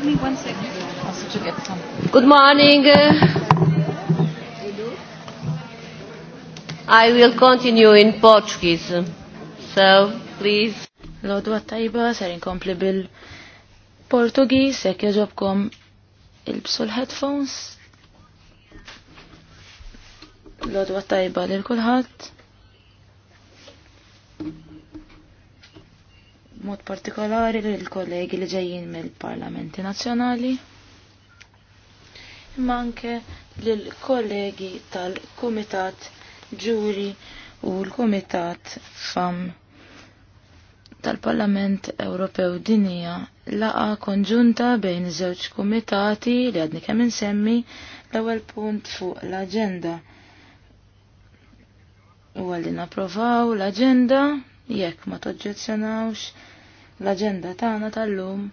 give me one second? To get some. Good morning. I will continue in Portuguese. So, please. Lodu għattajba, ser inkompli bil-Portugis, jek jazobkom il-bsu l-headphones. Lodu għattajba lil kulħat mod partikolari lill-kollegi li ġejjin mill-Parlamenti Nazzjonali imma anke lill-kollegi tal-Kumitat Ġuri u l-Kumitat FAM tal-Parlament Ewropew dinija laqa konġunta bejn żewġ kumitati li għadni kemm insemmi l-ewwel punt fuq l-aġenda. U għalli naprovaw l-aġenda jekk ma toġġezzjonawx l-agenda tagħna tal-lum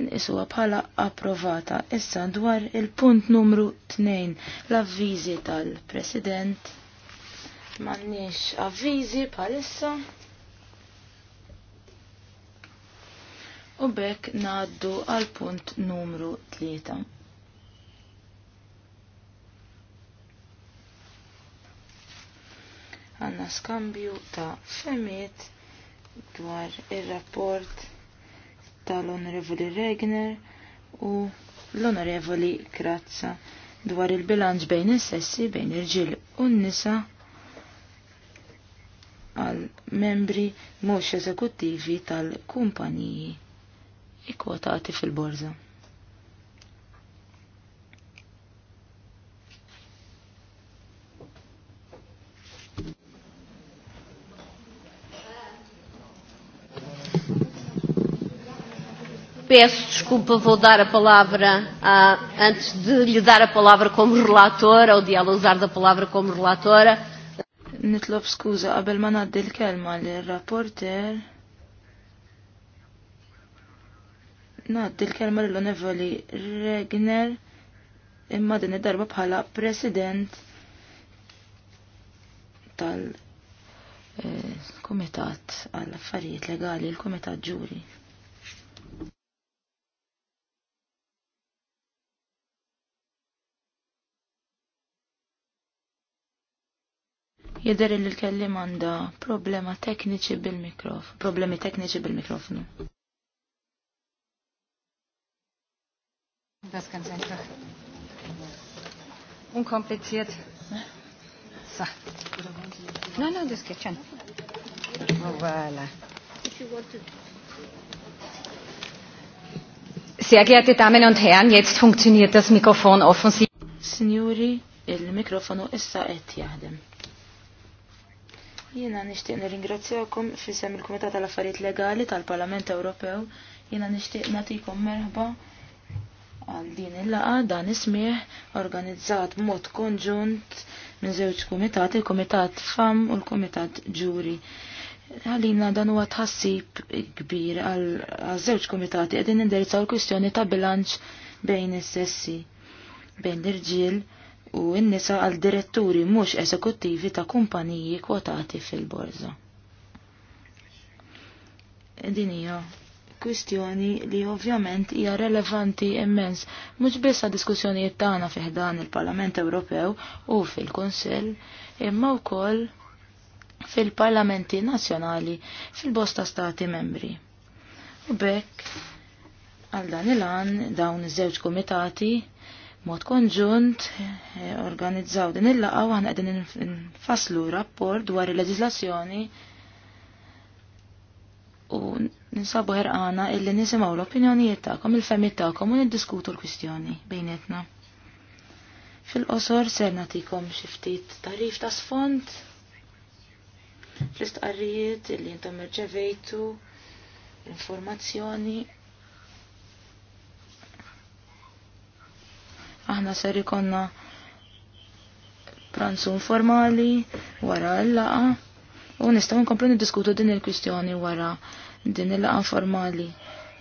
nqisuha bħala approvata. Issa dwar il-punt numru 2, l-avviżi tal-President. M'għandniex avviżi bħalissa. U bekk ngħaddu għal punt numru 3. Għanna skambju ta' femiet dwar il-rapport tal-Onorevoli Regner u l-Onorevoli Krazza dwar il-bilanċ bejn is-sessi bejn il ġil u n-nisa għal membri mhux eżekuttivi tal-kumpaniji ikkwotati fil-borża. Peço desculpa, vou dar a palavra, a, ah, antes de lhe dar a palavra como relatora, ou de ela usar da palavra como relatora. Nitlob skuza qabel ma naddi l-kelma l-rapporter. Naddi l-kelma l-Onevoli Regner imma din id-darba bħala president tal-Kumitat għall-Affarijiet Legali, l-Kumitat Ġuri. Jidher li l-kellim għandha problema tekniċi bil-mikrof, problemi tekniċi bil mikrofnu Das ganz einfach. Unkompliziert. So. No, no, das geht schon. Oh, voilà. Sehr geehrte Damen und Herren, jetzt funktioniert das Mikrofon offensichtlich. Signori, il-mikrofonu issa et jahdem. Jiena nixtieq nirringrazzjakom fisem il-Kumitat tal-Affarijiet Legali tal-Parlament Ewropew. Jiena nixtieq nagħtikom merħba għal din il-laqa dan ismieħ organizzat b'mod konġunt minn żewġ kumitat, il-Kumitat FAM u l-Kumitat Ġuri. Għalina dan huwa tħassib kbir għal żewġ kumitati qegħdin indirizzaw l-kwistjoni ta' bilanċ bejn is-sessi bejn l-irġiel u n-nisa għal diretturi mhux eżekuttivi ta' kumpaniji kwotati fil borza Din hija kwistjoni li ovvjament hija relevanti immens mhux biss għad diskussjonijiet tagħna fih dan il-Parlament Ewropew u fil-Kunsill, imma wkoll fil-parlamenti nazzjonali fil-bosta stati membri. U bekk għal dan il-għan dawn iż-żewġ komitati mod konġunt eh, organizzaw din il-laqa u għan għedin nfaslu rapport dwar il-leġislazzjoni u ninsabu ħerqana illi nisimaw l-opinjonijiet ta'kom, il-femmit ta'kom u niddiskutu l-kwistjoni bejnietna. Fil-qosor ser natikom xiftit tarif ta' sfond fl-istqarrijiet illi jintom irċevejtu informazzjoni Aħna ser ikonna pranzu informali wara l-laqa u nistgħu nkomplu niddiskutu din il-kwistjoni wara din il-laqa informali.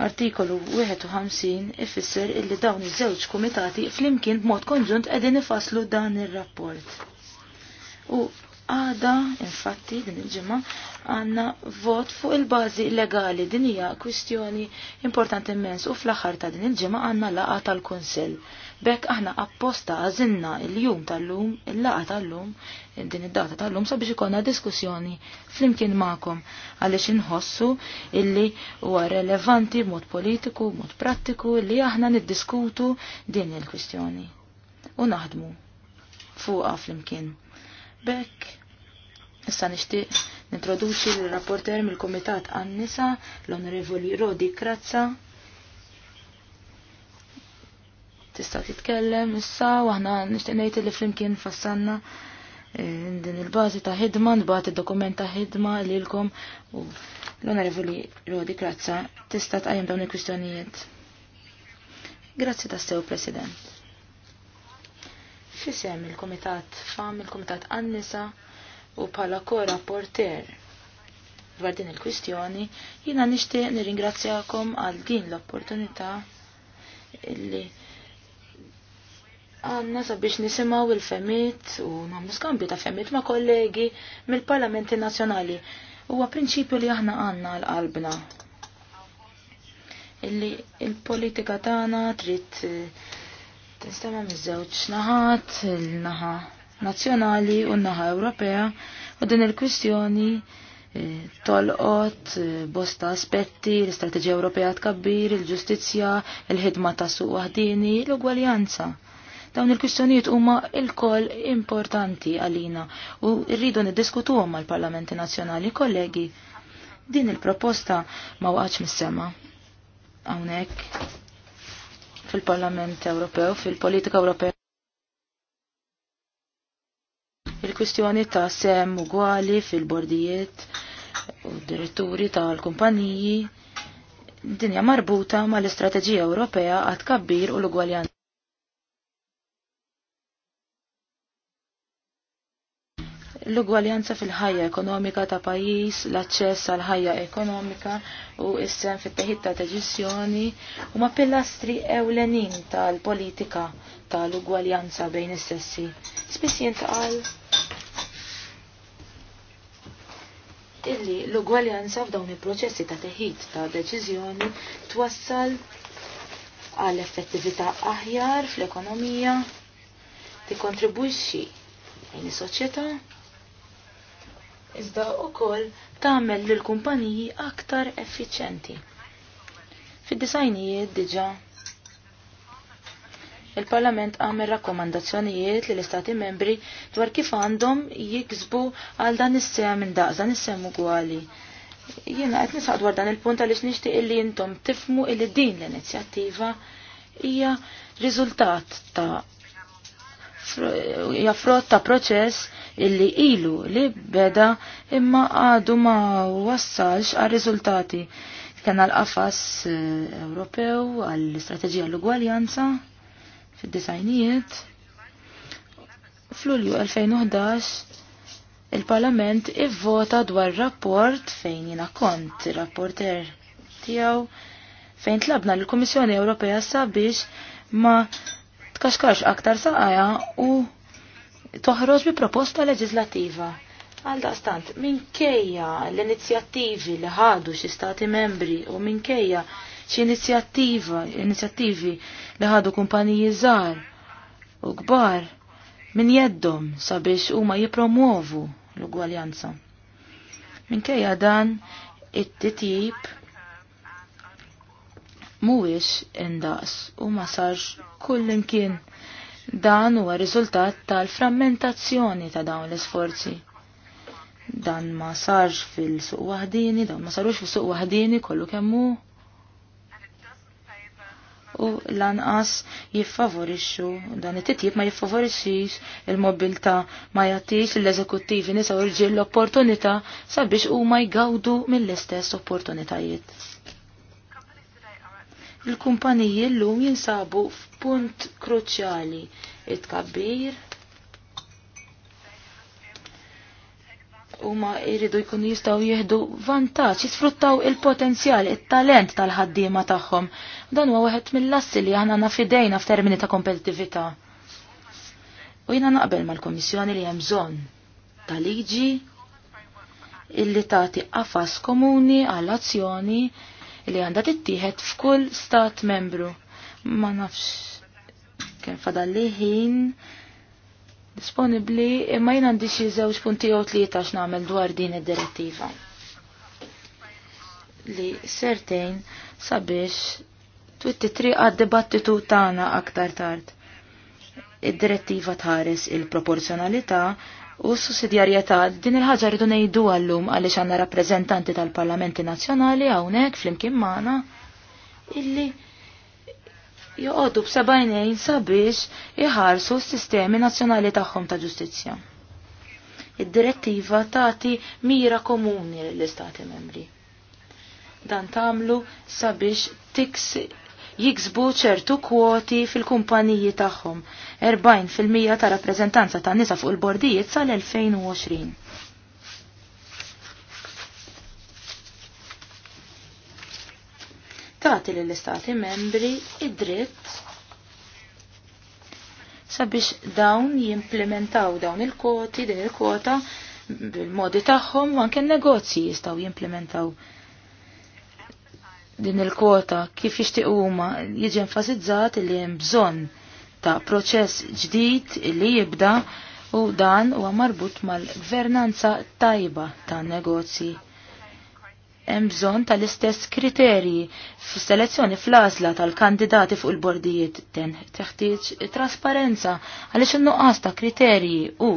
Artikolu 51 ifisser illi dawn iż-żewġ kumitati flimkien b'mod konġunt qegħdin ifaslu dan ir-rapport. U għada, infatti, din il-ġimma, għanna vot fuq il-bazi legali din hija kwistjoni importanti immens u fl-aħħar ta' din il-ġimma għanna laqa tal-Kunsell. Bekk aħna apposta għazinna il-jum tal-lum, il-laqa tal-lum, din id-data tal-lum sabiex ikonna diskussjoni flimkien ma'kom għaliex inħossu illi huwa relevanti mod politiku, mod prattiku li aħna niddiskutu din il-kwistjoni u naħdmu fuqa flimkien. Bekk issa nixtieq nintroduċi l-rapporter mill-Kumitat għan-Nisa l-Onorevoli Rodi Krazza tista' titkellem issa u aħna nixtieq ngħid li flimkien fassanna eh, din il-bażi ta' ħidma, nbagħat id-dokument ta' ħidma lilkom u l-onorevoli Rodi Krazza tista' tqajjem dawn il-kwistjonijiet. Grazzi ta' sew President. Fisem il-Komitat Fam, il-Komitat Annisa u bħala ko-rapporter dwar din il-kwistjoni, jina nixtieq nirringrazzjakom għal din l-opportunità illi għanna sabiex nisimaw il-femit u namlu skambju ta' femit ma' kollegi mill-parlamenti nazjonali. Huwa prinċipju li aħna għanna l-qalbna. Illi il-politika tagħna trid eh, tinstema' miż-żewġ naħat, il-naħa nazzjonali u n-naħa Ewropea u din il-kwistjoni eh, tolqot, eh, bosta aspetti, l-istrateġija Ewropea tkabbir, il-ġustizzja, il-ħidma ta' suq wahdini, l-ugwaljanza. Dawn il-kwistjonijiet huma il-koll importanti għalina u rridu niddiskutuhom mal-Parlamenti Nazzjonali kollegi. Din il-proposta ma waqgħx mis-sema. Hawnhekk fil-Parlament Ewropew, fil-politika Ewropea. Il-kwistjoni ta' sem ugwali fil-bordijiet u diretturi tal-kumpaniji dinja marbuta mal-istrateġija Ewropea għat kabbir u l-ugwaljanza. l-ugwaljanza fil-ħajja ekonomika ta' pajjiż, l-aċċess għal ħajja ekonomika u s-sem fit-teħid ta' deċiżjoni huma pilastri ewlenin tal-politika tal-ugwaljanza bejn is-sessi. Spiss jintqal illi l-ugwaljanza f'dawn il-proċessi ta' teħid ta' deċiżjoni twassal għall effettività aħjar fl-ekonomija tikkontribwixxi bejn is-soċjetà iżda wkoll tagħmel lill kumpaniji aktar effiċjenti. Fid-disajnijiet diġà il-Parlament għamel rakkomandazzjonijiet li l-Istati membri dwar kif għandhom jiksbu għal dan is-sem minn daqs dan is-sem ugwali. Jiena qed nisaq dwar dan il-punt għaliex nixtieq li intom tifmu illi din l-inizjattiva hija riżultat ta' jaffrotta proċess illi ilu li beda imma għadu ma wassalx għal riżultati. Kena l-qafas eh, Ewropew għall strategija l-ugwaljanza fid-disajnijiet. F'Lulju 2011 il-Parlament ivvota dwar rapport fejn jina kont rapporter tiegħu fejn tlabna l-Kummissjoni Ewropea sabiex ma tkaxkax aktar saqaja u toħroġ bi proposta leġislativa. Għal daqstant, minkejja l-inizjattivi li ħadu xi stati membri u minkejja xi inizjattiva, inizjattivi li ħadu kumpaniji żgħar u kbar min jeddom sabiex huma jipromuovu l-ugwaljanza. Minkejja dan it-titjib mhuwiex indaqs u ma sarx kullimkien. Dan huwa riżultat tal-frammentazzjoni ta' dawn l-isforzi. Dan ma sarx fil-suq waħdini, dan ma sarux fil-suq waħdini kollu kemmu. U lanqas jiffavorixxu dan it-titjib ma jiffavorixxix il mobilta ma jagħtix l-eżekuttivi nisaw rġiel l-opportunità sabiex huma jgawdu mill-istess opportunitajiet il-kumpaniji l-lum jinsabu f'punt kruċjali it-kabbir Uma jridu jkunu jistgħu jieħdu vantaġġ, jisfruttaw il-potenzjal, it-talent tal-ħaddiema tagħhom. Dan huwa wieħed mill-assi li aħna nafidejna f'termini ta' kompetitività. U jiena naqbel mal-Kummissjoni li hemm bżonn ta' liġi illi tagħti qafas komuni għall azzjoni li għandha tittieħed f'kull stat membru. Ma nafx kien fadalli ħin disponibli imma jien għandi xi żewġ punti jew tlieta nagħmel dwar din id-direttiva. Li sertejn sabiex twitti triq għad-dibattitu tagħna aktar tard. Id-direttiva tħares il-proporzjonalità u s sussidjarjetà din il-ħaġa rridu ngħidu għallum għaliex għandna rappreżentanti tal-Parlamenti Nazzjonali hawnhekk flimkien magħna illi joqogħdu b'sebgħinejn sabiex iħarsu s-sistemi nazzjonali tagħhom ta' ġustizzja. Id-direttiva tagħti mira komuni l istati Membri. Dan tagħmlu sabiex tiksi jiksbu ċertu kwoti fil-kumpaniji tagħhom, 40% ta' rappreżentanza ta' nisa fuq il-bordijiet sal-2020. Tati lill istati membri id-dritt sabiex dawn jimplementaw dawn il-kwoti, din il-kwota bil-modi tagħhom u anke negozji jistgħu jimplementaw din il-kota kif jixtieq huma jiġi enfasizzat li hemm bżonn ta' proċess ġdid li jibda u dan huwa marbut mal-gvernanza tajba tan negozji. Hemm bżonn tal-istess kriterji fis-selezzjoni fl-għażla tal-kandidati fuq il-bordijiet ten teħtieġ trasparenza għaliex in-nuqqas ta' kriterji u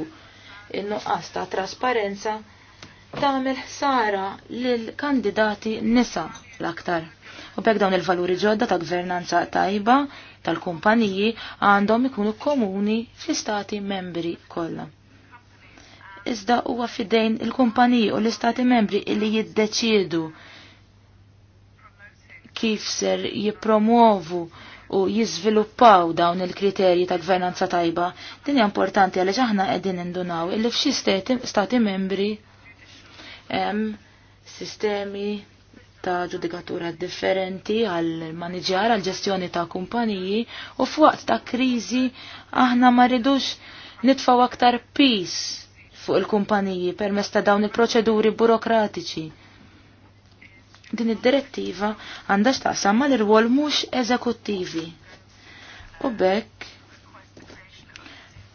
in-nuqqas ta' trasparenza tagħmel ħsara lil kandidati nisa l-aktar. U bekk dawn il-valuri ġodda ta' gvernanza tajba tal-kumpaniji għandhom ikunu komuni fl-istati membri kollha. Iżda huwa fidejn il-kumpaniji u l-istati membri li jiddeċiedu kif ser jipromuovu u jizviluppaw dawn il-kriterji ta' gvernanza tajba, din hija importanti għaliex aħna qegħdin indunaw illi f'xi stati membri hemm sistemi ta' ġudikatura differenti għal maniġjar għal ġestjoni ta' kumpaniji u f'waqt ta' kriżi aħna ma rridux nitfaw aktar pis fuq il-kumpaniji permezz ta' dawn il-proċeduri burokratiċi. Din id-direttiva għandha x'taqsam mal-irwol mhux eżekuttivi. U bekk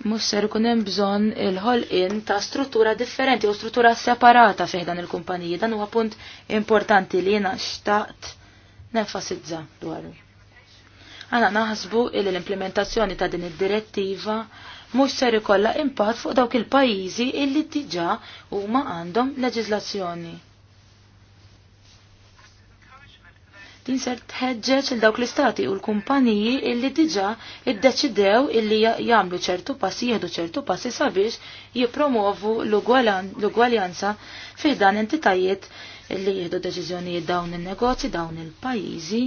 mux ser ikun hemm bżonn il-ħolqien ta' struttura differenti u struttura separata fih dan il-kumpaniji. Dan huwa punt importanti li jiena xtaqt nenfasizza dwaru. Għana naħsbu il l-implementazzjoni ta' din id-direttiva mhux ser ikollha impatt fuq dawk il-pajjiżi illi diġà huma għandhom leġiżlazzjoni. Din ser tħeġġeġ il dawk l-istati u l-kumpaniji illi diġa iddeċidew illi jagħmlu ċertu passi, jieħdu ċertu passi sabiex jipromovu l-ugwaljanza fi dan entitajiet illi jieħdu deċiżjonijiet dawn il-negozji, dawn il-pajjiżi.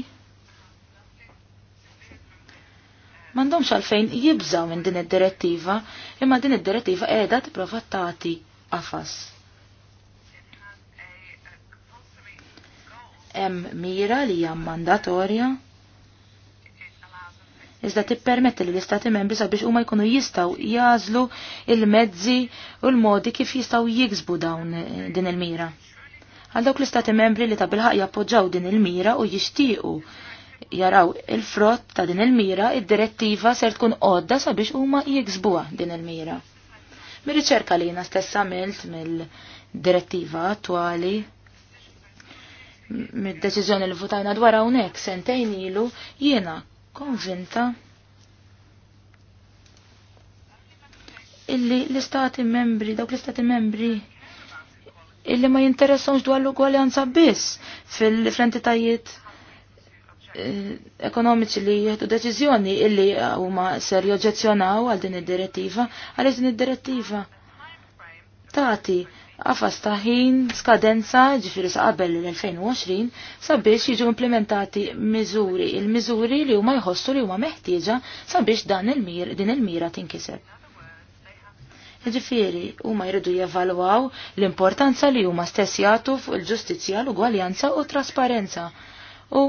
M'għandhomx għalfejn jibżaw minn din id-direttiva, imma din id-direttiva qiegħda tipprova provattati għafas. hemm mira li hija mandatorja iżda tippermetti li l-istati membri sabiex huma jkunu jistgħu jażlu il-mezzi u l-modi kif jistgħu jiksbu dawn eh, din il-mira. Għal dawk l-istati membri li ta' bilħaq jappoġġaw din il-mira u jixtiequ jaraw il-frott ta' din il-mira, id-direttiva ser tkun għodda sabiex huma jiksbuha din il-mira. Mir-riċerka li jina stessa għamilt mill-direttiva attwali mid-deċiżjoni li votajna dwar hawnhekk sentejn ilu jiena konvinta illi l-istati membri, dawk l-istati membri illi ma jinteressawx dwar l-ugwaljanza biss fil-frentitajiet eh, ekonomiċi li jieħdu deċiżjoni illi huma ser joġġezzjonaw għal din id-direttiva, għal din id-direttiva tagħti għafas taħin skadenza ġifiri sa' qabel l-2020 sabiex jiġu implementati miżuri, il-miżuri li huma jħossu li huma meħtieġa sabiex dan il-mir din il-mira tinkiseb. Ġifiri, huma jridu jevalwaw l-importanza li huma stess jagħtu fuq il-ġustizzja, l-ugwaljanza u trasparenza u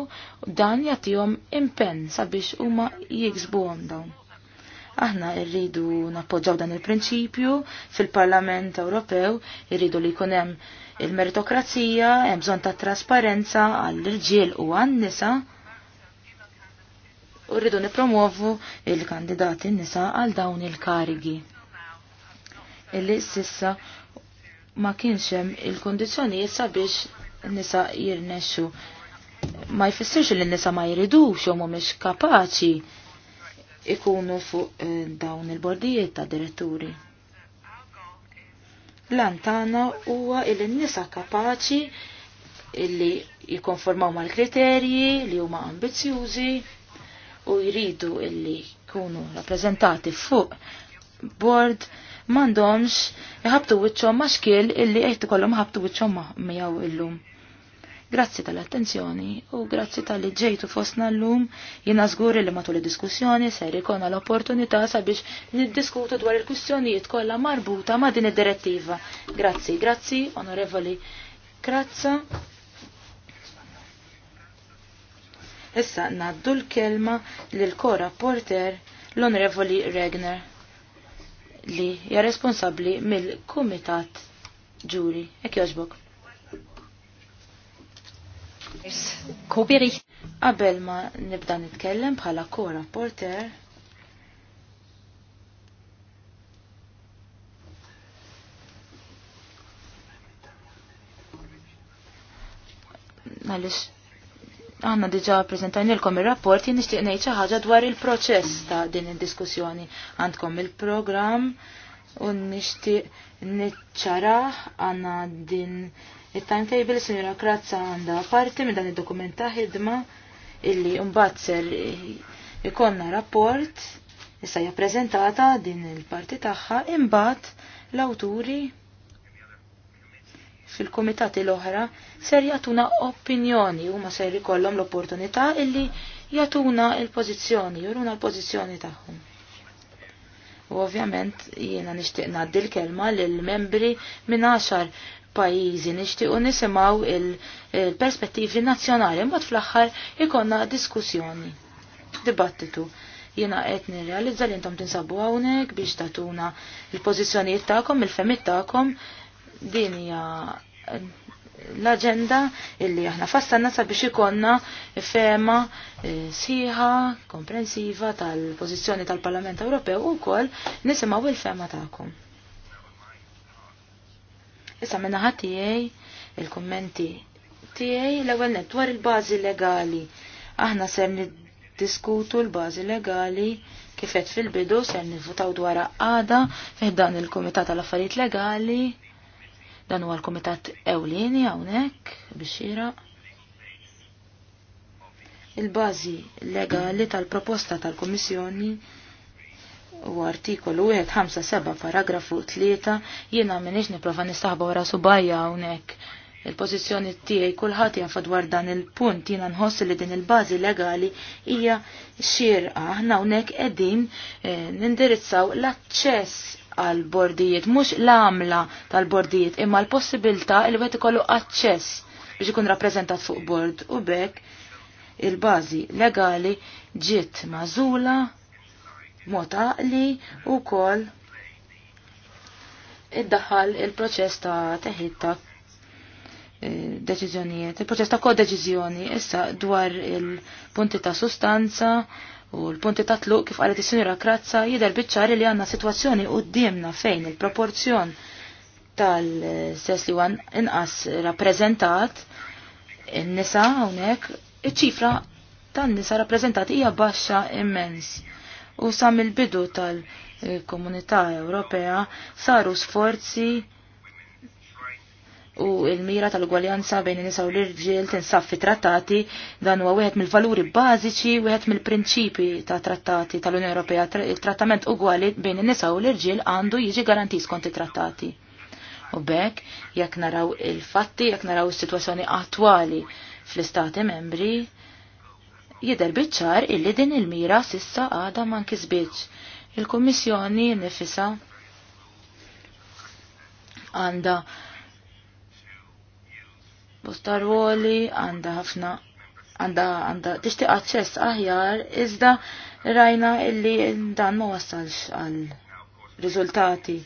dan jagħtihom impenn sabiex huma jiksbuhom dawn. Aħna rridu nappoġġaw dan il-prinċipju fil-Parlament Ewropew, irridu li jkun hemm il-meritokrazija, hemm bżonn ta' trasparenza għall-irġiel u għan-nisa. U rridu nippromovu il-kandidati n nisa għal dawn il-karigi. Illi sissa ma kienx hemm il-kondizzjonijiet sabiex nisa jirnexxu. Ma jfissirx li n-nisa ma jiridux jew mhumiex kapaċi ikunu fuq eh, dawn il-bordijiet ta' diretturi. Lantana huwa il-nisa kapaċi illi jikonformaw mal-kriterji li huma ambizjużi u jridu illi kunu rappresentati fuq board mandomx jħabtu wiċċhom maċkil illi qed ikollhom ħabtu wiċċhom miegħu illum. Grazzi tal-attenzjoni u grazzi tal-li ġejtu fostna l-lum jina zguri li matul il-diskussjoni ser ikona l-opportunità sabiex niddiskutu dwar il-kwistjonijiet kollha marbuta ma' din id-direttiva. Grazzi, grazzi, onorevoli Krazza. Issa naddu l-kelma l kora porter l-onorevoli Regner li hija responsabbli mill-kumitat ġuri. Ek joġbok. Kobiri. Qabel ma nibda nitkellem bħala kora rapporter għalix għanna diġa prezentajni l-kom il-rapport jien nishtiq ngħid xi ħaġa dwar il-proċess ta' din id-diskussjoni. Għandkom il-programm u nixtieq niċċaraħ għandna din Il-timetable, signora Krazza, għanda parti minn dan il-dokument ta' ħidma illi mbagħad ser ikonna rapport issa hija preżentata din il-parti tagħha imbagħad l-awturi fil-komitati l-oħra ser jatuna opinjoni u ma ser ikollhom l-opportunità illi jatuna il-pożizzjoni, juruna l-pożizzjoni tagħhom. U ovvjament jiena nixtieq ngħaddi l-kelma lill membri minn għaxar pajjiżi nixtiequ nisimgħu il-perspettivi nazzjonali mod fl-aħħar ikonna diskussjoni. Dibattitu. Jiena qed nirrealizza li intom tinsabu hawnhekk biex tatuna il-pożizzjonijiet tagħkom, il-femit tagħkom din hija l-agenda illi aħna fassanna sabiex ikonna fema eh, siħa, komprensiva tal-pożizzjoni tal-Parlament Ewropew ukoll nisimgħu il-fema tagħkom. Issa minna ħatijaj il-kommenti tijaj l-ewel net dwar il-bazi legali. Aħna ser diskutu l-bazi legali kifet fil-bidu ser nivvotaw dwar għada fiħdan il-Komitat tal-Affarijiet Legali. Dan huwa l-Komitat Ewlieni hawnhekk biex il-bazi legali tal-proposta tal-Komissjoni u artikolu 157 paragrafu 3 jiena minix niprofa nistaħba wara subajja hawnhekk. Il-pożizzjoni tiegħi kulħadd jafa dwar dan il-punt jiena nħoss li din il-bażi legali hija xierqa aħna hawnhekk qegħdin eh, nindirizzaw l-aċċess għal bordijiet mhux l-għamla tal-bordijiet imma l-possibilità li wieħed ikollu aċċess biex ikun rappreżentat fuq bord u bekk il-bażi legali ġiet mażula mota li u kol iddaħħal il-proċess ta' teħid ta' eh, deċiżjonijiet, il-proċess ta' kodeċiżjoni issa dwar il-punti ta' sustanza u l-punti ta' tluq kif għalet is-sinjura Krazza jidher biċċari li għandna sitwazzjoni qudiemna fejn il-proporzjon tal-sess li għan inqas rappreżentat in-nisa hawnhekk iċ-ċifra tan-nisa rappreżentati hija baxxa immens u sam il-bidu tal-Komunità Ewropea saru sforzi u il-mira tal-ugwaljanza bejn nisa u l-irġiel tinsab fi trattati dan huwa wieħed mill-valuri bażiċi wieħed mill-prinċipi ta' trattati tal-Unjoni Ewropea il-trattament ugwali bejn nisa u l-irġiel għandu jiġi garantis kont trattati. U bekk, jekk naraw il-fatti, jekk naraw is-sitwazzjoni attwali fl-istati membri, Jidher biċ-ċar illi din il-mira sissa għada ma nkisbitx. Il-Kummissjoni nifisa għanda bostarwoli ruoli, għanda ħafna għanda għanda tixtieq aċċess aħjar iżda rajna illi dan ma wassalx għal riżultati.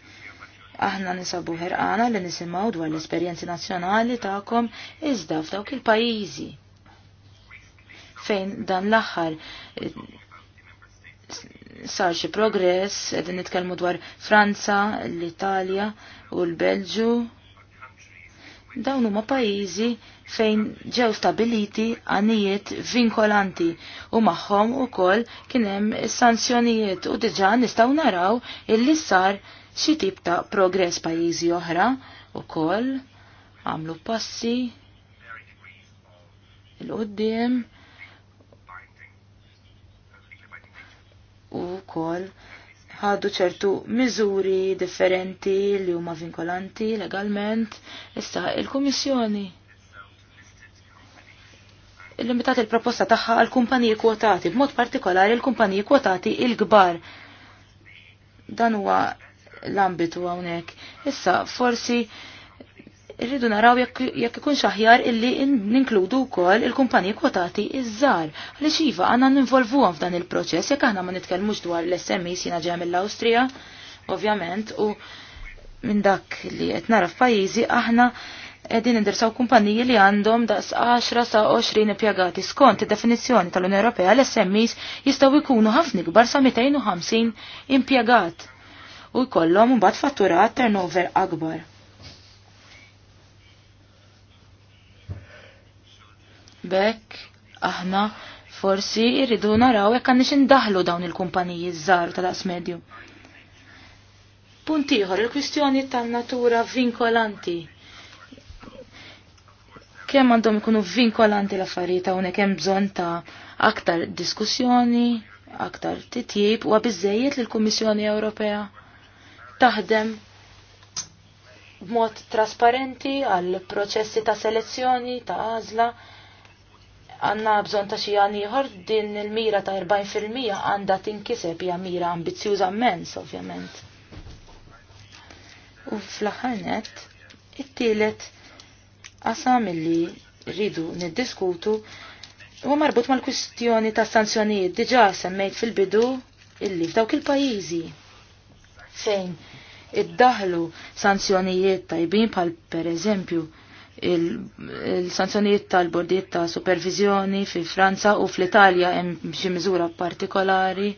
Aħna nisabu ħerqana li nisimgħu dwar l-esperjenzi nazzjonali tagħkom iżda f'dawk il-pajjiżi fejn dan l-aħħar eh, sar xi progress, qegħdin nitkellmu dwar Franza, l-Italja u l-Belġu. Dawn huma pajjiżi fejn ġew stabiliti għanijiet vinkolanti u magħhom ukoll kien hemm sanzjonijiet u diġà nistgħu naraw illi sar xi tip ta' progress pajjiżi oħra ukoll għamlu passi il-qoddim u kol ħadu ċertu miżuri differenti li huma vinkolanti legalment. Issa il-Kummissjoni il-limitat il-proposta tagħha għal kumpaniji kwotati, b'mod partikolari l-kumpaniji kwotati il-kbar. Dan huwa l-ambitu hawnhekk. Issa forsi irridu naraw jekk ikun aħjar illi ninkludu wkoll il-kumpaniji kwotati iż żgħar Għaliex iva għandna ninvolvuhom f'dan il-proċess jekk aħna ma nitkellmux dwar l-SMEs jiena ġeja mill-Awstrija, ovvjament, u minn dak li qed nara f'pajjiżi aħna qegħdin indirsaw kumpaniji li għandhom daqs 10 sa 20 impjegati. Skont id-definizzjoni tal-Unjoni Ewropea l-SMEs jistgħu jkunu ħafna kbar sa 250 impjegat u jkollhom mbagħad fatturat turnover akbar Bekk aħna forsi irridu naraw jekk għandix indaħlu dawn il-kumpaniji żgħar ta' daqs medju. Punt ieħor il-kwistjoni tan-natura vinkolanti. Kemm għandhom ikunu vinkolanti l-affarijiet hawnhekk hemm bżonn ta' aktar diskussjoni, aktar titjib u biżejjed lill kummissjoni Ewropea taħdem b'mod trasparenti għal proċessi ta' selezzjoni ta' għażla għanna bżon ta' xi ieħor din il-mira ta' 40% għandha tinkiseb hija mira ambizzjuża immens ovvjament. U fl-aħħar nett, it-tielet qasam li rridu niddiskutu huwa marbut mal-kwistjoni ta' sanzjonijiet diġà semmejt fil-bidu illi f'dawk il-pajjiżi fejn iddaħlu sanzjonijiet tajbin bħal pereżempju eżempju il-sanzjonijiet tal-bordiet ta' supervizjoni fi Franza u fl-Italja hemm xi miżura partikolari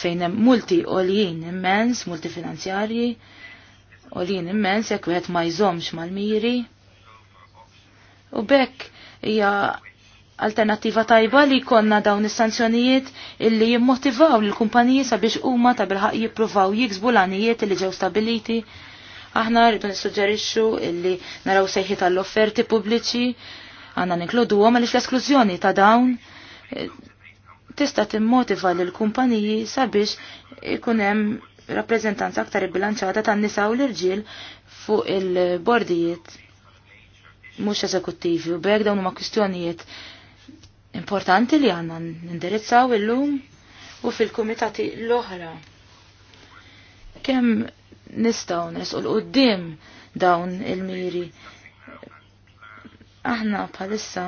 fejn hemm multi olijin immens, multi finanzjarji, olijin immens jekk wieħed ma jżomx mal-miri. U bekk hija alternativa tajba li konna dawn is-sanzjonijiet illi jimmotivaw l-kumpaniji sabiex huma ta' bilħaq jippruvaw jiksbu l-għanijiet li ġew stabiliti Aħna rridu nissuġġerixxu illi naraw sejħi tal-offerti pubbliċi, għandna ninkludu għom għaliex l-esklużjoni ta' dawn e, tista' timmotiva lil kumpaniji sabiex ikun hemm rappreżentanza aktar ibbilanċata tan-nisa u l-irġiel fuq il-bordijiet mhux eżekuttivi u bek dawn huma kwistjonijiet importanti li għandna nindirizzaw illum u fil-kumitati l-oħra. Kemm nistaw nesqu l-qoddim dawn il-miri. Aħna bħalissa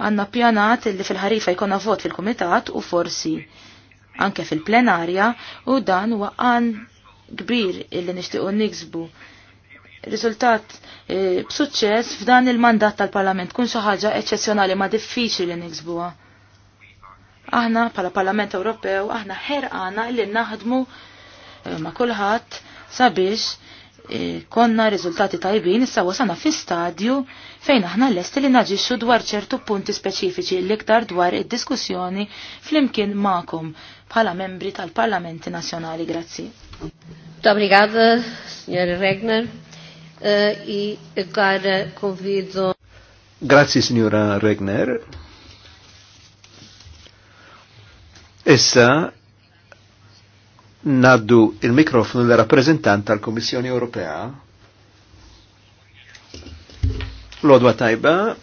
għanna pjanat li fil-ħarifa jkonna vot fil-komitat u forsi anke fil-plenarja u dan waqqan kbir illi nixtiqu niksbu riżultat eh, b'suċċess f'dan il-mandat tal-Parlament kun xi ħaġa eċċezzjonali ma diffiċli niksbuha. Aħna pala Parlament Ewropew, aħna ħerqana li naħdmu eh, ma' kulħadd sabiex eh, konna riżultati tajbin issa wasana fi stadju fejn aħna lesti li naġixxu dwar ċertu punti speċifiċi l-iktar dwar id-diskussjoni flimkien ma'kom bħala membri tal-Parlamenti Nazzjonali. Grazzi. Obrigada, signor Regner. Uh, convido Grazie signora Regner. Issa naddu il-mikrofonu l-rappresentant tal-Komissjoni Ewropea. Lodwa tajba,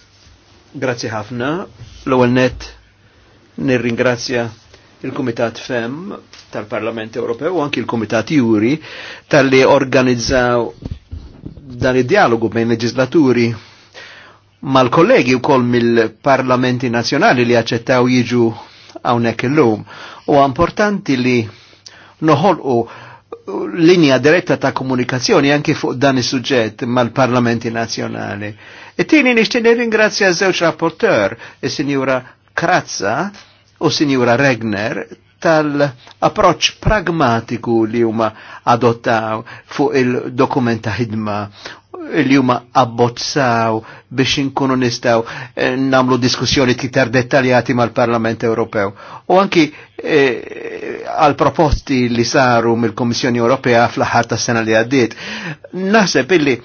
grazie ħafna, l-ewwel net nirringrazzja il-Kumitat FEM tal-Parlament Ewropew u anki il-Kumitat Juri tal-li organizzaw dan id-dialogu bejn leġislaturi mal-kollegi u koll mill-parlamenti nazjonali li accettaw jiġu hawnhekk il-lum. U importanti li noħolqu linja diretta ta' komunikazzjoni anki fuq dan is-suġġett mal-Parlamenti Nazzjonali. It-tieni nixtieq nirringrazzja żewġ rapporteur, is-Sinjura Krazza u Sinjura Regner tal-approċ pragmatiku li huma adottaw fuq il-dokumenta ħidma li huma abbozzaw biex inkunu nistaw eh, namlu diskussjoni titer dettaljati mal-Parlament Ewropew. U anki eh, għal e, proposti li saru mill-Kommissjoni Ewropea fl-aħħar tas-sena li għaddiet. Naħseb illi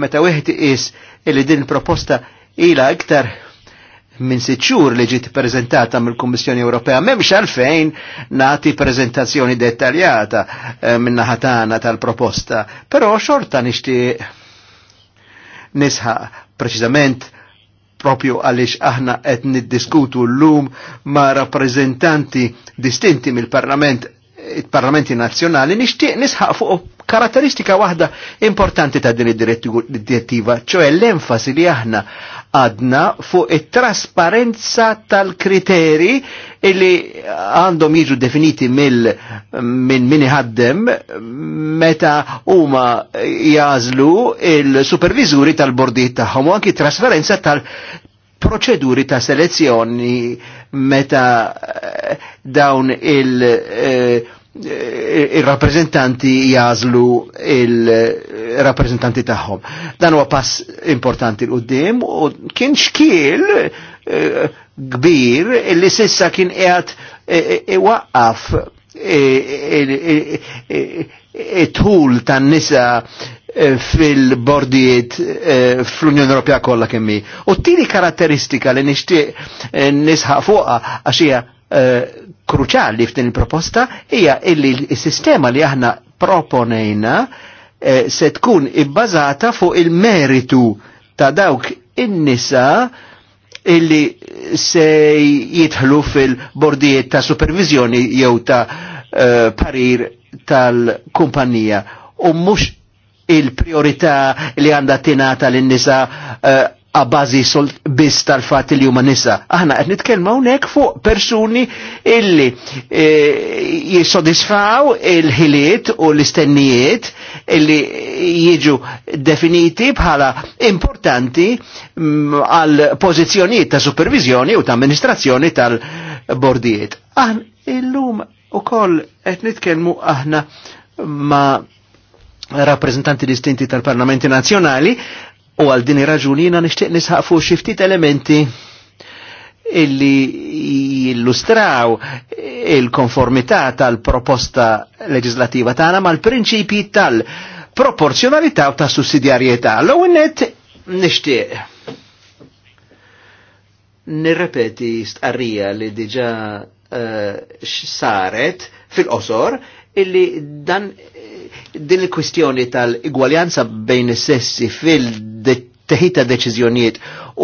meta wieħed is illi din proposta ila iktar minn sitt xhur li ġiet prezentata mill-Kummissjoni Ewropea m'hemmx għalfejn nagħti preżentazzjoni dettaljata eh, minn naħatana tal-proposta, però xorta nixtieq nisħaq preċiżament propju għalix aħna qed niddiskutu l-lum ma' rappreżentanti distinti mill-Parlament il-parlamenti Nazzjonali, nixtieq nisħaq fuq karatteristika waħda importanti ta' din id-direttiva, ċoe l-enfasi li aħna għadna fuq it-trasparenza tal-kriteri illi għandhom jiġu definiti mill minn min ħaddem meta huma jażlu il-supervizuri tal-bordijiet tagħhom u anki trasparenza tal-proċeduri ta' selezzjoni meta eh, dawn il- eh, Eh, il-rappresentanti jazlu il-rappresentanti tagħhom. Dan huwa pass importanti l qoddim u kien xkiel eh, kbir li sissa kien qiegħed eh, iwaqqaf it-tul tan-nisa fil-bordijiet fl-Unjoni Ewropea kollha kemmi. U t-tieni karatteristika li nixtieq nisħaq fuqha għax hija Eh, kruċali f'din il-proposta hija illi s-sistema li aħna proponejna eh, se tkun ibbażata fuq il-meritu ta' dawk in-nisa illi se jidħlu fil-bordijiet ta' supervizjoni jew ta' eh, parir tal-kumpanija u mhux il-priorità li għandha tingħata lin-nisa għabazi biss tal-fat li huma nisa. Aħna qed nitkellmu hawnhekk fuq persuni illi e, jissodisfaw il-ħiliet u l-istennijiet illi jiġu definiti bħala importanti mm, għal pożizzjonijiet ta' supervizjoni u ta' amministrazzjoni tal-bordijiet. Aħna illum ukoll qed nitkellmu aħna ma' rappresentanti distinti tal-parlamenti Nazzjonali. U għal din raġunina nishtiq nisħaq fuq xi ftit elementi illi illustraw il-konformità tal-proposta leġislativa tagħna mal-prinċipji tal-proporzjonalità u tas sussidjarjetà L-ewwel net nixtieq nirrepeti stqarrija li diġa eh, saret fil-qosor illi dan eh, din il-kwistjoni tal-igwaljanza bejn is-sessi fil- teħita deċiżjonijiet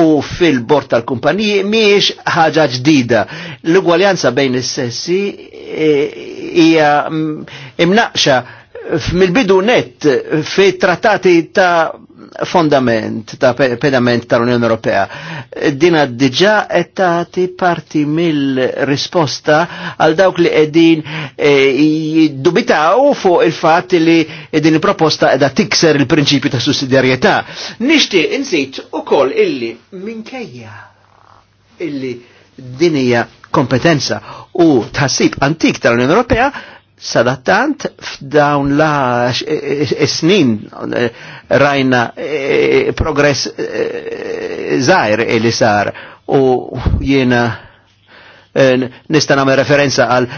u fil-bord tal-kumpaniji miex ħaġa ġdida. L-ugwaljanza bejn is-sessi e, hija mm, imnaqxa mill-bidu net fi trattati ta' fondament ta' pedament tal-Unjoni Ewropea. Dina diġa qed tagħti parti mill-risposta għal dawk li qegħdin e, jiddubitaw fuq il-fatt li din il-proposta qiegħda tikser il-prinċipju ta' sussidjarjetà. Nixtieq insit ukoll illi minkejja illi din hija kompetenza u tħassib antik tal-Unjoni Ewropea Sadattant f'dawn la snin rajna e, e, progress e, zaħir li sar u jiena nista nagħmel referenza għal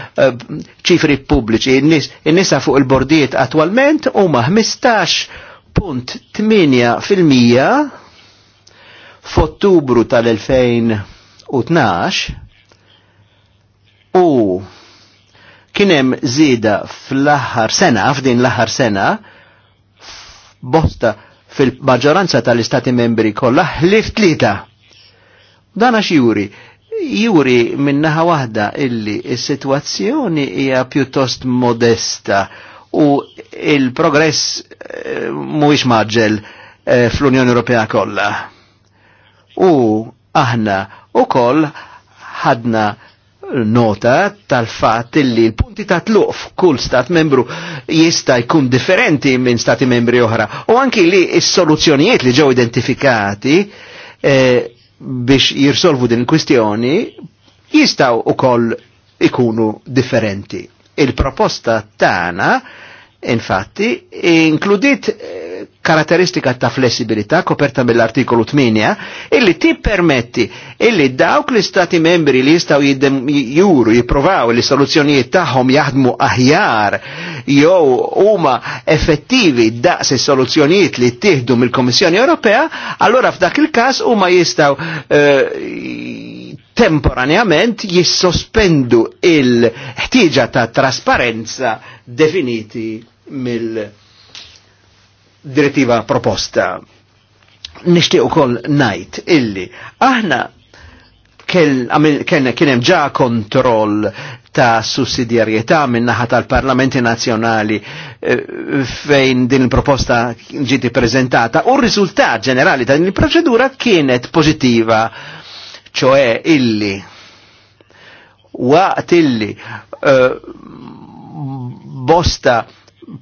ċifri pubbliċi. In-nisa fuq il-bordijiet attwalment huma 15.8% f'Ottubru tal-2012 u Kien hemm żieda fl-aħħar sena, f'din l-aħħar sena, bosta fil-maġġoranza tal-istati membri kollha ħlief tlieta. Dan għax juri, juri minnaħa waħda illi s-sitwazzjoni hija pjuttost modesta u il-progress eh, mhuwiex maġġel eh, fl-Unjoni Ewropea kollha. U aħna u koll ħadna nota tal-fat li l-punti ta' tluq f'kull stat membru jista' jkun differenti minn stati membri oħra. U anki li s-soluzzjonijiet li ġew identifikati eh, biex jirsolvu din il-kwistjoni jistaw koll ikunu differenti. Il-proposta tagħna infatti inkludit eh, karatteristika ta' flessibilità koperta mill-artikolu 8 illi ti permetti illi dawk li stati membri li jistaw juru jiprovaw li soluzzjonijiet tagħhom jaħdmu aħjar jew huma effettivi daqs is-soluzzjonijiet li tieħdu mill-Kommissjoni Ewropea, allora f'dak il-każ huma jistaw eh, temporaneament temporanjament jissospendu il-ħtieġa ta' trasparenza definiti mill-Kommissjoni direttiva proposta. Nishtiq ukoll najt illi aħna kellna kienem ġa kontroll ta' sussidjarjetà min-naħa tal-Parlamenti Nazzjonali eh, fejn din il-proposta ġiti prezentata u r-riżultat ġenerali ta' din il-proċedura kienet pozittiva, ċoe illi waqt illi uh, bosta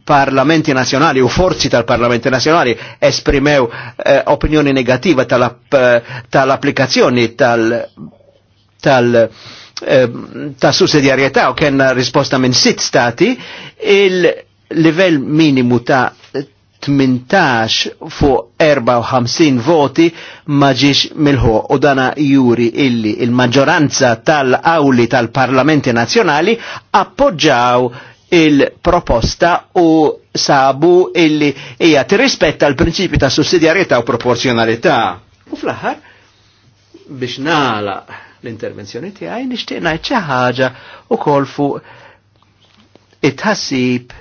parlamenti nazjonali u forzi tal-parlamenti nazjonali esprimew eh, opinjoni negativa eh, tal-applikazzjoni tal, tal, eh, tal u kena risposta minn sitt stati il-livell minimu ta' 18 fuq 54 voti maġiġ milħu u dana juri illi il-maġġoranza tal-awli tal-parlamenti nazjonali appoġġaw il-proposta u sabu illi hija tirrispetta l-prinċipi ta' sussidjarjetà u proporzjonalità. U fl-aħħar biex nala l-intervenzjoni tiegħi nixtieq ngħid xi ħaġa wkoll fuq it-ħassib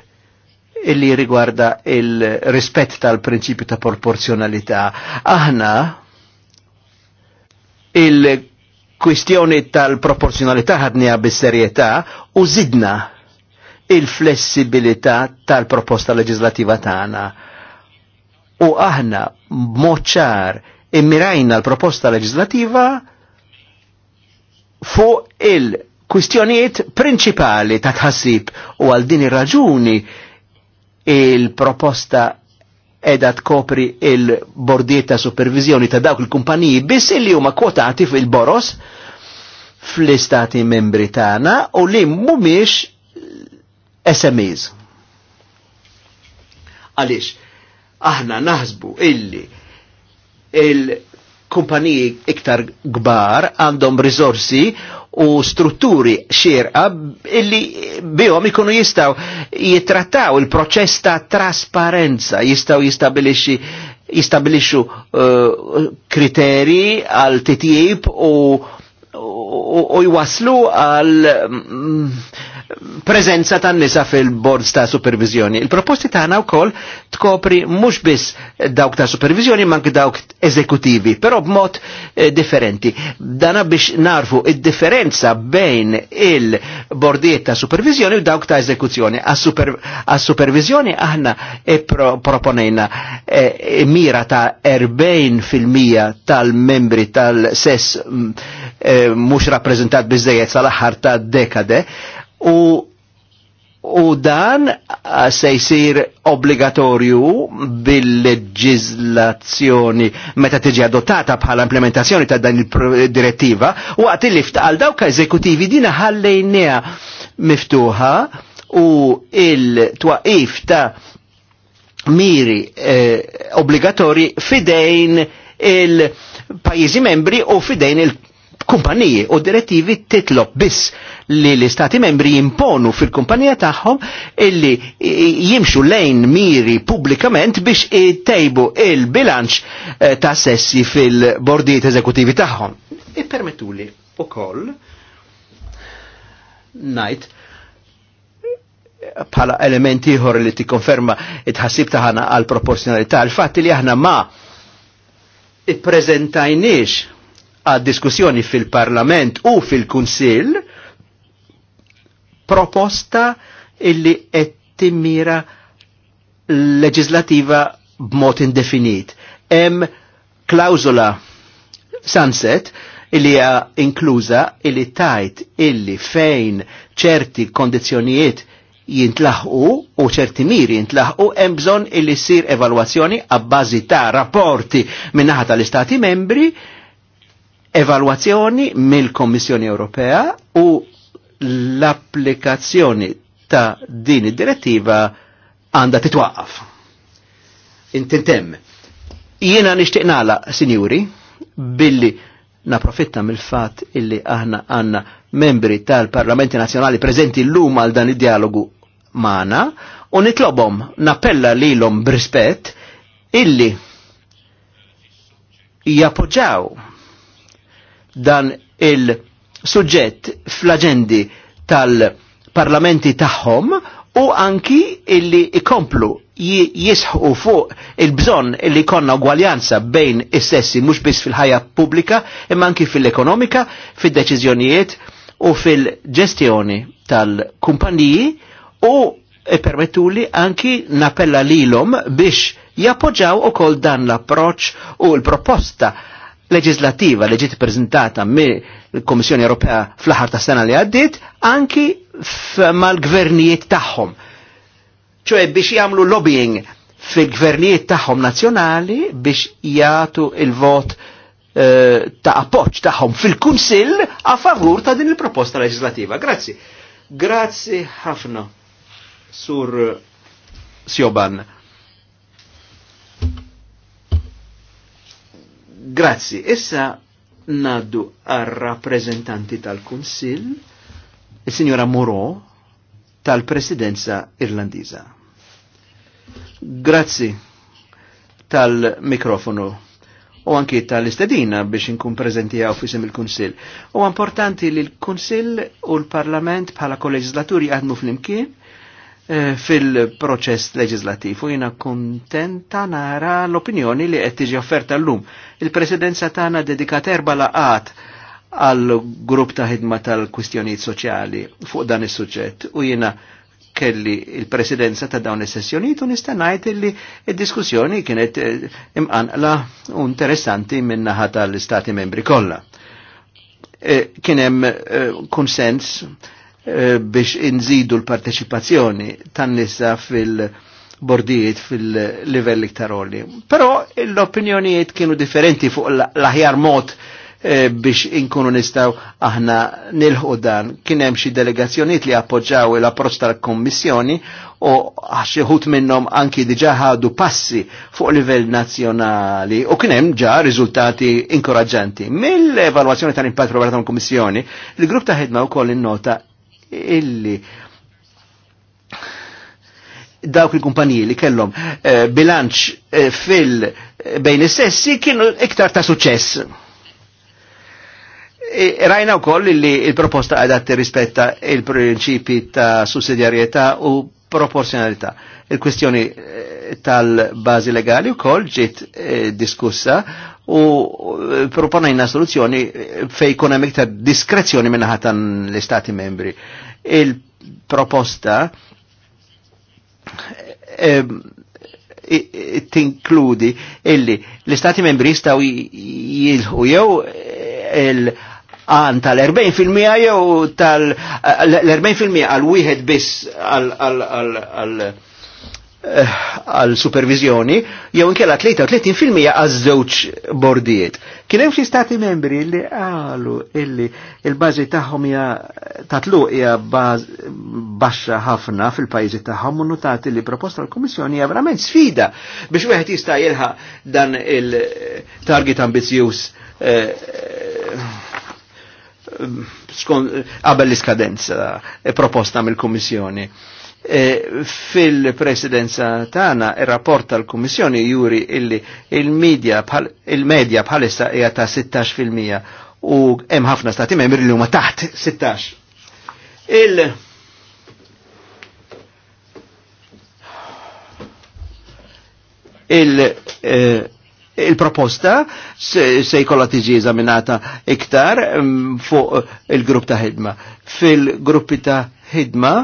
illi rigwarda il-rispett tal-prinċipju ta' proporzjonalità. Aħna il-kwistjoni tal-proporzjonalità ħadniha bis-serjetà u zidna il-flessibilità tal-proposta leġislativa tagħna. U aħna moċċar immirajna l-proposta leġislativa fuq il-kwistjonijiet prinċipali ta' tħassib u għal din ir-raġuni il-proposta edha tkopri il-bordiet ta' supervizjoni ta' dawk il-kumpaniji biss li huma kwotati fil-boros fl-istati membri tagħna u li mhumiex SMEs. Għalix, aħna naħsbu illi il-kumpaniji iktar gbar għandhom rizorsi u strutturi xirqa illi bihom ikunu jistaw jitrattaw il-proċess ta' trasparenza, jistaw jistabilixi jistabilixu uh, kriteri għal titjib u u jwaslu għal mm, prezenza tan nisa fil-bords ta' supervizjoni. Il-proposti tagħna wkoll tkopri mhux biss dawk ta' supervizjoni ma dawk eżekutivi, però b'mod eh, differenti. Dana biex narfu il differenza bejn il-bordijiet ta' supervizjoni u dawk ta' ezekuzjoni. Għas-supervizjoni aħna e proponejna eh, mira ta' 40% tal-membri tal-sess mm, eh, mhux rappresentat bizzejet sal-aħħar ta' dekade u U dan se jsir obbligatorju bil-leġizlazzjoni meta tiġi adottata bħala implementazzjoni ta' dan il-direttiva u għat il-lift għal dawk eżekutivi dina ħallejnija miftuħa u il-twaqif ta' miri eh, fidejn il-pajizi membri u fidejn il- kumpaniji u direttivi titlob biss li l-istati membri jimponu fil-kumpanija tagħhom illi jimxu lejn miri pubblikament biex tejbu il-bilanċ eh, ta' sessi fil-bordijiet eżekutivi tagħhom. Ippermettuli ukoll najt bħala element ieħor li tikkonferma it-ħassib tagħna għal proporzjonalità, il-fatt li aħna ma ippreżentajniex għad diskussjoni fil-Parlament u fil-Kunsill proposta illi qed timmira leġislativa b'mod indefinit. Hemm klawzula sunset illi hija inkluża illi tajt illi fejn ċerti kondizzjonijiet jintlaħqu u ċerti miri jintlaħqu hemm bżonn illi ssir evalwazzjoni abbażi ta' rapporti minnaħa tal-Istati membri evalwazzjoni mill-Kommissjoni Ewropea u l-applikazzjoni ta' din id-direttiva għanda titwaqqaf. Intintem. Jiena nixtieq nala, sinjuri, billi naprofitta mill-fat illi aħna għanna membri tal-Parlamenti Nazjonali prezenti l-lum għal dan id-dialogu maħna u nitlobom napella li l-om brispet illi jappoġġaw dan il-suġġett fl-aġendi tal-parlamenti tagħhom u anki illi ikomplu jisħu fuq il-bżon illi konna ugwaljanza bejn is-sessi mhux biss fil-ħajja pubblika imma anki fil-ekonomika, fid-deċiżjonijiet u fil-ġestjoni tal-kumpaniji u permettuli anki napella lilhom biex jappoġġaw ukoll dan l-approċċ u l-proposta leġislativa li ġiet prezentata mill kummissjoni Ewropea fl-aħħar ta' sena li għaddiet anki mal-gvernijiet tagħhom. ċoe biex jagħmlu lobbying fil-gvernijiet tagħhom nazzjonali biex jagħtu il-vot eh, ta' appoġġ tagħhom fil-Kunsill a favur ta' din il-proposta leġislativa. Grazzi. Grazzi ħafna sur Sjoban. Grazzi. Issa naddu għal-rappresentanti tal-Kunsil, il-Signora Moreau tal-Presidenza Irlandiza. Grazzi tal-mikrofonu u anki tal-istedina biex inkun prezenti għaw fisim il-Kunsil. U importanti li l-Kunsil u l-Parlament bħala kolleġislaturi għadmu fl-imkien Eh, fil-proċess leġislativ u jina kontenta nara l-opinjoni li qed tiġi offerta llum. Il-presidenza tagħna dedikat erba laqat għal grupp ta' ħidma tal-kwistjonijiet soċjali fuq dan is-suġġett u jina kelli il-presidenza ta' dawn is-sessjonijiet u nista' ngħid li d-diskussjoni kienet eh, imqanqla u interessanti min-naħa tal-Istati membri kollha. Eh, kien hemm e, konsens Eh, biex inżidu l-parteċipazzjoni tan-nisa fil-bordijiet fil-livell iktar Però l-opinjonijiet kienu differenti fuq l-aħjar mod eh, biex inkunu nistaw aħna nilħu dan. Kien hemm xi delegazzjonijiet li appoġġaw l-approċċ tal-Kommissjoni u xi ħut minnhom anki diġà ħadu passi fuq livell nazzjonali u kien hemm ġa riżultati inkoraġġanti. Mill-evalwazzjoni tal-impatt proprjetà tal kommissjoni il-grupp ta' ħidma wkoll innota illi dawk il-kumpaniji li kellhom eh, bilanċ eh, fil eh, bejn is-sessi kienu iktar ta' suċess. Rajna e, rajna wkoll li il-proposta għadatti rispetta il-prinċipi ta' sussidjarjetà u proporzjonalità. Il-kwestjoni eh, tal bazi legali wkoll ġiet eh, diskussa u proponajna soluzzjoni fej kunem iktar diskrezzjoni minna ħatan l-Istati membri. Il-proposta e, e, tinkludi illi l-Istati membri jistaw jilħu jew għan tal-40% jew tal-40% għal wieħed biss għal Eh, għal supervizjoni jew inkella 33% għaż-żewġ bordijiet. Kien hemm xi stati membri li qalu illi il-bażi tagħhom hija ta' tluq hija baxxa ħafna fil-pajjiżi tagħhom u nutati li proposta l-Kummissjoni hija verament sfida biex wieħed jista' jilħaq dan il-target eh, ambizzjuż eh, qabel l-iskadenza proposta mill-Kummissjoni. E, fil-presidenza tana il-rapport tal-Kummissjoni juri illi il-medja bħalissa hija ta' 16% u hemm ħafna stati membri li huma taħt 16. Il il e, il-proposta se, se jkollha tiġi eżaminata iktar mm, fuq il-grupp ta' ħidma. Fil-gruppi ta' ħidma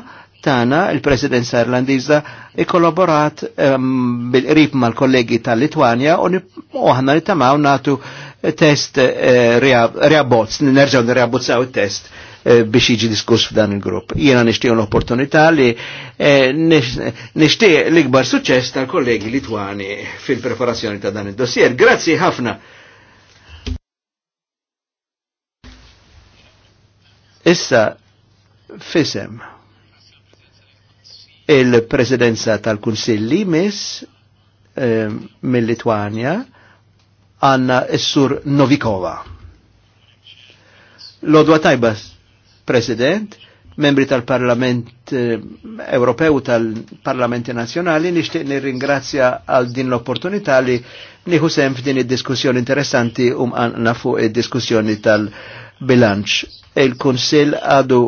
tana il-presidenza irlandiza ikkollaborat ehm, bil-qrib mal-kollegi tal-Litwanja u aħna tamaw natu test eh, riabbozz, nerġaw nirjabbozzaw il-test eh, biex jiġi diskuss f'dan il-grupp. Jiena nixtieq l-opportunità li eh, nixtieq l-ikbar suċċess tal-kollegi Litwani fil-preparazzjoni ta' dan il-dossier. Grazzi ħafna. Issa, fisem il-presidenza tal-Kunsilli miss eh, mill litwania għanna s-sur Novikova. Lodwa tajba, President, membri tal-Parlament eh, Ewropew tal-Parlamenti Nazjonali, nishtiq nir-ringrazzja għal din l-opportunità li nieħu sem f'din id-diskussjoni interessanti um għanna fuq id-diskussjoni tal-bilanċ. Il-Kunsill għadu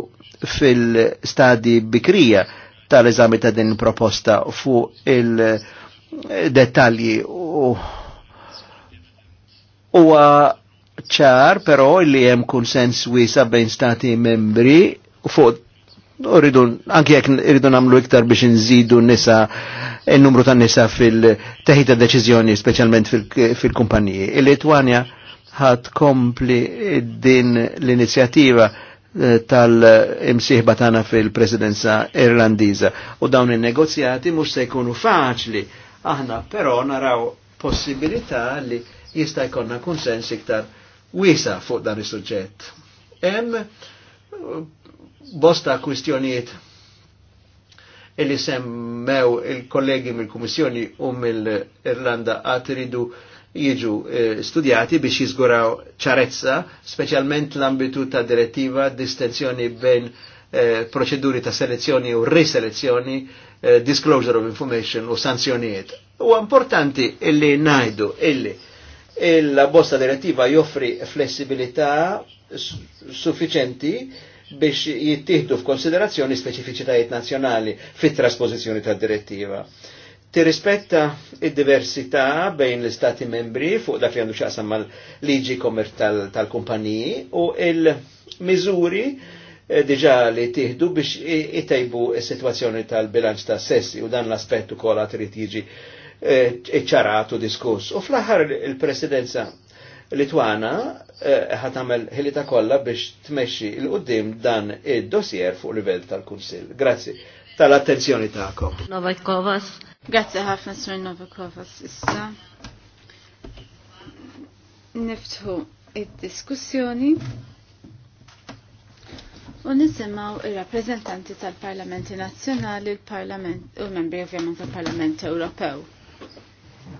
fil-stadi bikrija tal-eżami ta' din proposta fuq il-detalji u huwa ċar però li hemm konsens wiesa bejn stati membri fuq Uridu, anki jek rridu namlu iktar biex nżidu nisa, il-numru ta' nisa fil ta' deċizjoni, specialment fil-kumpaniji. Il-Litwanja ħat kompli din l-inizjativa Eh, tal-imsieħba tagħna fil-presidenza irlandiza. U dawn il negozjati mux se jkunu faċli. Aħna però naraw possibilità li jista' jkonna konsens iktar wisa fuq dan il suġġett Hemm eh, bosta kwistjonijiet illi semmew il-kollegi mill-Kummissjoni u mill-Irlanda għat iridu jiġu eh, studjati biex jizguraw ċarezza, specialment l-ambitu ta' direttiva, distenzjoni bejn eh, proċeduri ta' selezzjoni u riselezzjoni, eh, disclosure of information u sanzjonijiet. U importanti illi najdu illi la bosta direttiva joffri flessibilità sufficienti biex jittihdu f'konsiderazzjoni specificitajiet nazjonali fit trasposizjoni tad direttiva tirrispetta id-diversità bejn l-istati membri fuq dak li għandu xaqsam mal-liġi kommer tal-kumpaniji tal u il-miżuri eh, diġa li tiħdu biex itajbu s-situazzjoni tal-bilanċ ta' sessi u dan l-aspettu kol trid jiġi eh, u diskuss. U fl-aħħar il-presidenza Litwana eh, ħatamel ħilita kollha biex tmexxi il-qudiem dan id-dossier fuq livell tal-Kunsill. Grazzi tal-attenzjoni tagħkom. Novajt Grazzi ħafna Sur Novakovas sissa. Niftħu id-diskussjoni u nisimaw ir-rappreżentanti tal-Parlamenti Nazzjonali u membri ovvjament tal-Parlament Ewropew.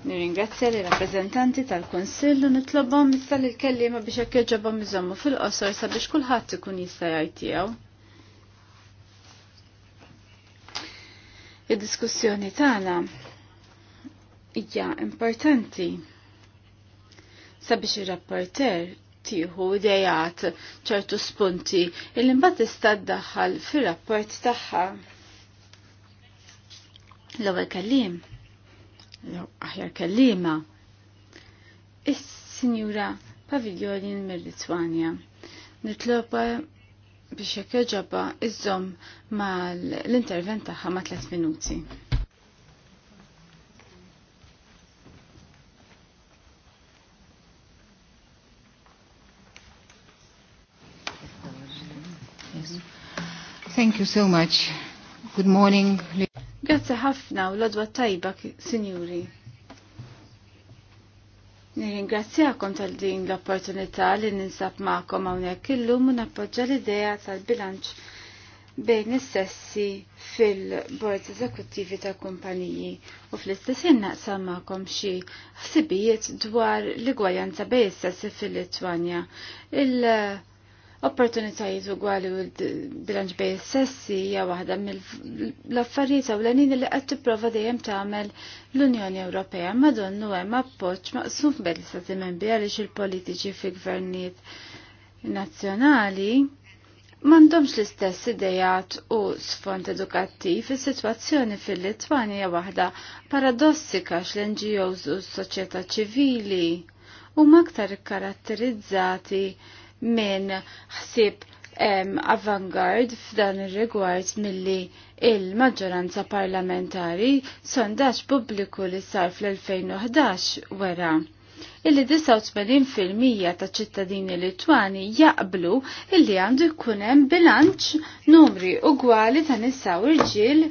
Nirringrazzja li rappresentanti tal u nitlobhom issa li l-kellima biex jekk joġobhom iżommu fil-qosor sabiex kulħadd ikun jista' jgħid tiegħu. Id-diskussjoni tagħna hija importanti sabiex ir-rapporter tieħu idejat ċertu spunti il mbagħad tista' ddaħħal fir-rapport tagħha. L-ewwel kellim, aħjar kellima, is-Sinjura Paviljonin mir-Litwanja. Nitlopa biex jekk joġobba iżżomm mal l-intervent tagħha ma' tliet minuti. Thank you so much. Good morning. Grazie ħafna u l-odwa tajba, sinjuri. Nirringrazzjakom tal-din l-opportunità li ninsab ma'kom hawnhekk illum u nappoġġa l-idea tal-bilanċ bejn is-sessi fil-bord eżekuttivi ta' kumpaniji u fl-istess naqsam ma'kom xi ħsibijiet dwar l-igwajanza bejn is-sessi fil-Litwanja. il- opportunitajiet ugwali u bilanċ bej sessi hija waħda mill-affarijiet l-għanin li qed tipprova dejjem tagħmel l-Unjoni Ewropea ma donnu hemm appoġġ maqsum bil-sati membri għaliex il-politiċi fi gvernijiet nazzjonali m'għandhomx l-istess idejat u sfond edukattiv is-sitwazzjoni fil-Litwanja waħda paradossika x'l-NGOs u s-soċjetà ċivili huma aktar ikkaratterizzati minn ħsib avangard f'dan ir-rigward milli il-maġġoranza parlamentari sondaġġ pubbliku li sar fl-2011 wera illi 89% ta' ċittadini Litwani jaqblu illi għandu jkun hemm bilanċ numri ugwali ta' nisa u rġiel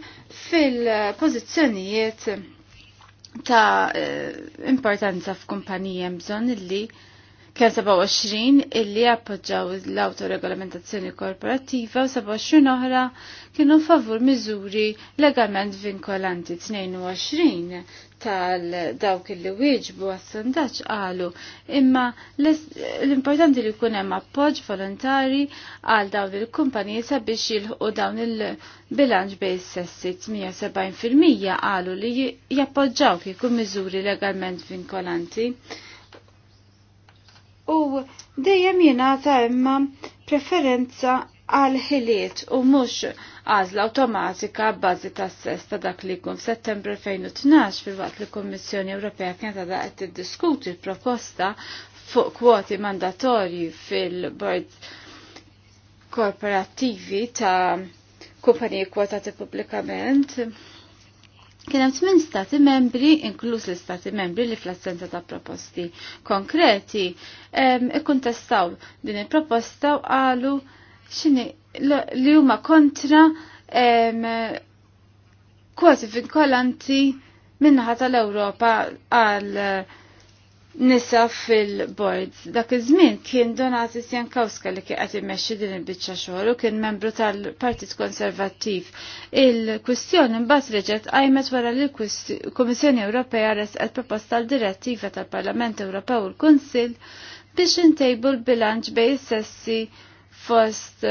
fil-pożizzjonijiet ta' eh, importanza f'kumpanija bżonn illi kien 27 illi appoġġaw l-autoregolamentazzjoni korporattiva u 27 oħra kienu favur miżuri legalment vinkolanti 22 tal dawk li wieġbu għas-sondaġġ qalu imma l-importanti li jkun hemm appoġġ volontari għal dawn il-kumpaniji sabiex jilħqu dawn il-bilanċ bej sessi mija qalu li jappoġġaw kieku miżuri legalment vinkolanti u dejjem jingħata imma preferenza għal ħiliet u mhux għażla awtomatika bbażi tas-sess ta' dak li jkun f'Settembru 2012 waqt li kummissjoni Ewropea kienet għadha qed tiddiskuti proposta fuq kwoti mandatorji fil bord korporattivi ta' kumpaniji kwotati pubblikament kienem hemm tmien stati membri, inkluż l-istati membri li fl-assenza ta' proposti konkreti, ikkuntestaw din il-proposta u għalu xini li huma kontra kważi vinkolanti minnaħa tal-Ewropa għal nisa fil-boards. Dak iż-żmien kien Donatis Jankowska li kien qed immexxi din il-biċċa xogħol u kien membru tal-Partit Konservattiv. Il-kwistjoni mbagħad reġgħet qajmet wara li l-Kummissjoni Ewropea resqet proposta l-direttiva tal-Parlament Ewropew u l-Kunsill biex intejbu l-bilanċ bej sessi fost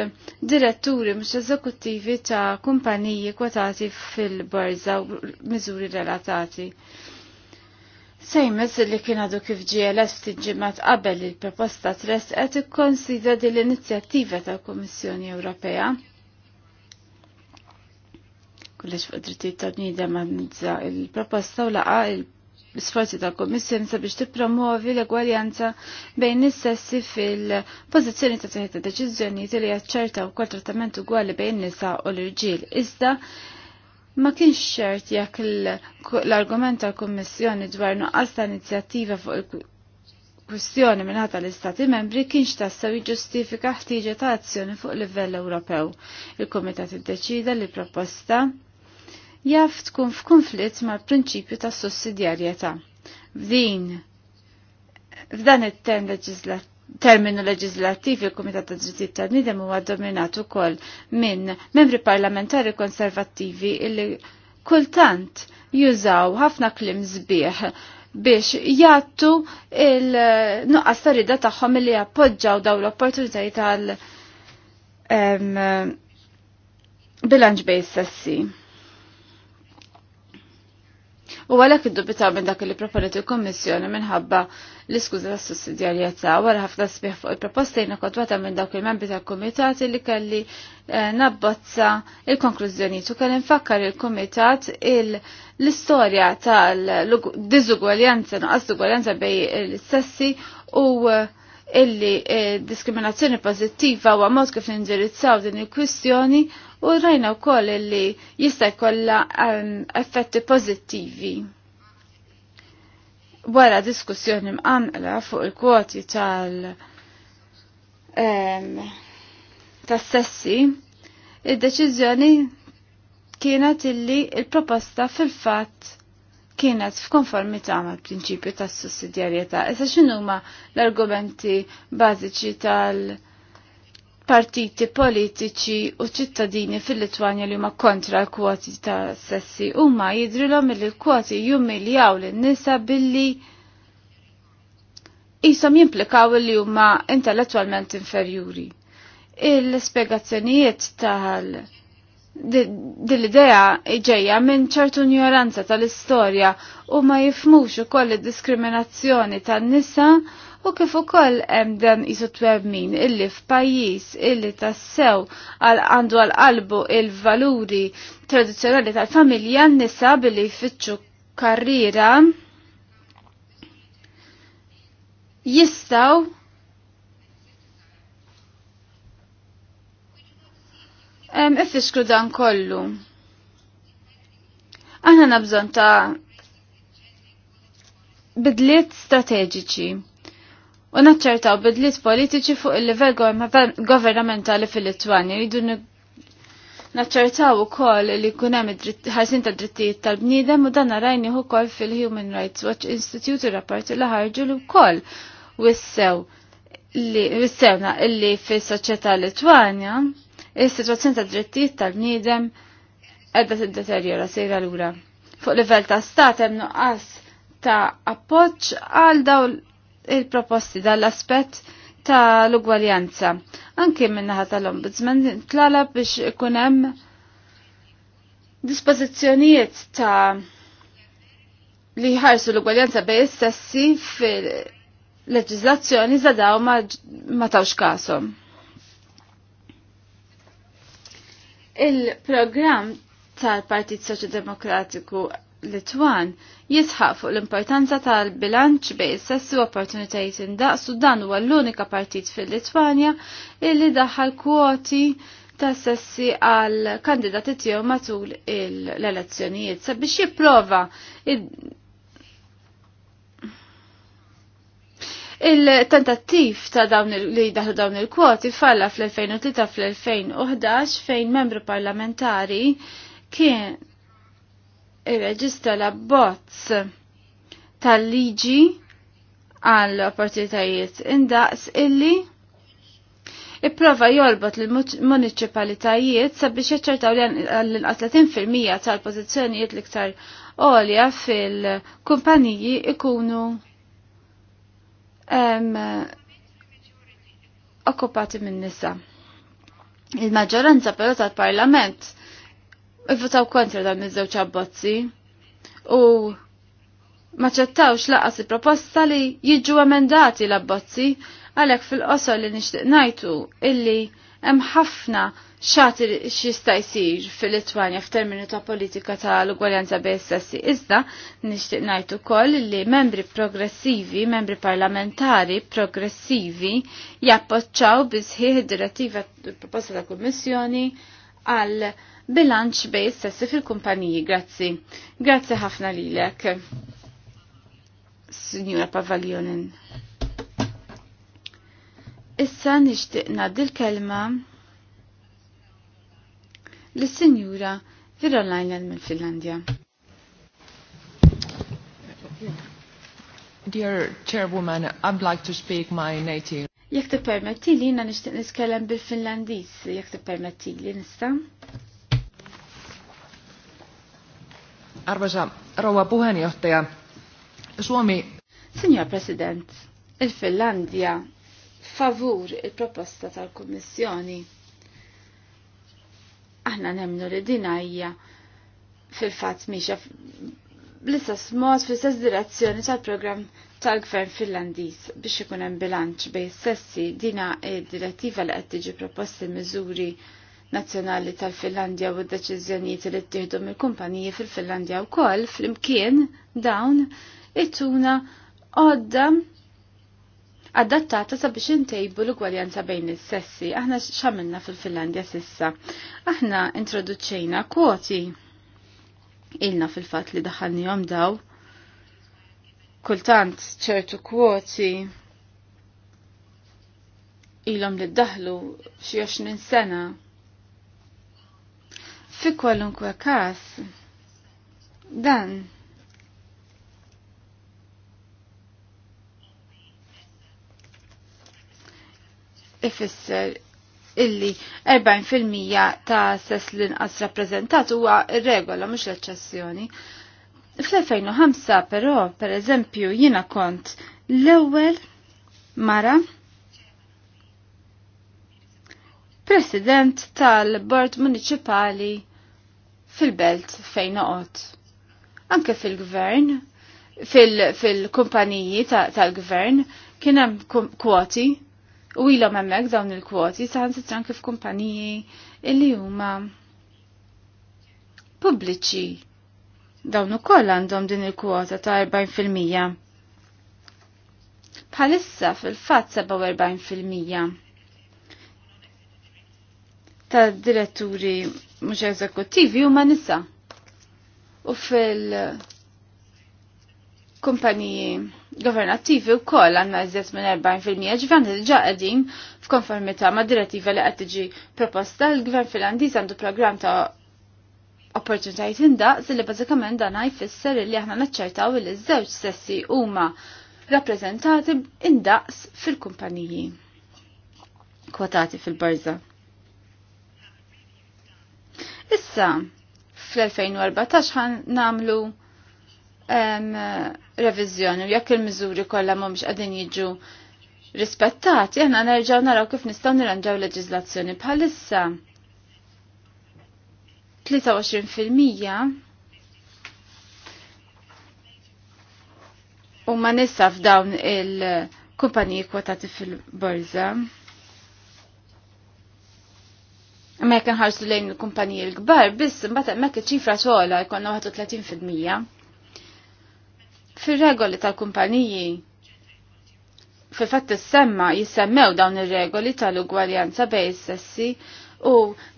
diretturi mhux eżekuttivi ta' kumpaniji kwotati fil-borza u miżuri relatati. Sejmez li kien għadu kif GLS tiġimat qabel il-proposta tres qed ikkonsidra din l-inizjattiva tal Komissjoni Ewropea. Kullex fuq drittijiet tal-bniedem nizza il-proposta u laqa l-sforzi tal-Kummissjoni sabiex tippromuovi l-egwaljanza bejn is-sessi fil-pożizzjoni ta' teħet ta' deċiżjonijiet li jaċċertaw kol trattament ugwali bejn nisa u l-irġiel. Iżda Ma kienx xert jekk l-argument tal-Kommissjoni dwar nuqqas ta' inizjattiva fuq il-kwistjoni minnata l-Istati membri kienx tassew ġustifika ħtiġa ta' azzjoni fuq livell Ewropew. Il-Komitat iddeċida li proposta jaf tkun f'konflitt mal-prinċipju ta' sussidjarjetà. F'din f'dan it-ten leġislat terminu leġislattiv il-Kumitat ta' Drittijiet tal-Nidem huwa dominat ukoll minn membri parlamentari konservattivi illi kultant jużaw ħafna klim sbieħ biex jattu il-nuqqas tarida tagħhom li appoġġaw daw l-opportunitajiet tal bilanċ bej sessi. U għalhekk iddubitaw minn dak li proponiet il-Kommissjoni minħabba l-iskuża tas sussidjarjetà wara ħafna sbieħ fuq il-proposta jiena kotwata minn dawk il-membri tal-Kumitat li kelli eh, nabbozza il-konklużjonijiet u kelli nfakkar il-Kumitat l-istorja tal-diżugwaljanza naqas dugwaljanza bej il-sessi u eh, illi eh, diskriminazzjoni pożittiva huwa mod kif nindirizzaw din il-kwistjoni u rajna wkoll li jista' jkollha ehm, effetti pozittivi. Wara diskussjoni mqamla fuq il-kwoti tal- ehm, tas-sessi, id-deċiżjoni kienet illi il-proposta fil-fatt kienet f'konformità mal prinċipju tas sussidjarjetà Issa x'inhuma l-argumenti bażiċi tal- partiti politiċi u ċittadini fil-Litwanja li huma kontra l-kwoti ta' sessi huma jidrilhom li l-kwoti jumiljaw lin-nisa billi jisom jimplikaw li huma intellettualment inferjuri. Il-spiegazzjonijiet tal dil-idea iġeja minn ċertu ignoranza tal-istorja u ma jifmux ukoll id-diskriminazzjoni tan-nisa u kif ukoll hemm dan isotweb min illi f'pajjiż illi tassew għal għandu għal qalbu il-valuri tradizzjonali tal-familja n-nisa billi jfittxu karriera jistaw Ifiskru dan kollu. Aħna nabżon ta' bidliet strateġiċi u naċċertaw bidliet politiċi fuq il-livell governamentali fil litwani jridu naċċertaw ukoll li jkun hemm ħarsin ta' drittijiet tal-bniedem u dan rajni ukoll fil-Human Rights Watch Institute il rapporti li ħarġu li wkoll wissew li wissewna illi fis-soċjetà Litwanja is-sitwazzjoni ta' drittijiet tal-bniedem edda tiddeterjora sejra lura. Fuq livell ta' stat hemm nuqqas ta' appoġġ għal dawn il-proposti dall-aspet aspett tal-ugwaljanza. Anki minnaħa tal-ombudsman tlala biex ikunem dispozizjonijiet ta' li ħarsu l-ugwaljanza bej sessi fil-leġizlazzjoni zadaw ma, ma tawx kasom. Il-program tal-Partit Soċjodemokratiku Litwan jisħaq fuq l-importanza tal-bilanċ bej sessi u opportunitajiet indaqsu dan huwa l-unika partit fil-Litwanja illi daħal kwoti ta' sessi għal kandidati tiegħu matul l-elezzjonijiet sabiex jipprova Il-tentattiv ta' dawn li daħlu dawn il-kwoti falla fl-2003 fl-2011 fejn membru parlamentari kien irreġistra l-abbozz tal-liġi għall opportunitajiet indaqs illi Ipprova jolbot l-municipalitajiet sabiex jaċċertaw l-inqas 30% tal-pożizzjonijiet l-iktar għolja fil-kumpaniji ikunu okkupati minn nisa. Il-maġġoranza però tal-Parlament Ivvotaw kontra dan iż-żewġ abbozzi u maċċettawx laqas il-proposta li jiġu emendati l-abbozzi għalhekk fil-qosor li nixtieq ngħidu illi hemm ħafna xatir xista jsir fil-Litwanja f'termini ta' politika ta' l-ugwaljanza bejn Iżda nixtieq ngħid ukoll li membri progressivi, membri parlamentari progressivi jappoċċaw bisħieħ id-direttiva proposta ta' Kummissjoni għal bilanċ bej sessi fil-kumpaniji. Grazzi. Grazzi ħafna lilek. Signora Pavaljonin. Issa nixtieq ngħaddi l-kelma lis-Sinjura Virolajnen mill-Finlandja. Dear Chairwoman, I'd like to speak my native. Jek ti permetti li na nishtiq niskellem bil-Finlandis, jek ti permetti li nista? Arvoisa rouva puheenjohtaja, Suomi... Signor President, il-Finlandia favur il-proposta tal-Kommissjoni. Aħna nemnu li dinajja fil-fat miexa bl-istess mod fl-istess direzzjoni tal-programm tal-gvern Finlandiz biex ikun hemm bilanċ bejn sessi dina id-direttiva li qed tiġi proposti miżuri Nazzjonali tal-Finlandja u d-deċiżjonijiet li ttieħdu mill-kumpaniji fil-Finlandja wkoll flimkien dawn it-tuna għodda adattata sabiex intejbu l-ugwaljanza bejn is-sessi. Aħna x'għamilna fil-Finlandja sissa. Aħna introduċejna kwoti ilna fil-fatt li daħalnihom daw kultant ċertu kwoti ilhom li ddaħlu xi 20 sena Fi kwalunkwe kas, dan ifisser illi 40% ta' sess l-inqas rappresentat huwa regola mhux l-eċċessjoni. Fl-2005 però, per eżempju, jiena kont l-ewwel mara president tal-Bord Municipali fil-belt fejn noqgħod. Anke fil-gvern, fil-kumpaniji tal-gvern kien hemm kwoti u ilhom hemmhekk dawn il-kwoti saħansitra anke f'kumpaniji illi huma pubbliċi. Dawn ukoll għandhom din il-kwota ta' 40%. Bħalissa fil-fatt 47% ta' diretturi mhux eżekuttivi huma nisa. U fil kumpaniji governattivi wkoll għandna iżjed minn 40% ġvan diġà qegħdin f'konformità ma' direttiva li qed tiġi proposta l-Gvern Finlandiż għandu programm ta' opportunitajiet indaqs li bażikament dan jfisser li aħna naċċertaw li ż-żewġ sessi huma rappreżentati indaqs fil-kumpaniji kwotati fil-barza. Issa, fl-2014 ħan namlu um, revizjoni u jekk il-miżuri kollha mhumiex qegħdin jiġu rispettati, aħna nerġgħu naraw kif nistgħu nirranġaw leġiżlazzjoni bħalissa. 23% u ma nissa f'dawn il-kumpaniji kwotati fil-borza. Ma jekk nħarsu lejn il-kumpaniji l-kbar, biss imbagħad hemmhekk iċ-ċifra sola jkollna 31%. Fir-regoli tal-kumpaniji fil-fatt semma jissemmew dawn ir-regoli tal-ugwaljanza bej s sessi u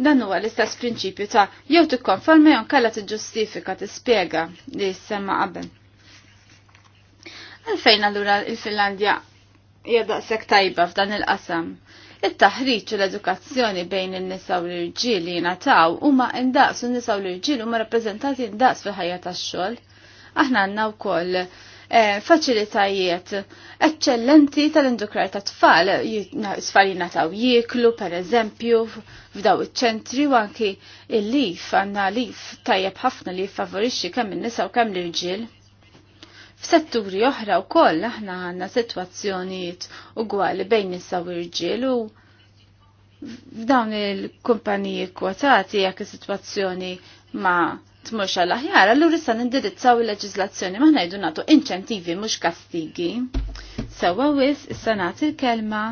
dan huwa l-istess prinċipju ta' jew tikkonforma jew kellha tiġġustifika tispjega li jissemma qabel. Għalfejn allura il-Finlandja hija daqshekk tajba f'dan il-qasam. il qasam it-taħriġ u l-edukazzjoni bejn in-nisa u l-irġiel li jingħataw huma indaqs u n-nisa u l-irġiel huma rappreżentati indaqs fil-ħajja tax-xogħol. Aħna għandna wkoll eh, faċilitajiet eccellenti tal-indukrar ta' tfal, sfarina ta' jiklu per eżempju, f'daw iċ-ċentri u anki il-lif, għanna lif tajjeb ħafna li favorixxi kemm in-nisa u kemm l-irġiel. F'setturi oħra wkoll aħna għandna sitwazzjonijiet ugwali bejn nisa u rġiel u f'dawn il-kumpaniji kwotati jekk is-sitwazzjoni ma tmurx għal aħjar, allura issa nindirizzaw il-leġiżlazzjoni ma ngħidu nagħtu inċentivi mhux kastigi. Sewwa wis issa nagħti l-kelma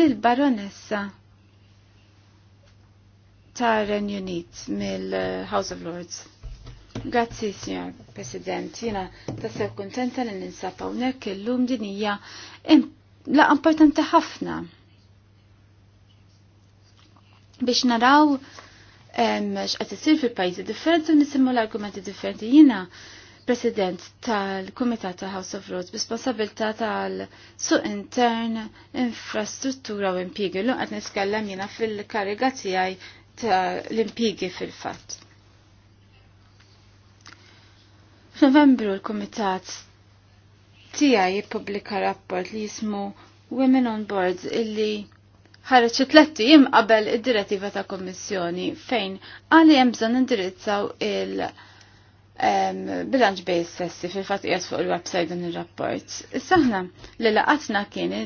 lil baronessa ta' Renjunit mill-House of Lords. Grazzi, signor President. Jena tassew kontenta li ninsab hawnhekk illum din hija la importanti ħafna. Biex naraw x'qed isir fil-pajjiżi differenti u nisimmu l-argumenti differenti. Jiena President tal-Kumitat ta' House of Roads b'responsabilità tal-suq intern, infrastruttura u l Luqgħet niskellem jiena fil-kariga tiegħi l impiegi fil-fatt. F'Novembru l-Kumitat tiegħi jippubblika rapport li jismu Women on Boards illi ħareċ it-tlettim qabel id-direttiva ta' kommissjoni fejn għali hemm bżonn indirizzaw il- bilanċ bej sessi fil-fatt qiegħed fuq il-website dan ir-rapport. Saħna li laqatna kien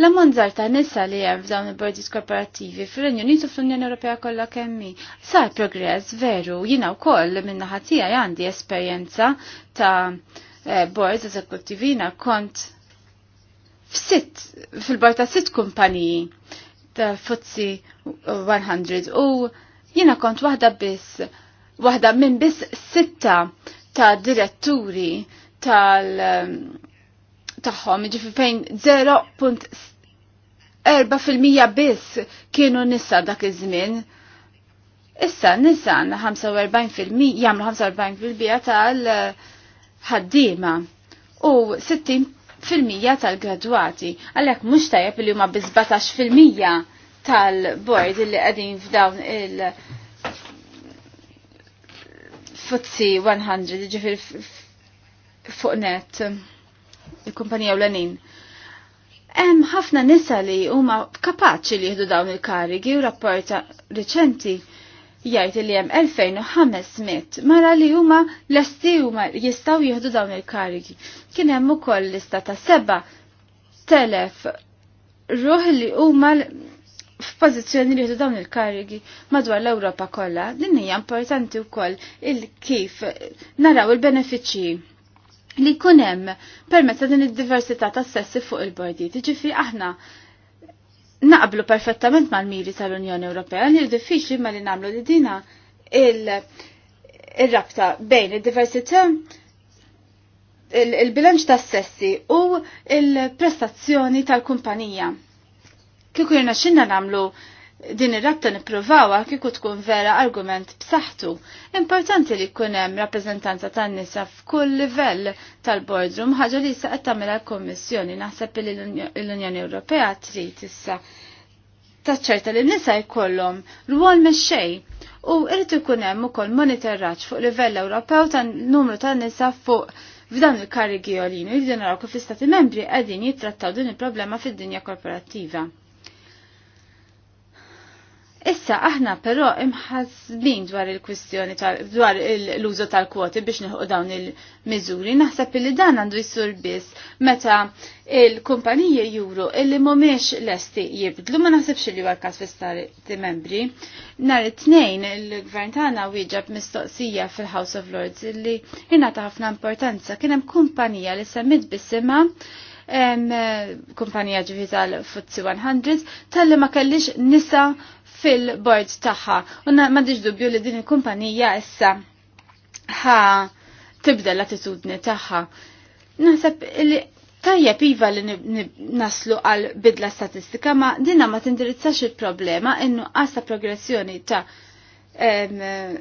L-ammonżar ta' nisa li hemm f'dawn il-bordis korporattivi fir-Renju Unitu fl-Unjoni Ewropea kollha kemm hi. Sar progress veru jiena wkoll min-naħa tiegħi għandi esperjenza ta' eh, boards eżekuttivi kont f'sitt fil bord ta' sitt kumpaniji ta' Futsi 100 u jiena kont waħda biss waħda minn biss sitta ta' diretturi tal tagħhom, ġifi fejn 0.4% biss kienu nissa dak iż-żmien. Issa nisa għandna 45% jagħmlu 45% tal-ħaddiema u 60% tal-gradwati. Għalhekk mhux tajjeb li huma bi 17% tal-bord li qegħdin f'dawn il- futsi 100 ġifir fuq net il-kumpanija u l-anin. Hemm ħafna nisa li huma kapaċi li jieħdu dawn il-karigi u rapporta riċenti jgħid li hemm 2500 mara li huma lesti huma jistgħu jieħdu dawn il-karigi. Kien hemm ukoll lista ta' seba' telef ruħ li huma f'pożizzjoni li jieħdu dawn il-karigi madwar l-Ewropa kollha. Din hija importanti wkoll il-kif naraw il-benefiċċji li kunem permessa din id-diversità ta' sessi fuq il-bordi. Ġifri aħna naqblu perfettament mal-miri tal-Unjoni Ewropea li diffiċli ma li namlu li dina il-rabta bejn id-diversità il-bilanċ ta' sessi u il-prestazzjoni tal-kumpanija. Kiku jirna xinna namlu din ir-rabta nippruvawa kieku tkun vera argument b'saħħtu. Importanti li jkun hemm rappreżentanza tan-nisa f'kull livell tal-boardroom ħaġa li issa qed tagħmilha l-Kummissjoni naħseb li l-Unjoni Ewropea trid issa taċċerta li n-nisa jkollhom rwol mexxej u irid ikun hemm ukoll monitoraġġ fuq livell Ewropew tan-numru tan-nisa fuq f'dan il-karigi olinu jibdu naraw kif l-istati membri qegħdin jittrattaw din il-problema fid-dinja korporattiva. Issa aħna però imħazbin dwar il-kwistjoni dwar l-użu tal-kwoti biex nħuq dawn il-miżuri. Naħseb li dan għandu jsur biss meta il-kumpaniji juru illi mhumiex lesti jibdlu ma naħsebx li huwa każ fl membri. Nhar it-tnejn il-gvern tagħna wieġeb mistoqsija fil-House of Lords illi ta' ħafna importanza kien hemm kumpanija li semmit bisimha kumpanija ġivi tal-Futsi 100 tal-li ma kellix nisa fil-bord tagħha. U m'għandix dubju li din il-kumpanija issa ħa tibda l-attitudni tagħha. Naħseb li tajjeb iva li naslu għal bidla statistika ma dinna ma tindirizzax il-problema innu għasta progressjoni ta' eh,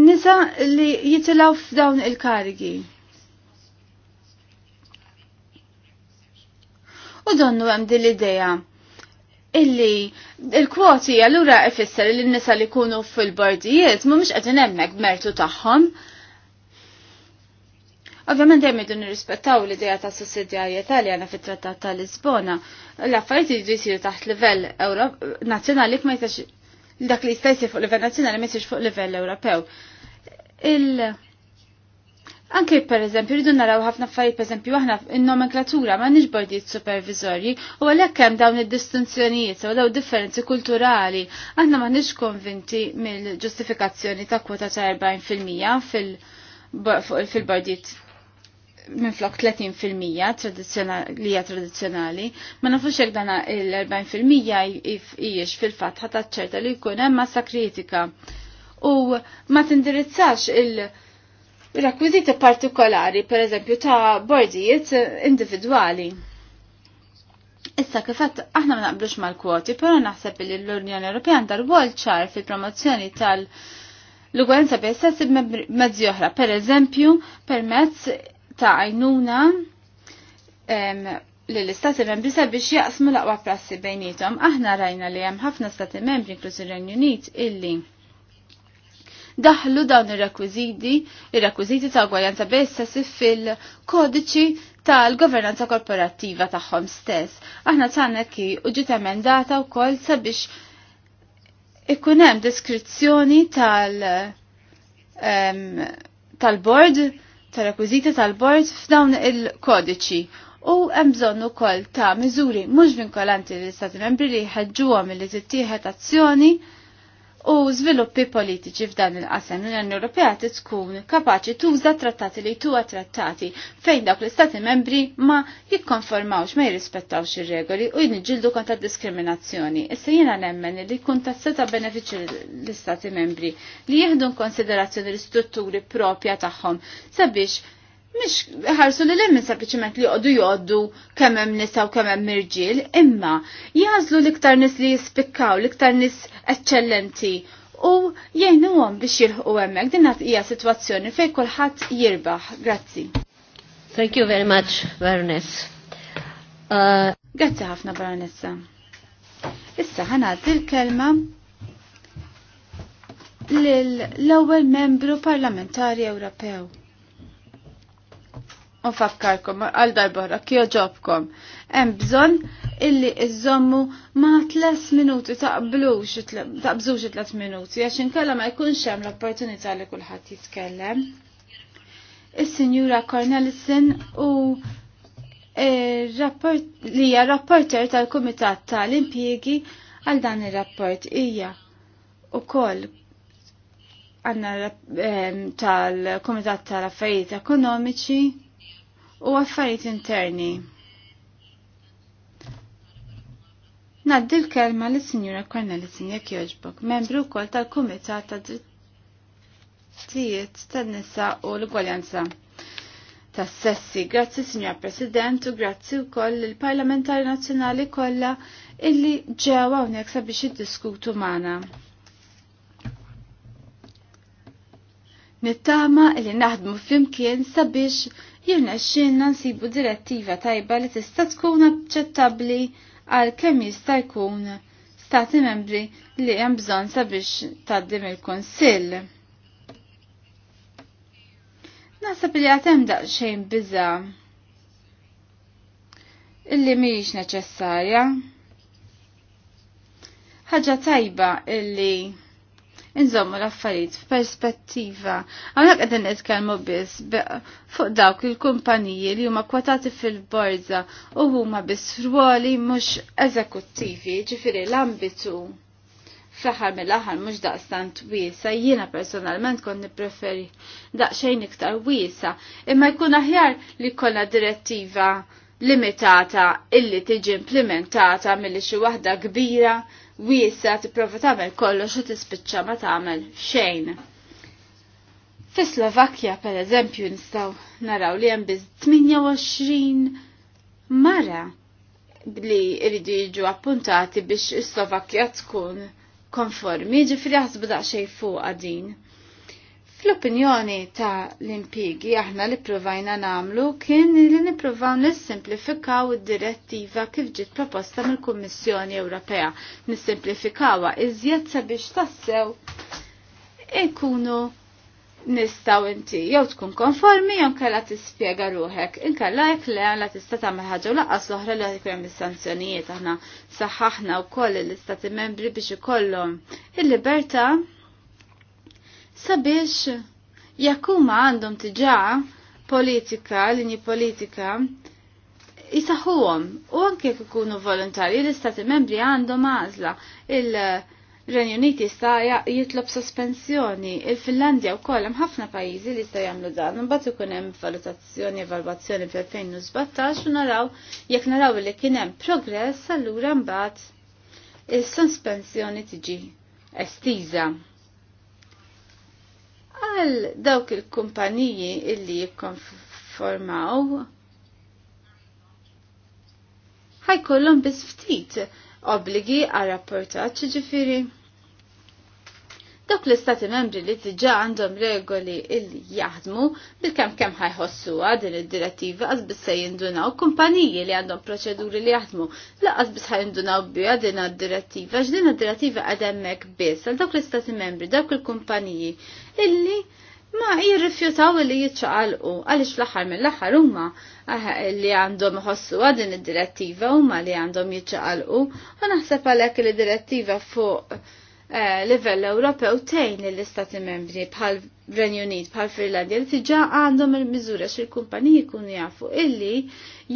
nisa li jitilaw f'dawn il-karigi. U donnu għam dil-ideja illi il-kwoti allura ifisser li n-nisa li kunu fil-bordijiet mhumiex għedin emmek mertu tagħhom. Ovvjament dejjem dun nirrispettaw l-idea ta' sussidjarjetà li għana fit-Trattat ta' Lisbona. L-affarijiet jiġu jsiru taħt livell nazzjonali ma jistax dak li jista' jsir fuq livell nazzjonali ma jsirx fuq livell Ewropew. Il- Anke per eżempju rridu naraw ħafna affarijiet per eżempju aħna in-nomenklatura ma nix bordijiet supervizorji u għalhekk hemm dawn id-distinzjonijiet u daw differenzi kulturali. Aħna ma nix konvinti mill-ġustifikazzjoni ta' kwota ta' 40% fil-bordijiet minn flok 30% tradizjonali, lija tradizzjonali, ma nafux hekk dana il 40 hijiex fil-fatt ħata ċerta li jkun hemm massa kritika. U ma tindirizzax il- rakwiziti partikolari, per eżempju, ta' bordijiet individuali. Issa kifat aħna ma naqblux mal-kwoti, pero naħseb li l-Unjoni Ewropea għandha rwol ċar fil-promozzjoni tal- l-ugwanza b'essess mezzi oħra, per eżempju, permezz ta' għajnuna li l-istati membri sabiex jaqsmu l-aqwa prassi bejnietom. Aħna rajna li hemm ħafna stati membri, inkluż l renju Unit, illi daħlu dawn ir-rekwiżiti, ir-rekwiżiti ta' gwaljanza bejn fil-kodiċi tal-governanza korporattiva tagħhom stess. Aħna tagħna ki u ġiet emendata wkoll sabiex ikun hemm deskrizzjoni tal- tal-bord, tal-rekwiżiti tal-bord f'dawn il-kodiċi u hemm bżonn ukoll ta' miżuri mhux vinkolanti l istati membri li jħeġġuhom li tittieħed azzjoni u żviluppi politiċi f'dan il-qasem l-Unjoni Ewropea tkun kapaċi tuża trattati li tuwa trattati fejn dawk l-Istati membri ma jikkonformawx ma jirrispettawx ir-regoli u jniġġieldu kontra diskriminazzjoni. Issa jiena nemmen li jkun seta' benefiċi l-Istati membri li jieħdu konsiderazzjoni l-istrutturi propja tagħhom sabiex Mish ħarsu li l-immi sempliciment li joddu joddu kemem nisa u kemem mirġil, imma jazlu li iktar nis li jispikkaw, l-iktar nis eccellenti u jgħinu għom biex jilħu għemmek. Din hija situazzjoni fej kulħadd jirbaħ. Grazzi. Thank you very much, Baroness. Uh... Grazzi ħafna, Baronessa. Issa ħana l-kelma l-ewwel membru parlamentari Ewropew. Unfakkarkom għal darbohra kjo ġobkom. Hemm bżonn illi iżommu ma tles minuti taqblux taqbżux it-tlet minuti għax inkella ma jkunx hemm l-opportunità li kulħadd jitkellem. Is-Sinjura Cornelison u e, li hija rapporter tal-Kumitat tal-Impjiegi għal dan ir-rapport hija ukoll għanna tal-Komitat tal-Affarijiet Ekonomiċi u affarijiet interni. Naddi l-kelma li Sinjura Cornelisin jekk joġbok, membru wkoll tal-Kumitat ta' Drittijiet tan-Nisa u l-Gwaljanza tas sessi. Grazzi Sinjura President u grazzi wkoll il-Parlamentari Nazzjonali kollha illi ġew hawnhekk sabiex jiddiskutu magħna. Nittama illi naħdmu flimkien sabiex jirna xinna nsibu direttiva tajba li tista' tkun aċċettabbli għal kemm jista' jkun stati membri li hemm bżonn sabiex taddim il-Kunsill. Naħseb li għatem daqsxejn biza' illi mhijiex neċessarja. Ħaġa tajba illi inżommu l-affarijiet f'perspettiva. Għamlek għedin nitkellmu biss fuq dawk il-kumpaniji li huma kwatati fil-borza u huma biss ruoli mhux eżekuttivi, ġifieri l-ambitu fl-aħħar mill-aħħar mhux daqstant wiesa, jiena personalment kon nippreferi daqsxejn iktar wiesa, imma jkun aħjar li jkollna direttiva limitata illi tiġi implementata milli xi waħda kbira wiesa tipprova tagħmel kollox u tispiċċa ma tagħmel xejn. Fi Slovakkja per eżempju nistgħu naraw li hemm biż 28 mara li iridu jiġu appuntati biex is-Slovakkja tkun konformi, ġifri ħasbu daqsxejn fuq din. Fl-opinjoni ta' l-impigi aħna li provajna namlu kien li niprovaw nissimplifikaw id-direttiva kif ġiet proposta mill-Kummissjoni Ewropea. Nissimplifikawha iżjed sabiex tassew ikunu nistaw inti jew tkun konformi jew kella tispjega ruħek. Inkella jekk le għandha tista' tagħmel ħaġa u laqas l-oħra li jkun hemm is-sanzjonijiet aħna saħħaħna wkoll l-istati membri biex ikollhom il-libertà sabiex jakuma għandhom tiġa politika, linji politika, jisaħuhom u anke ikunu volontarji l-istati membri għandhom għażla il-Renju Uniti jista' jitlob sospensjoni, il-Finlandja wkoll hemm ħafna pajjiżi li sta jagħmlu dan, imbagħad ikun hemm valutazzjoni evalwazzjoni fl-2017 u naraw jekk naraw li kien hemm progress allura mbagħad is-sospensjoni tiġi estiża għal dawk il-kumpaniji illi jikkonformaw ħajkollhom biss ftit obligi għal rapportat ġifieri. Dok l-istati membri li diġa għandhom regoli illi jaħdmu bil-kem kem ħajħossu din id-direttiva għaz biss se jindunaw kumpaniji li għandhom proċeduri li jaħdmu laqas biss jindunaw bi din id-direttiva x'din id-direttiva għademmek bis biss għal dok l-istati membri dok il-kumpaniji illi ma jirrifjutaw li jitċaqalqu għaliex fl-aħħar mill-aħħar huma ah, li għandhom ħossu din id-direttiva huma li għandhom jitċaqalqu u naħseb għalhekk li direttiva fuq Eh, livell Ewropew tejn l-Istati membri bħal Renju Unit bħal Finlandja li tiġa għandhom il-miżura xil kumpaniji jkunu jafu illi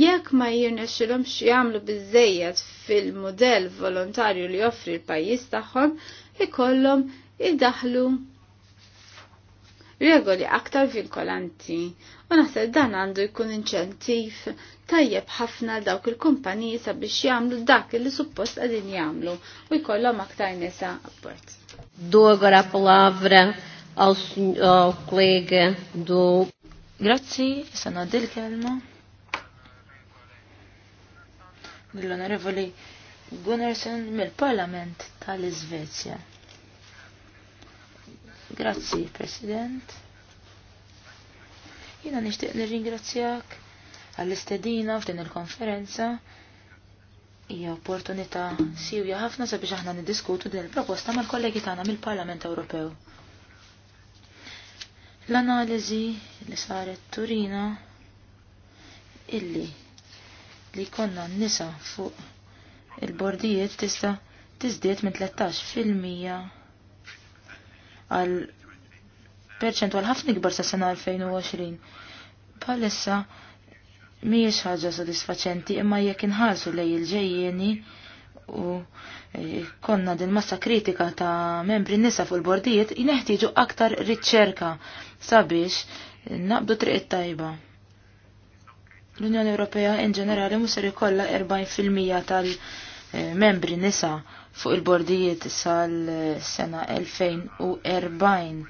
jekk ma jirnexxilhom jagħmlu biżejjed fil-modell volontarju li joffri l-pajjiż tagħhom ikollhom idaħlu regoli aktar vinkolanti u naħseb dan għandu jkun inċentiv tajjeb ħafna dawk il-kumpaniji sabiex jagħmlu dak li suppost qegħdin jagħmlu u jkollhom aktar nisa apport. Dogora palavra għal kollega do. Grazzi, sana dil kelma. L-Onorevoli Gunnarsson mill-Parlament tal-Izvezja. Grazzi, President. Jina nishtiq nirringrazzjak għall-istedina f'din il-konferenza. Hija opportunità siwja ħafna sabiex aħna niddiskutu din il-proposta mal-kollegi tagħna mill-Parlament Ewropew. L-analiżi li saret Turina illi li konna n-nisa fuq il-bordijiet tista' tiżdied minn 13 fil-mija għal perċentwal ħafna ikbar sa' sena 2020. Palissa mhijiex ħaġa sodisfaċenti imma jekk inħarsu lej il-ġejjieni u e, konna din massa kritika ta' membri nisa fuq il-bordijiet jneħtieġu aktar riċċerka sabiex naqbdu triq tajba. L-Unjoni Ewropea in ġenerali musir ikollha 40% tal- Eh, membri nisa fuq il-bordijiet sal-sena 2040.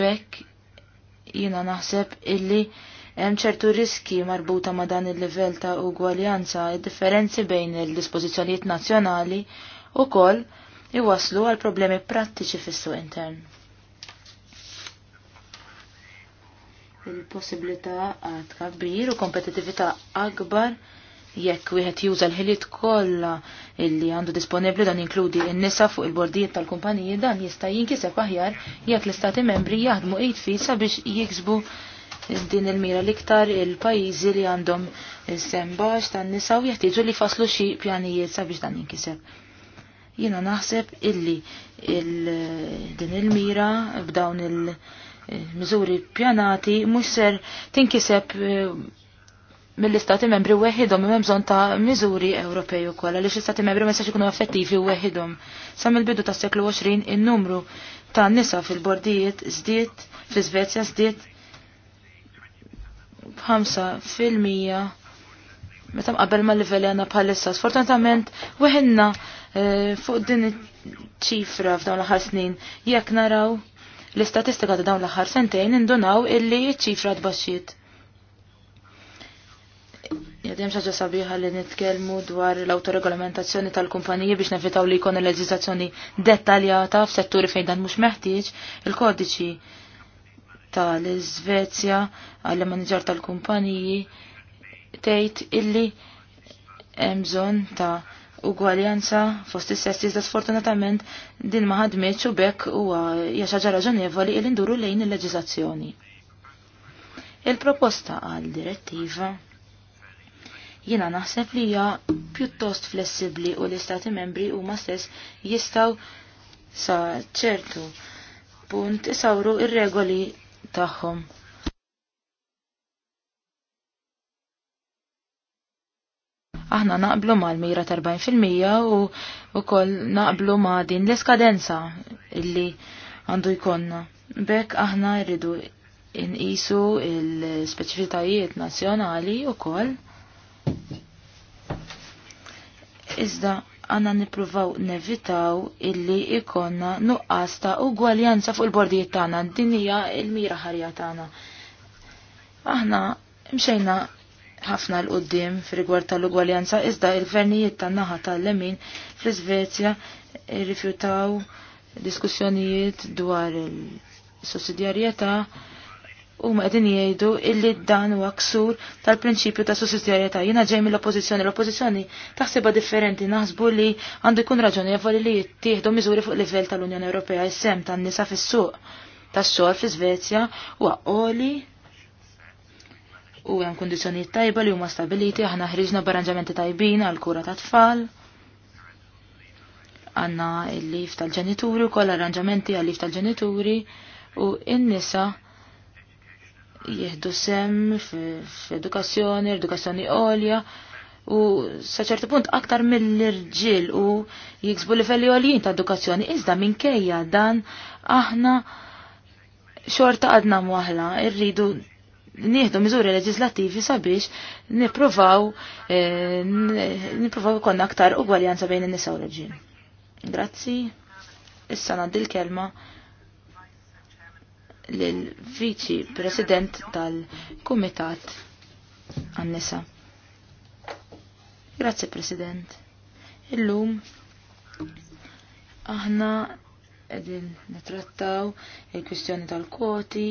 Bekk jina naħseb illi hemm ċertu riski marbuta ma' dan il-livell ta' ugwaljanza differenzi bejn il-dispożizzjonijiet nazzjonali u koll iwaslu għal problemi prattiċi fis-suq intern. Il-possibilità għad kabbir u kompetitività akbar jekk wieħed juża l-ħiliet kollha illi għandu disponibbli dan inkludi n-nisa fuq il-bordijiet tal-kumpaniji dan jista' jinkiseb aħjar jekk l-istati membri jaħdmu qid fisa biex jiksbu din il-mira l-iktar il-pajjiżi li għandhom sem baxx tan-nisa u jeħtieġu li faslu xi pjanijiet sabiex dan jinkiseb. Jiena naħseb illi din il-mira b'dawn il-miżuri pjanati mhux ser tinkiseb eh, mill-istati membri għedhom, imma bżonn ta' miżuri Ewropej u kolla, l-istati membri ma jistax ikunu effettivi weħidhom. Sa mill-bidu ta' seklu 20 in-numru ta' nisa fil-bordijiet żdiet, fl-Iżvezja żdied b'ħamsa fil-mija meta qabel ma' livelli għandna bħalissa. Sfortunatament weħinna eh, fuq din iċ-ċifra f'dawn l-aħħar snin jekk naraw l-istatistika ta' dawn l-aħħar sentejn indunaw illi ċ-ċifra tbaxxiet Dem xaġa sabiħa li nitkellmu dwar l-autoregolamentazzjoni tal-kumpaniji biex nevitaw li jkun il-leġizazzjoni dettaljata f'setturi fejn dan mhux meħtieġ, il-kodiċi tal-Iżvezja għall maniġar tal-kumpaniji tgħid illi hemm bżonn ta' ugwaljanza fost is-sessi iżda sfortunatament din ma ħadmitx u bekk huwa hija xi ħaġa raġonevoli li nduru lejn il-leġiżazzjoni. Il-proposta għal direttiva Jina naħseb li hija pjuttost flessibli u l-istati membri huma stess jistgħu sa ċertu punt isawru ir-regoli tagħhom. aħna naqblu mal-mira ta' 40% u wkoll naqblu ma' din l iskadenza illi għandu jkollna. Bekk aħna rridu inqisu il-speċifitajiet nazzjonali u koll iżda għanna nipruvaw nevitaw illi ikonna nuqqas ta' ugwaljanza fuq il-bordijiet tagħna din hija l-mira ħarja tagħna. Aħna mxejna ħafna l qudiem fir-rigward tal-ugwaljanza iżda il-gvernijiet tan-naħa tal-lemin fl-Iżvezja rrifjutaw diskussjonijiet dwar il-sussidjarjetà il il sussidjarjetà u ma għedin jgħidu illi dan huwa ksur tal-prinċipju ta' sussidjarjetà. Jiena ġej mill-oppożizzjoni, l-oppożizzjoni taħsebha differenti naħsbu li għandu jkun raġonevoli li jittieħdu miżuri fuq livell tal-Unjoni Ewropea jissem tan-nisa fis-suq tax-xogħol fi Svezja huwa qoli u hemm kundizzjonijiet tajba li huma stabiliti aħna ħriġna barranġamenti tajbin għal kura ta' tfal għanna il-lif tal-ġenituri u koll arranġamenti għal-lif tal-ġenituri u in-nisa jieħdu sem f'edukazzjoni, edukazzjoni għolja u saċertu punt aktar mill-irġil u jiksbu livelli għoljien ta' edukazzjoni. Iżda minkejja dan aħna xorta għadna muħla, irridu nieħdu miżuri leġislativi sabiex niprovaw eh, niprovaw konna aktar ugwaljanza bejn in-nisa u l-ġin. Grazzi. Issa naddi l-kelma l-Viċi President tal-Kumitat għan-nisa. Grazie President. Illum aħna qegħdin netrattaw il-kwistjoni tal-kwoti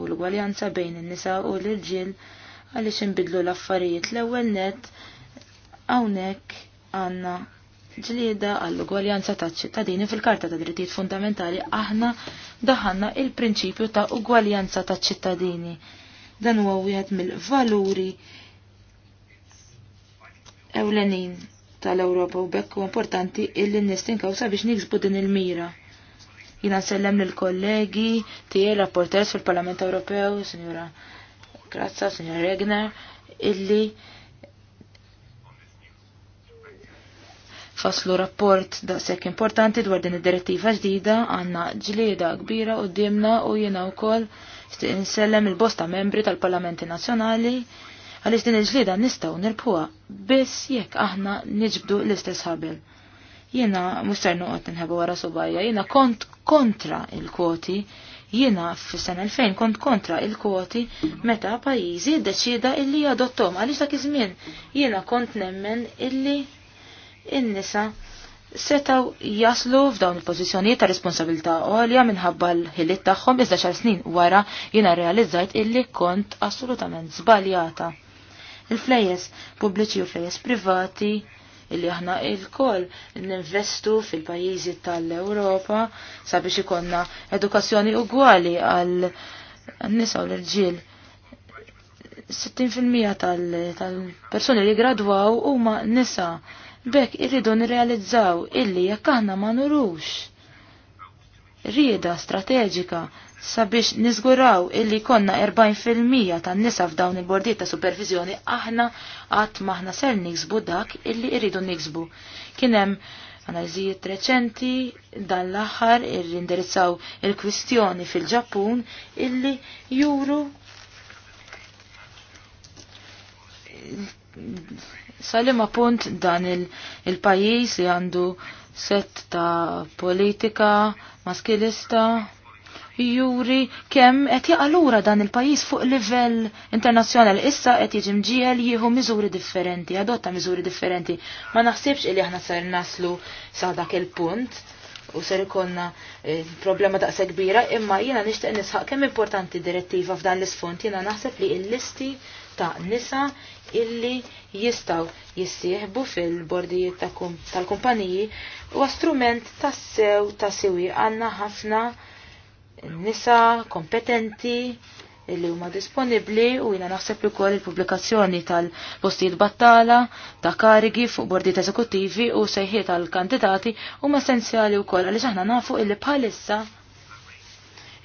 u l-gwaljanza bejn in-nisa u l-irġiel għaliex inbidlu l-affarijiet l-ewwel net hawnhekk għandna ġlieda għall-ugwaljanza ta' ċittadini fil-Karta ta' Drittijiet Fundamentali aħna daħanna il-prinċipju ta' ugwaljanza ta' ċittadini. Dan huwa wieħed mill-valuri ewlenin tal-Ewropa u bekk importanti illi nistinkaw sabiex niksbu din il-mira. Jina nsellem lill-kollegi tiegħi rapporters fil-Parlament Ewropew, Sinjura Krazza, Sinjura Regner, illi faslu rapport da sekk importanti dwar din id-direttiva ġdida għanna ġlieda kbira u dimna u jena u kol insellem il-bosta membri tal-Parlamenti Nazzjonali għalix din il-ġlieda nistaw nirpuha biss jekk aħna niġbdu l-istess ħabel. Jena mustar nuqot nħebu wara subajja, jena kont kontra il-kwoti jiena fis-sena 2000 kont kontra il-kwoti meta pajjiżi ddeċida illi jadottom għaliex dak iż-żmien jiena kont nemmen illi in-nisa setaw jaslu f'dawn il-pożizzjonijiet ta' responsabilità għolja minħabba l-ħiliet tagħhom iżda xar snin wara jiena realizzajt illi kont assolutament żbaljata. Il-flejes pubbliċi u flejes privati illi aħna il-koll ninvestu fil-pajjiżi tal-Ewropa sabiex ikonna edukazzjoni ugwali għal nisa u l-irġiel. 60% tal-persuni li gradwaw huma nisa. Bekk irridu nirrealizzaw illi jekk aħna ma nurux rieda strateġika sabiex niżguraw illi konna 40% tan-nisa f'dawn il-bordiet ta' supervizjoni aħna qatt maħna ser niksbu dak illi irridu niksbu. Kien hemm analiżijiet reċenti dan l-aħħar irri indirizzaw il-kwistjoni fil-Ġappun illi juru salim punt dan il-pajis il li għandu set ta' politika maskilista juri kemm qed jaqalura dan il-pajis fuq livell internazzjonali issa qed jiġi mġiel jieħu miżuri differenti, adotta miżuri differenti. Ma naħsibx li aħna ser naslu sa dak il-punt u ser ikonna eh, problema daqsa kbira, imma jiena nixtieq nisħaq kemm importanti direttiva f'dan l isfont jiena naħseb li il listi ta' nisa illi jistaw jissieħbu fil-bordijiet tal-kumpaniji u strument ta' sew ta' sewi għanna ħafna nisa kompetenti illi huma disponibli u jina naħseb li kol il-publikazzjoni tal-postijiet battala ta' karigi fuq bordijiet eżekuttivi u sejħiet tal-kandidati huma essenzjali wkoll għaliex aħna nafu illi bħalissa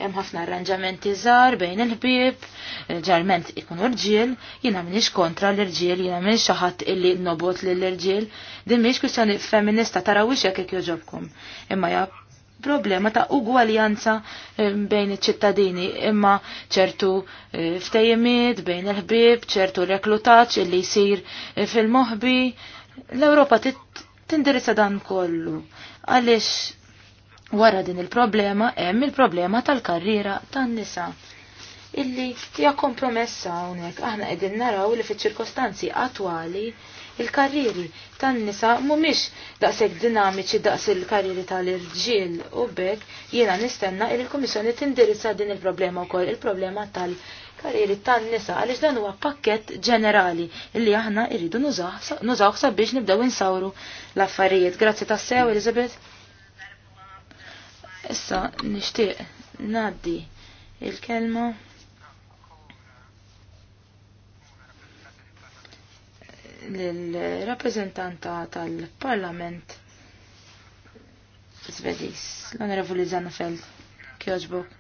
hemm ħafna arranġamenti żgħar bejn il-ħbieb, ġarment ikun irġiel, jiena m'iniex kontra l-irġiel, jiena m'iniex xi ħadd illi nobot lill-irġiel, din mhix kwistjoni feminista tarawix jekk hekk joġobkom. Imma ja problema ta' ugwaljanza bejn iċ-ċittadini imma ċertu eh, ftejjemiet bejn il-ħbieb, ċertu reklutaċ illi jsir eh, fil-moħbi. L-Ewropa tindirizza dan kollu. Għaliex Wara din il-problema hemm il-problema tal-karriera tan-nisa illi hija kompromessa hawnhekk aħna qegħdin naraw li fiċ-ċirkostanzi attwali il-karriri tan-nisa mhumiex daqshekk dinamiċi daqs il-karriri tal-irġiel u bekk jiena nistenna li l-Kummissjoni tindirizza din il-problema wkoll il-problema tal-karriri tan-nisa għaliex dan huwa pakkett ġenerali illi aħna rridu nużaw sabiex nibdew insawru l-affarijiet. Grazzi tassew Elizabeth. Issa nixtieq naddi il-kelma lill-rappreżentanta tal-Parlament Svediż, l-Onorevoli Zanafeld, kjoġbok.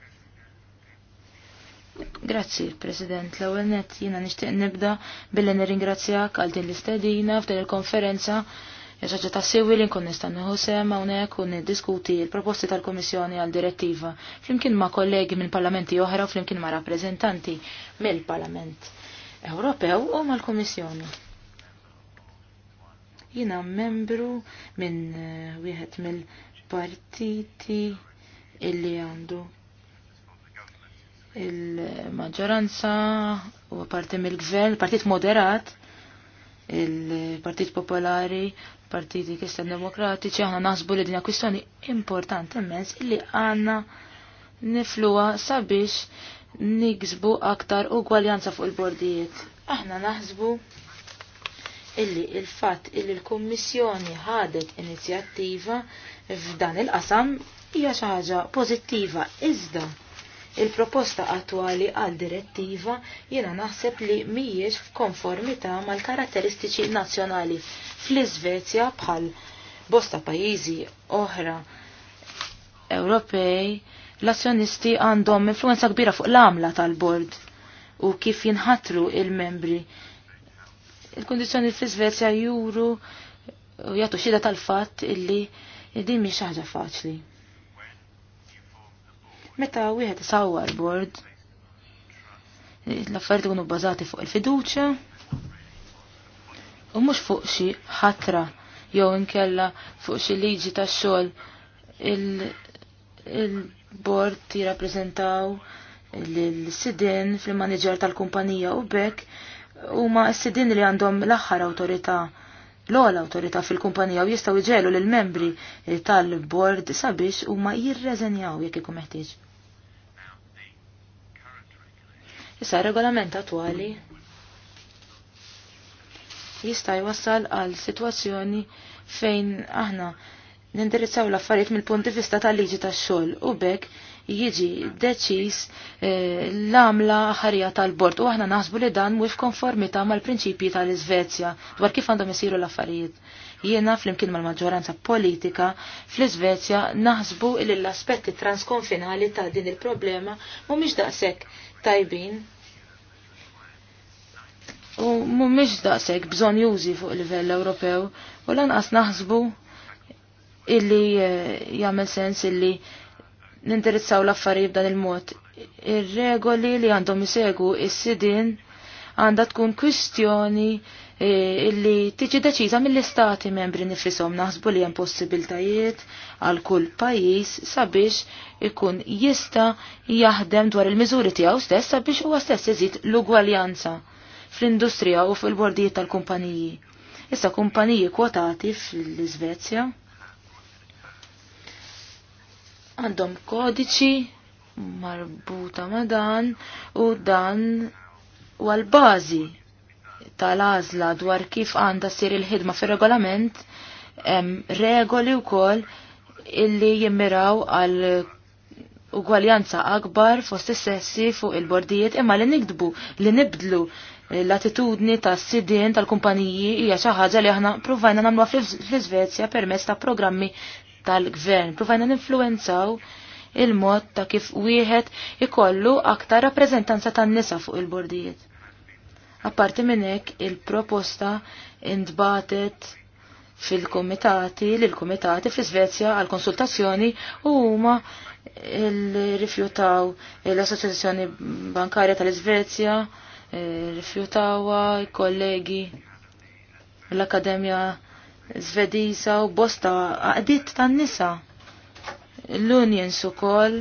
Grazzi, President. L-ewwel net jiena nixtieq nibda billi nirringrazzjak għal din l-istedina f'din il-konferenza Jaxħaġa ta' sewi li nkun nistan nħu sema unek u diskuti il-proposti tal-Komissjoni għal direttiva flimkien ma' kollegi minn parlamenti oħra u flimkien ma' rappresentanti mill-Parlament Ewropew u mal-Komissjoni. Jina membru minn eh, wieħed mill-partiti illi għandu il-maġġoranza u parti mill-gvern, partit moderat, il-Partit Popolari, Partiti Kristjan Demokratiċi, aħna naħsbu li dinja kwistjoni importanti immens illi għanna nifluwa sabiex niksbu aktar ugwaljanza fuq il-bordijiet. Aħna naħsbu illi il-fatt illi l-Kummissjoni ħadet inizjattiva f'dan il-qasam hija xi ħaġa pożittiva iżda il-proposta attwali għal direttiva jiena naħseb li mhijiex f'konformità mal-karatteristiċi nazzjonali fl izvezja bħal bosta pajjiżi oħra Ewropej l-azzjonisti għandhom influenza kbira fuq l-għamla tal-bord u kif jinħatru il-membri. Il-kondizjoni fl-Iżvezja juru u jagħtu xhieda tal-fatt illi din mhix ħaġa faċli. Meta wieħed isawwar bord, l-affarijiet ikunu bbażati fuq il-fiduċja u mhux fuq xi ħatra jew inkella fuq xi liġi tax-xogħol il-bord il jirrappreżentaw l-sidin fil-manager tal-kumpanija u bekk huma s-sidin li għandhom l-aħħar awtorità l-ogħla awtorità fil-kumpanija u jistgħu jġelu lill-membri tal-bord sabiex huma jirreżenjaw jekk ikun meħtieġ. Issa regolament attuali jista' jwassal għal sitwazzjoni fejn aħna nindirizzaw l-affarijiet mill-punt di vista tal-liġi tax-xogħol u bekk jiġi deċiż eh, l-għamla ħarija tal-bord u aħna naħsbu li dan mhux konformità mal-prinċipji tal-Iżvezja dwar kif għandhom isiru l-affarijiet. Jiena flimkien mal-maġġoranza politika fl-Iżvezja naħsbu li l-aspetti transkonfinali ta' din il-problema mhumiex daqshekk tajbin. U mhumiex daqshekk bżonn jużi fuq livell Ewropew u lanqas naħsbu illi eh, jagħmel sens illi nindirizzaw l-affarijiet b'dan il-mod. Ir-regoli li għandhom isegu is-sidin għandha tkun kwistjoni E, illi tiġi deċiża mill-istati membri nifisom naħsbu li hemm possibiltajiet għal kull pajjiż sabiex ikun jista' jaħdem dwar il-miżuri tiegħu stess sabiex huwa stess iżid l-ugwaljanza fl-industrija u fil-bordijiet tal-kumpaniji. Issa kumpaniji kwotati fl-Iżvezja għandhom kodiċi marbuta ma dan u dan għal bazi tal-għażla dwar kif għandha ssir il-ħidma fir-regolament regoli regoli wkoll illi jimmiraw għal ugwaljanza akbar fost sessi fuq il-bordijiet imma li nikdbu li nibdlu l-attitudni tas sidien tal-kumpaniji hija xi ħaġa li aħna provajna nagħmluha fl-Iżvezja permezz ta' programmi tal-gvern. Provajna ninfluenzaw il-mod ta' kif wieħed ikollu aktar rappreżentanza tan-nisa fuq il-bordijiet. Apparti minn hekk il-proposta intbatet fil-komitati, l-komitati fil svezja għal konsultazzjoni u huma rifjutaw l-Assoċjazzjoni Bankarja tal-Svezja, rifjutawa kollegi l-Akademja Zvedisa u bosta għadit tan-nisa. L-Unions ukoll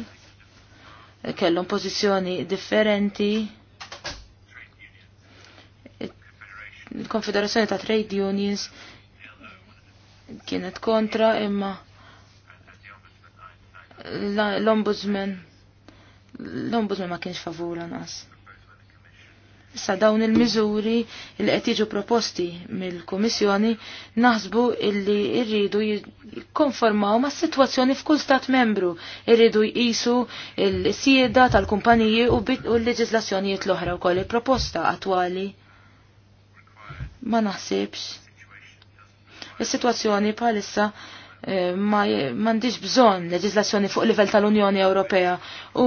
kellhom pożizzjoni differenti il-Konfederazzjoni ta' Trade Unions kienet kontra imma l-ombudsman l-ombudsman ma kienx favura nas. Sa dawn il-miżuri li qed jiġu proposti mill-Kummissjoni naħsbu illi rridu jikkonformaw ma' sitwazzjoni f'kull stat membru, irridu jqisu l-sieda tal-kumpaniji u l-leġislazzjonijiet l-oħra wkoll il-proposta attwali ma naħsibx. Is-sitwazzjoni bħalissa eh, ma mandiġ bżon leġislazzjoni fuq livell tal-Unjoni Ewropea u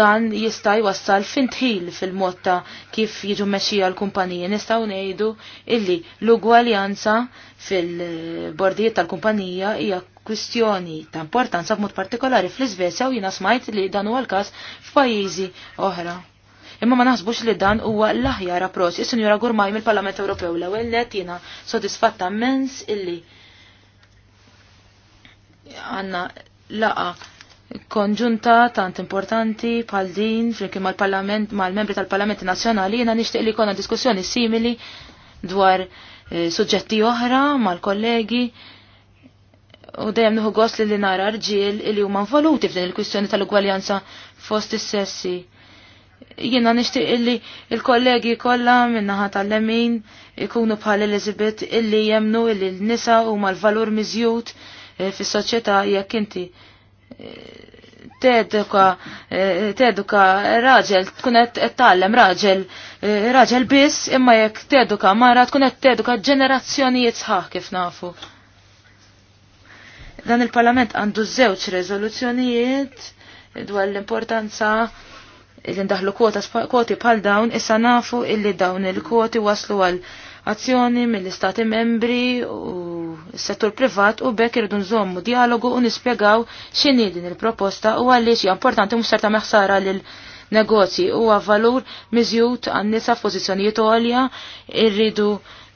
dan jista' jwassal fintħil fil-mod ta' kif jiġu mexxija l-kumpaniji. Nistgħu ngħidu illi l-ugwaljanza fil-bordijiet tal-kumpanija hija kwistjoni ta' importanza b'mod partikolari fl-Iżvezja u jiena smajt li dan huwa l-każ f'pajjiżi oħra. Imma ma naħsbux li dan huwa l-aħjar approċċ. Is-Sinjura Gurmaj mill-Parlament Ewropew l-ewwel net jiena sodisfatta mens illi għandna laqa konġunta tant importanti bħal din flimkien mal-Parlament mal-membri tal-Parlament Nazzjonali jiena nixtieq li jkollna diskussjoni simili dwar eh, suġġetti oħra mal-kollegi u dejjem nuħu gost li nara rġiel li huma involuti f'din il-kwistjoni tal-ugwaljanza fost is-sessi. Jiena nixtieq illi il-kollegi kollha min-naħa tal-lemin ikunu bħal Elizabeth illi jemnu illi l-nisa huma l-valur miżjud eh, fis-soċjetà jekk inti eh, teduka eh, teduka raġel tkun qed tgħallem raġel raġel biss imma jekk teduka mara tkun qed teduka ġenerazzjonijiet sħaħ kif nafu. Dan il-Parlament għandu żewġ riżoluzzjonijiet dwar l-importanza li ndaħlu kwoti bħal dawn issa nafu illi dawn il-kwoti waslu għal azzjoni mill-istati membri u s-settur privat u bekk irridu nżommu dialogu u nispjegaw x'inhi din il-proposta u għaliex hija importanti mhux serta meħsara lil negozji u valur miżjut għan nisa f'pożizzjonijiet għolja irridu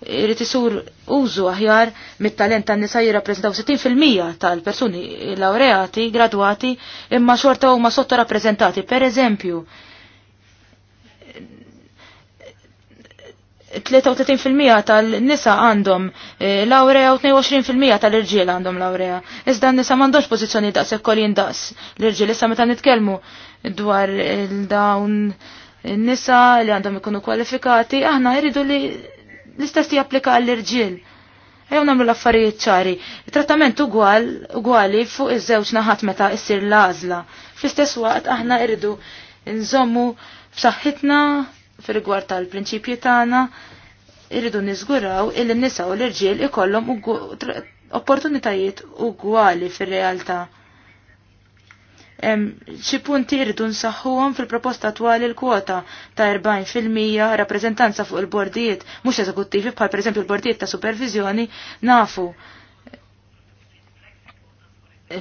irrit isur użu aħjar mit-talent tan nisa jirrappreżentaw 60% tal-persuni laureati, graduati, imma xorta huma sottorappreżentati. Per eżempju, 33% tal-nisa għandhom eh, laurea u 22% tal-irġiel għandhom laurea. Iżda n-nisa m'għandhomx pozizjoni daqs ekkolin daqs l-irġiel. Issa meta nitkellmu dwar dawn n-nisa li għandhom ikunu kwalifikati, aħna jridu li L-istess japplika għall-irġiel. Ejjew nagħmlu l-affarijiet ċari. it trattament ugwal ugwali fuq iż-żewġ naħat meta issir l-għażla. Fl-istess waqt aħna irridu nżommu f'saħħitna fir-rigward tal-prinċipji tagħna irridu niżguraw il-nisa u l-irġiel ikollhom opportunitajiet ugwali fir-realtà xi punti irridu nsaħħuhom fil-proposta twali l-kwota ta' 40% rappreżentanza fuq il-bordijiet mhux eżekuttivi bħal pereżempju l-bordijiet ta' supervizjoni nafu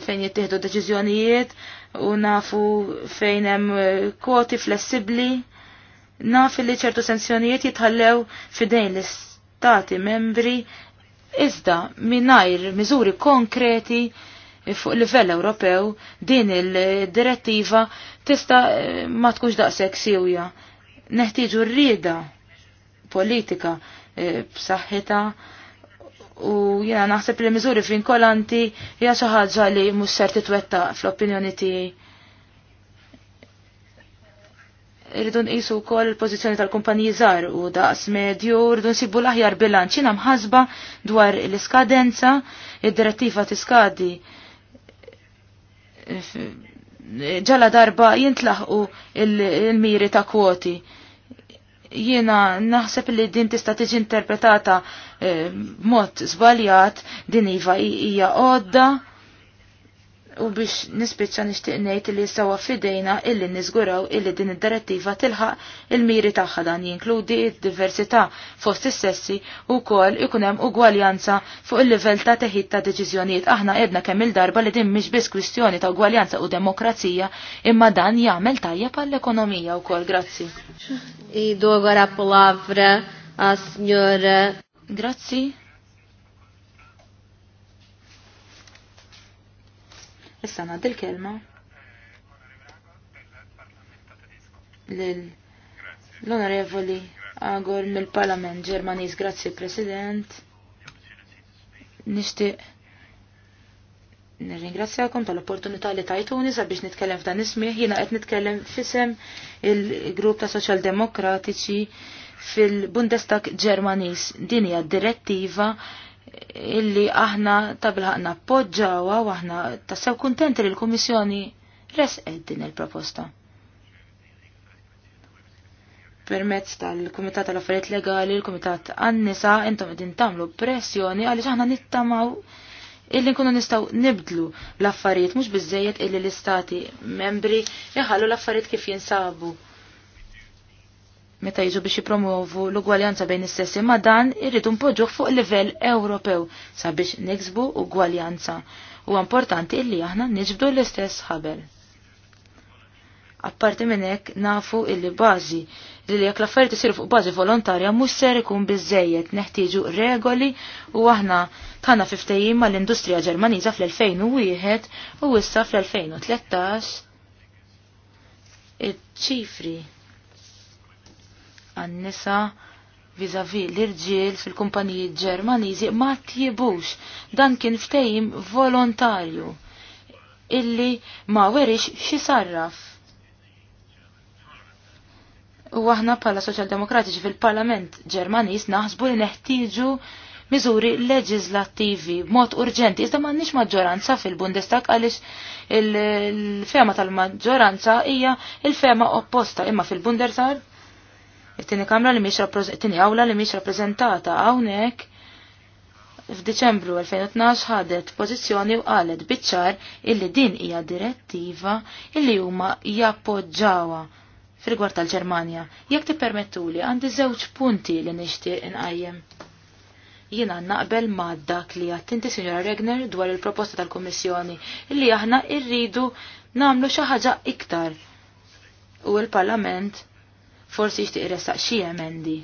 fejn jittieħdu deċiżjonijiet u nafu fejn hemm eh, kwoti flessibbli nafu li ċertu sanzjonijiet jitħallew fidejn l-istati membri iżda mingħajr miżuri konkreti fuq livell Ewropew din il-direttiva tista' ma tkunx daqshekk siwja. Neħtieġu rrieda politika e, b'saħħitha u jiena naħseb li miżuri vinkolanti hija xi ħaġa li mhux ser titwettaq fl-opinjoni tiegħi. Irridu nqisu wkoll il-pożizzjoni tal-kumpaniji żgħar u daqs medju, rridu nsibu l-aħjar bilanċ. Jiena mħasba dwar l-iskadenza, id-direttiva tiskadi ġala darba jintlaħqu il-miri ta' kwoti. Jiena naħseb li din tista' tiġi interpretata b'mod eh, żbaljat din iva hija għodda u biex nispiċċa nixtieq ngħid li sawa fidejna illi niżguraw illi din id-direttiva tilħaq il-miri tagħha dan jinkludi d-diversità fost is-sessi u wkoll ikun hemm ugwaljanza fuq il-livell ta' teħid ta' deċiżjonijiet. Aħna qedna kemm il-darba li din mhix biss kwistjoni ta' ugwaljanza u demokrazija imma dan jagħmel tajjeb għall-ekonomija wkoll. Grazzi. Idu għara palavra, signora. Grazzi. Issa nad il-kelma l-onorevoli Agor mill-Parlament Ġermaniż, grazzi President. Nixtieq nirringrazzjakom tal-opportunità li tajtuni sabiex nitkellem f'dan ismi, jiena qed nitkellem fisem il-grupp ta' Soċjaldemokratiċi fil-Bundestag Ġermaniż. Din hija direttiva illi aħna tabilħaq nappoġġawa u aħna tassew kuntenti li l-Kummissjoni resqed din il-proposta. Permezz tal-Kumitat tal-Affarijiet Legali, l-Kumitat għannisa, nisa intom qegħdin tagħmlu pressjoni għaliex aħna nittamaw illi nkunu nistgħu nibdlu l-affarijiet mhux biżejjed illi l-istati membri jħallu l-affarijiet kif jinsabu meta jiġu biex jipromovu l-ugwaljanza bejn is-sessi ma dan irridu npoġġuh fuq livell Ewropew sabiex niksbu ugwaljanza. Huwa importanti illi aħna niġbdu l-istess ħabel. Apparti minn hekk nafu illi bażi li jekk l-affarijiet isiru fuq bażi volontarja mhux ser ikun biżejjed neħtieġu regoli u aħna tħanna fiftejjin mal-industrija Ġermaniża fl-2001 u issa fl-2013 iċ-ċifri għannisa nisa vizavi l-irġiel fil-kumpaniji ġermaniżi ma tjibux. Dan kien ftejim volontarju illi ma werix xi sarraf. U aħna pala soċjaldemokratiċi fil-Parlament Ġermaniż naħsbu li neħtieġu miżuri leġislattivi b'mod urġenti. Iżda m'għandniex maġġoranza fil-Bundestag għaliex il-fema tal-maġġoranza hija il-fema opposta imma fil-Bundestag it tini kamra li miex it-tieni awla li mhix rappreżentata hawnhekk f'Diċembru 2012 ħadet pożizzjoni u qalet biċċar illi din hija direttiva illi huma jappoġġawha fil-gwar tal-Ġermanja. Jekk li għandi żewġ punti li nixtieq inqajjem Jina naqbel ma' dak li għattinti Sinjora Regner dwar il-proposta tal-Kommissjoni illi aħna irridu namlu xi ħaġa iktar. U l-Parlament forsi jixtieq jressaq xi emendi.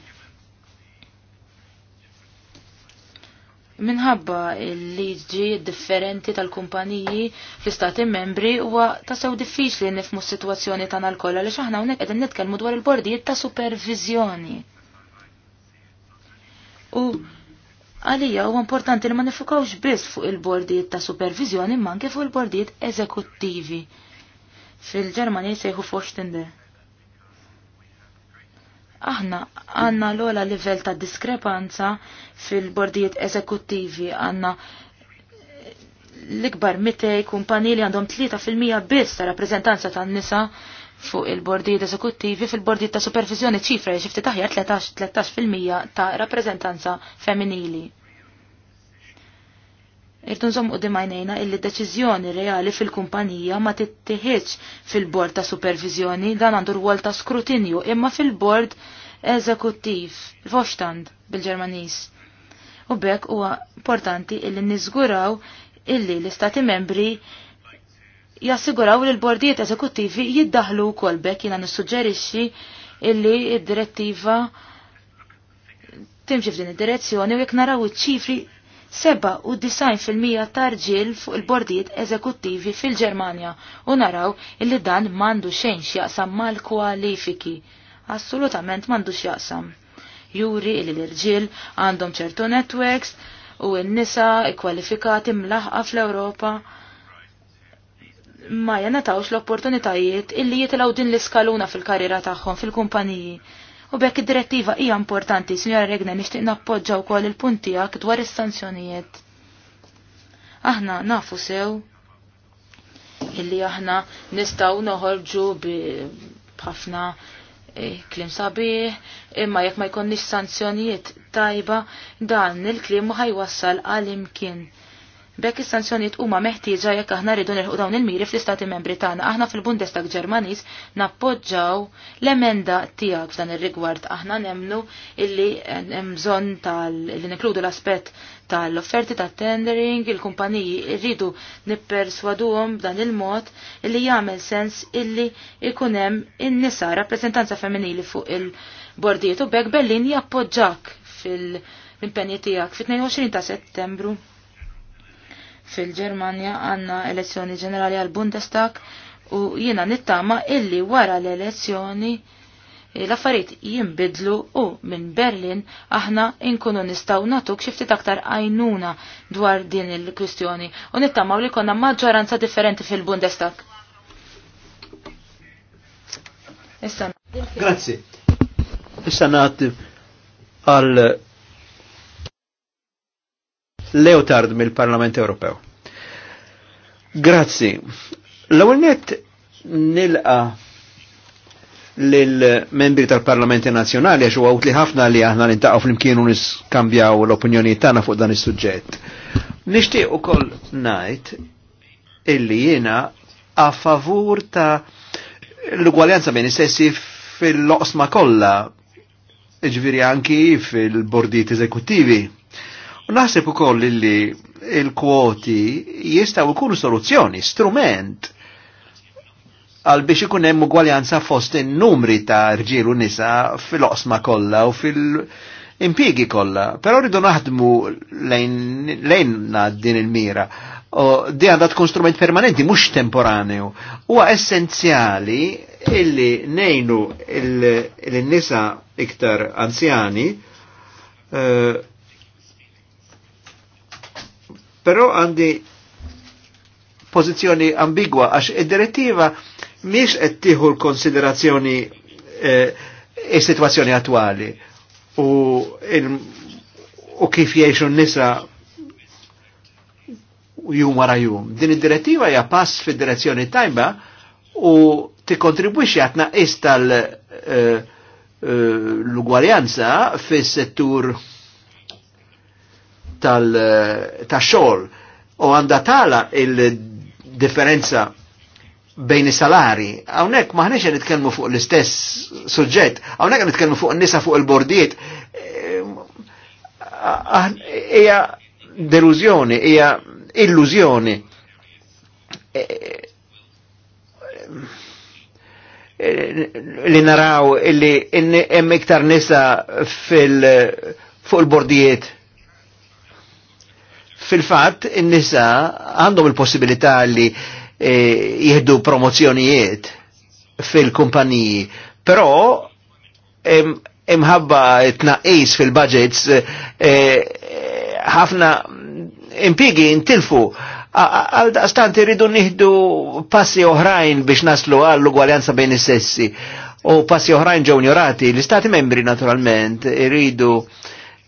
Minħabba il-liġi differenti tal-kumpaniji fl-istati membri huwa tasew diffiċli nifmu s-sitwazzjoni tagħna l kolla għaliex aħna hawnhekk qegħdin nitkellmu dwar il-bordijiet ta' supervizjoni. U għalija huwa importanti li ma nifukawx biss fuq il-bordijiet ta' supervizjoni manke anke fuq il-bordijiet eżekuttivi. fil sejħu fuq Forstende aħna għanna l-ola livell ta' diskrepanza fil-bordijiet eżekuttivi għanna l-ikbar mitej kumpani li għandhom 3% biss ta' rappresentanza ta' nisa fuq il-bordijiet eżekuttivi fil-bordijiet ta' supervizjoni ċifra xifti taħja 13% ta' rappresentanza femminili. Irtu nżomm u dimajnejna illi deċiżjoni reali fil-kumpanija ma tittieħedx fil-bord ta' supervizjoni dan għandu rwol ta' skrutinju imma fil-bord eżekuttiv, vostand bil-Ġermanis. U bekk huwa importanti illi niżguraw illi l-Istati membri jassiguraw li l-bordijiet eżekuttivi jiddaħlu wkoll bekk jiena nissuġġerixxi illi id-direttiva timxi f'din id-direzzjoni u jekk naraw iċ-ċifri seba u disajn fil-mija tarġil fuq il-bordijiet eżekuttivi fil-Ġermanja u naraw illi dan mandu xejn x'jaqsam mal-kwalifiki. Assolutament mandu x'jaqsam. Juri li l-irġil għandhom ċertu networks u n-nisa kwalifikati mlaħqa fl-Ewropa ma tawx l-opportunitajiet illi jitilaw din l-iskaluna fil-karriera tagħhom fil-kumpaniji. fil fil karriera tagħhom fil kumpaniji U bekk id-direttiva hija importanti, Sinjora Regna, nixtieq nappoġġja wkoll il-punti għak dwar is-sanzjonijiet. Aħna nafu sew illi aħna nistgħu noħorġu b'ħafna eh, klim sabiħ, imma jekk ma jkunniex sanzjonijiet tajba, dan il-klim ma ħajwassal għal imkien Bekk is-sanzjonijiet huma meħtieġa jekk aħna rridu nilħu dawn il-miri fl-Istati Membri tagħna. Aħna fil-Bundestag Ġermaniż nappoġġaw l-emenda tiegħek f'dan ir-rigward. Aħna nemnu illi hemm bżonn tal li l-aspett tal-offerti ta' tendering, il-kumpaniji rridu nipperswaduhom b'dan il-mod illi jagħmel sens illi ikun hemm in-nisa rappreżentanza femminili fuq il-bordijiet u bekk Berlin jappoġġak fil-impenji tiegħek fit-22 ta' Settembru fil-Ġermanja għanna elezzjoni ġenerali għal Bundestag u jiena nittama illi wara l-elezzjoni eh, l-affarijiet jinbidlu u minn Berlin aħna inkunu nistaw natuk xiftit aktar għajnuna dwar din il-kwistjoni u nittamaw li konna maġġoranza differenti fil-Bundestag. Grazie. Grazzi. Issa għal Leotard mill-Parlament Ewropew. Grazzi. L-ewwel nilqa lill-membri tal-Parlamenti Nazzjonali għax għawt li ħafna li aħna nintaqgħu flimkien u niskambjaw l opinjoni tagħna fuq dan is-suġġett. Nixtieq ukoll ngħid illi jiena a favur ta' l-ugwaljanza bejn sessi fil-loqsma kollha, ġifieri anki fil bordit eżekuttivi U naħseb ukoll li il-kwoti jistgħu jkunu soluzzjoni, strument għal biex ikun hemm ugwaljanza fost in-numri ta' rġiel u nisa fil-oqsma kollha u fil- impjiegi kollha, però rridu naħdmu lejna din il-mira. Di għandha tkun strument permanenti, mhux temporaneu. Huwa essenzjali illi nejnu il-nisa iktar anzjani uh, Però għandi pozizjoni ambigwa għax id-direttiva miex qed tieħu l-konsiderazzjoni eh, is e, situazzjoni attuali u, il, u kif jgħixu n-nisa jum wara jum. Din id-direttiva hija pass fid-direzzjoni tajba u tikkontribwixxi għat istal tal e, l-ugwaljanza fis-settur tal-xol eh, u għanda tala il-differenza bejn is-salari, hawnhekk maħniex qed nitkellmu fuq l-istess suġġett, hawnhekk nitkellmu fuq n-nisa fuq il-bordijiet. Eh, hija deluzjoni hija illużjoni. Eh, li naraw illi hemm iktar nisa fil fuq il-bordijiet Fil-fatt, n nisa għandhom il-possibilità li eh, jihdu promozzjonijiet fil-kumpaniji, però imħabba tnaqis fil-budgets eh, eh, ħafna impiegi intilfu għal-daqstant irridu nieħdu passi oħrajn biex naslu għall-ugwaljanza bejn is-sessi u passi oħrajn ġew L-Istati membri naturalment irridu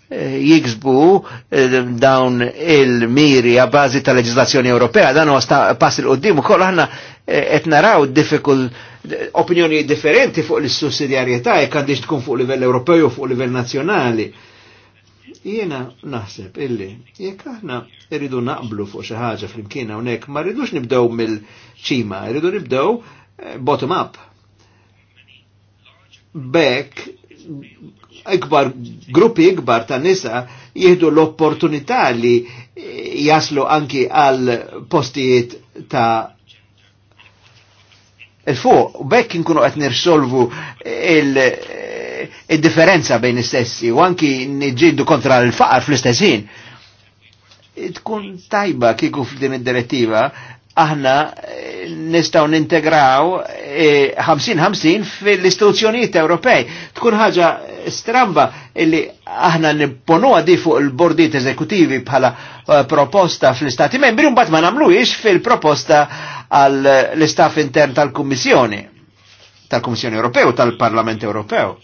Eh, jiksbu eh, dawn il-miri a bazi ta' leġislazzjoni Ewropea, dan huwa pass il qoddim ukoll aħna eh, qed naraw difficult opinjoni differenti fuq l-sussidjarjetà jekk għandix tkun fuq livell Ewropew u fuq livell nazzjonali. Jiena naħseb illi jekk aħna rridu naqblu fuq xi ħaġa flimkien hawnhekk ma rridux nibdew mill-ċima, rridu nibdew bottom up. Bekk ikbar, gruppi ikbar ta' nisa jihdu l-opportunità li jaslu anki għal postijiet ta' il-fuq, u bekk nkunu qed nirsolvu il-differenza il bejn istessi u anki nġiddu kontra l-faqar fl-istessin. Tkun tajba kieku f'din id-direttiva aħna eh, nistaw nintegraw 50-50 eh, fil-istituzzjonijiet Ewropej. Tkun ħaġa stramba illi aħna nipponu di fuq il-bordiet eżekutivi bħala eh, proposta fl-Istati membri, un ma namluix fil-proposta għall-istaff intern tal-Kummissjoni, tal-Kummissjoni Ewropew, tal-Parlament Ewropew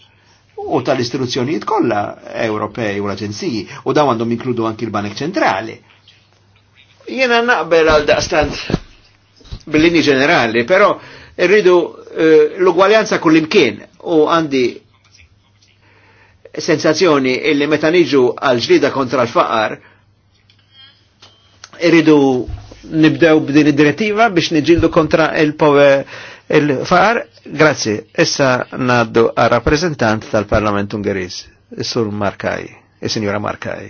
u tal-istituzzjonijiet kollha Ewropej u l-Aġenziji u daw għandhom inkludu anki l-Banek Ċentrali Jena naqbel għal daqstant bil-lini ġenerali, pero rridu uh, l-ugwaljanza kullimkien u għandi sensazzjoni illi meta niġu għal ġlida kontra l-faqar, rridu nibdew b'din id-direttiva biex niġildu kontra il pove Il Grazie, issa naddu għal rappresentant tal-Parlament Ungheris, il sur Markaj, il signora Markaj.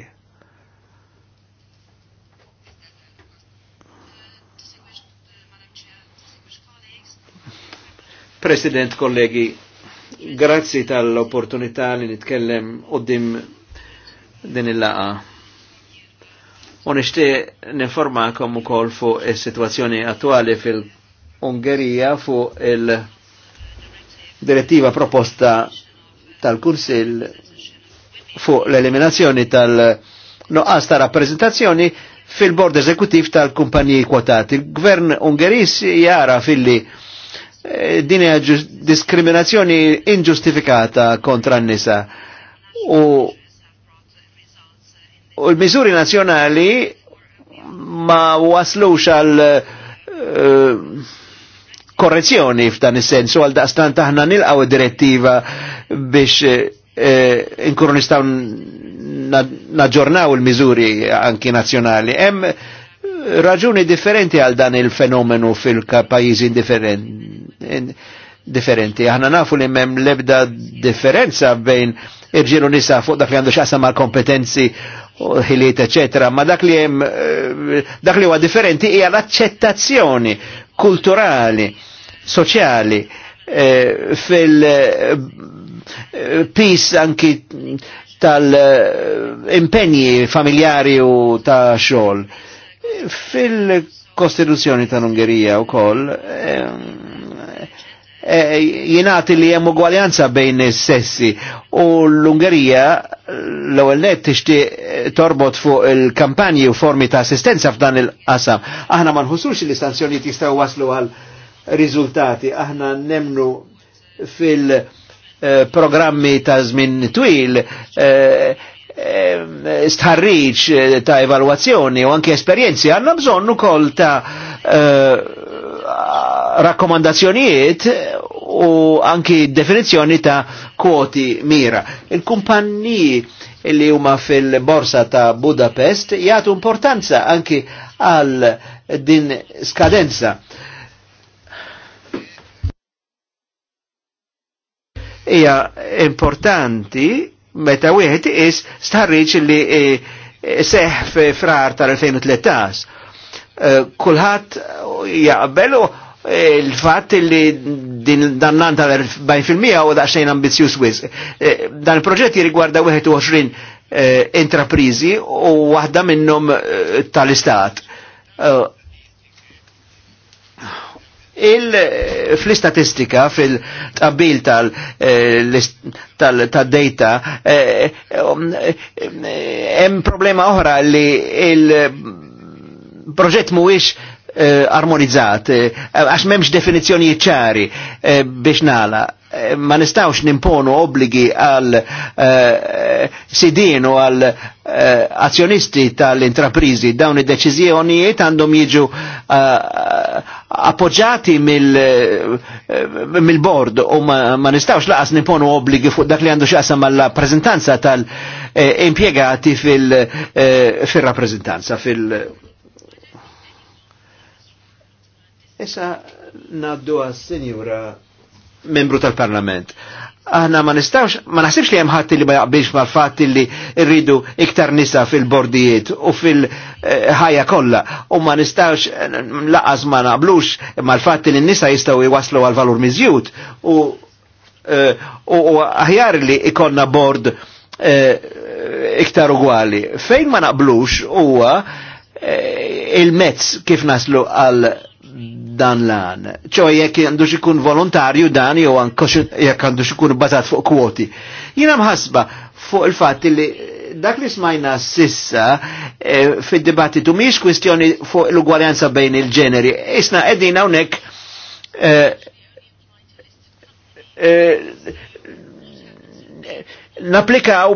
President, kollegi, grazzi tal-opportunità li nitkellem qoddim din il-laqa. U nixtieq u ukoll fu il-situazzjoni attuali fil-Ungerija fu il-direttiva proposta tal kunsil fu l-eliminazzjoni tal noqas ta' rappresentazzjoni fil-bord eżekutiv tal kumpanji kwotati. Il-gvern Ungeris jara fil-li Eh, din hija diskriminazzjoni inġustifikata kontra n-nisa. U, u l-miżuri nazzjonali ma waslux għal eh, korrezzjoni f'dan is-sensu għal daqstant aħna nilqgħu direttiva biex eh, inkunu nistgħu naġġornaw il-miżuri anki nazzjonali. Hemm raġuni differenti għal dan il-fenomenu fil-pajizi differenti. Aħna nafu li mem lebda differenza bejn irġilu nisa fuq dak li għandu xaqsa ma' kompetenzi ħiliet, eccetera, ma dak li jem, eh, dak li huwa differenti hija l-accettazzjoni kulturali, soċjali, eh, fil-pis eh, anki tal impegni familjari u ta' xogħol Fil-Kostituzzjoni tal-Ungerija u koll, e, li jem ugwaljanza bejn sessi u l-Ungerija l ewwel net ixti torbot fuq il-kampanji u formi ta' assistenza f'dan il-qasam. Aħna ma nħussux li stanzjoniet jistaw waslu għal riżultati. Aħna nemnu fil- eh, programmi ta' żmien twil eh, Eh, stħarriċ eh, ta' evalwazzjoni u anki esperienzi għanna bżonn ukoll ta' eh, rakkomandazzjonijiet u anki definizzjoni ta' kwoti mira. Il-kumpanniji li huma fil-borsa ta' Budapest jagħtu importanza anki għal din skadenza. Hija importanti meta wieħed is starriċ li e, e, seħ frar tal-2013. E, kulħadd jaqbelu il-fatt li din dannan tal-40% u daċċajn ambizjus wisq. Dan il-proġett jirigwarda 21 intraprizi u waħda minnhom tal-istat fl-istatistika, fil-tabil tal-data, eh, eh, um, eh, hemm problema oħra li il-proġett mm, mhuwiex armonizzat, għax memx definizjoni ċari biex nala. Eh, ma nistawx nimponu obbligi għal eh, sidin u għal eh, azzjonisti tal-intraprizi dawn id-deċizjonijiet għandhom jiġu eh, appoġġati mill-bord eh, mil u ma, ma nistawx laqas nimponu obbligi fuq dak li għandu xaqsam mal rappresentanza tal-impiegati fil-rappreżentanza fil-, fil Issa naddu għas-senjura membru tal-Parlament. Aħna ma nistawx, ma naħsibx li hemm li ma jaqbilx mal fat li rridu iktar nisa fil-bordijiet u fil-ħajja kollha u ma nistawx laqas ma naqblux mal fat li n-nisa jistgħu jwaslu għal valur miżjud e, u u aħjar li ikonna bord e, iktar ugwali. Fejn ma naqblux huwa e, il-mezz kif naslu għal dan lan. ċo jekk għandu x'ikun volontarju dan jew jekk għandux ikun bazat fuq kwoti. Jina mħasba fuq il fat li dak li smajna sissa e, fid-dibattitu miex kwistjoni fuq l-ugwaljanza bejn il-ġeneri. Isna edina unek e, e, naplikaw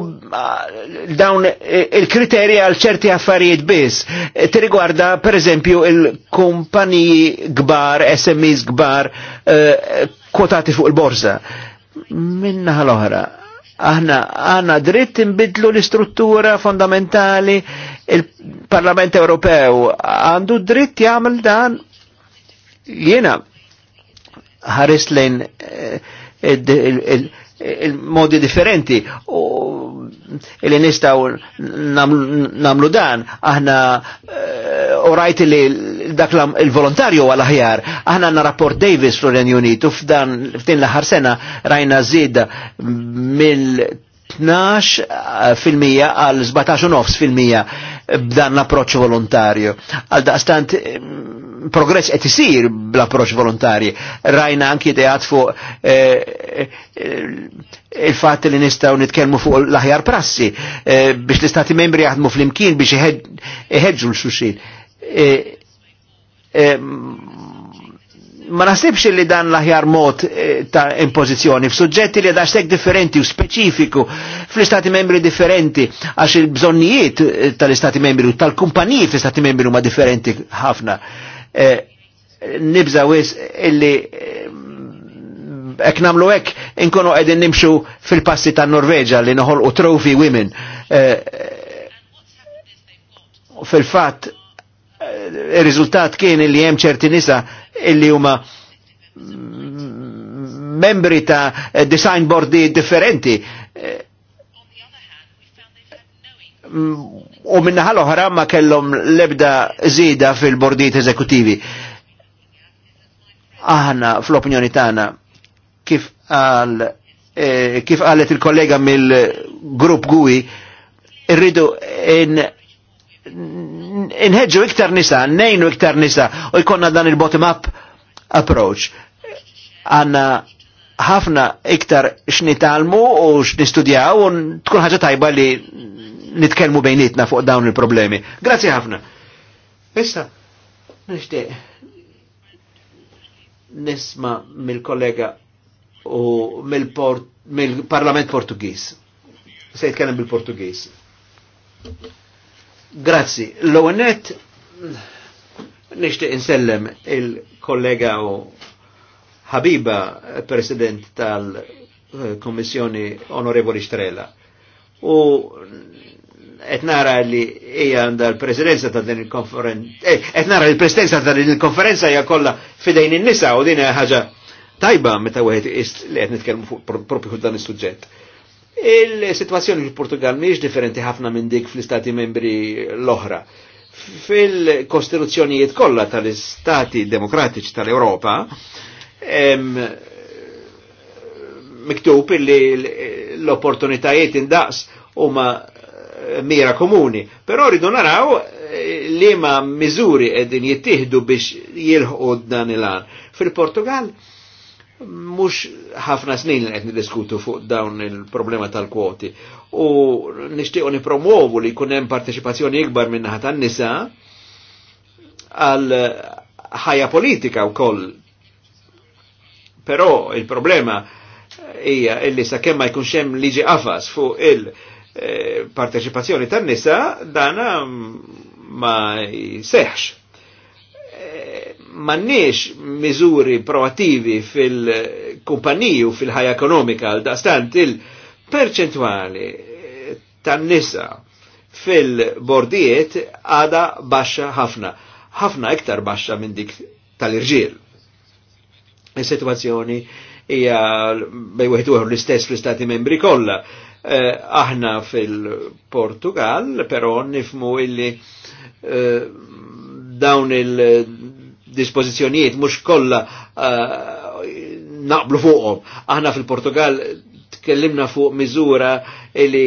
dawn eh, il kriterja għal ċerti affarijiet biss. Eh, Tirigwarda per eżempju il-kumpaniji gbar, SMEs gbar, eh, kwotati fuq il-borsa. Minna l-oħra, aħna għanna dritt imbidlu l-istruttura fondamentali, il-Parlament Ewropew għandu dritt jagħmel dan jiena ħares lejn il-modi differenti u li nistaw namlu dan aħna eh, u rajt li dak il-volontarju għal ħjar aħna għanna rapport Davis fl Unit u f'dan f'din l-aħħar sena rajna zida mill 12% eh, għal fil-mija b'dan l-approċ volontarju. Għal daqstant eh, progress qed isir bl-approċ volontarji. Rajna anki ideat fuq eh, il-fatt li nistgħu nitkellmu fuq l-aħjar prassi biex l-istati membri jaħdmu fl-imkien biex iħedġu l-xuxin ma nasibx li dan l-aħjar mod eh, ta' impożizzjoni f'suġġetti li daċtek differenti u speċifiku fl-istati membri differenti għax il-bżonnijiet eh, tal-istati membri u tal-kumpaniji fl-istati membri ma differenti ħafna. Eh, Nibza wis illi ek namlu ek inkunu għedin nimxu fil-passi ta' Norveġa li noħol u trofi women. Fil-fat, il-rizultat kien li jem ċerti nisa illi huma membri ta' design boardi differenti. U minnaħal oħra ma kellhom lebda zida fil-bordijiet eżekutivi. Aħna fl-opinjoni tagħna kif għal eh, kif qalet il-kollega mill-grupp GUI irridu in inħedġu iktar nisa, nejnu iktar nisa u jkonna dan il-bottom-up approach. Għanna ħafna iktar x'nitalmu u x'nistudjaw u tkun ħagġa tajba li nitkelmu bejnietna fuq dawn il-problemi. Grazie ħafna. Issa, nishti nisma mill-kollega u mill-Parlament mil Portugiż. Se jitkellem bil-Portugiż. Grazzi. L-onet nishtiq insellem il-kollega u Habiba, president tal-Kommissjoni Onorevoli Strela. U etnara li hija għanda l-presidenza ta' din il-konferenza, eh, etnara l-presidenza ta' din il-konferenza hija kollha fidejn in-nisa u din ħaġa tajba meta wieħed li qed nitkellmu propju dan is-suġġett. Il-situazzjoni fil-Portugal miex differenti ħafna minn dik fl-istati membri l-oħra. Fil-kostituzzjonijiet kollha tal-istati demokratiċi tal-Europa, miktub li l-opportunitajiet indaqs huma mira komuni, però rridu naraw eh, li ma miżuri qegħdin jittihdu biex jilħu dan il għan Fil-Portugal, mux ħafna snin li qed niddiskutu fuq dawn il-problema tal-kwoti. U nixtiequ nipromovu li jkun hemm partecipazzjoni ikbar minna ħat tan-nisa għal ħajja politika wkoll. Però il-problema hija illi kemm ma jkunx hemm liġi qafas fuq il-parteċipazzjoni eh, tan-nisa dana ma jseħx manniex miżuri proattivi fil-kumpaniju fil-ħajja ekonomika għal dastant il-perċentwali tan-nisa fil-bordijiet għada baxxa ħafna, ħafna iktar baxxa minn dik tal-irġiel. Is-sitwazzjoni hija bej wieħed l-istess fl-istati membri kollha. Eh, aħna fil-Portugal, però nifmu illi eh, dawn il dispożizzjonijiet mhux kollha eh, naqblu fuqhom. Aħna fil-Portugal tkellimna fuq miżura li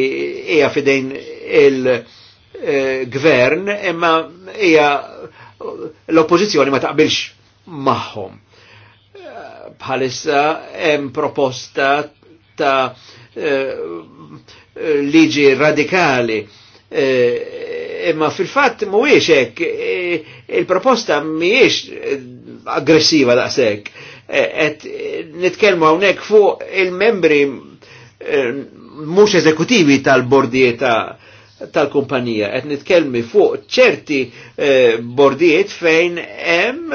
hija fidejn il-gvern eh, imma hija l-oppożizzjoni ma taqbilx magħhom. Bħalissa hemm proposta ta' eh, liġi radikali imma fil-fatt mhuwiex hekk e, il-proposta mhijiex aggressiva daqshekk. Qed nitkellmu hawnhekk fuq il-membri e, mhux eżekutivi tal-bordijiet tal-kumpanija. Qed nitkellmi fuq ċerti e, bordijiet fejn hemm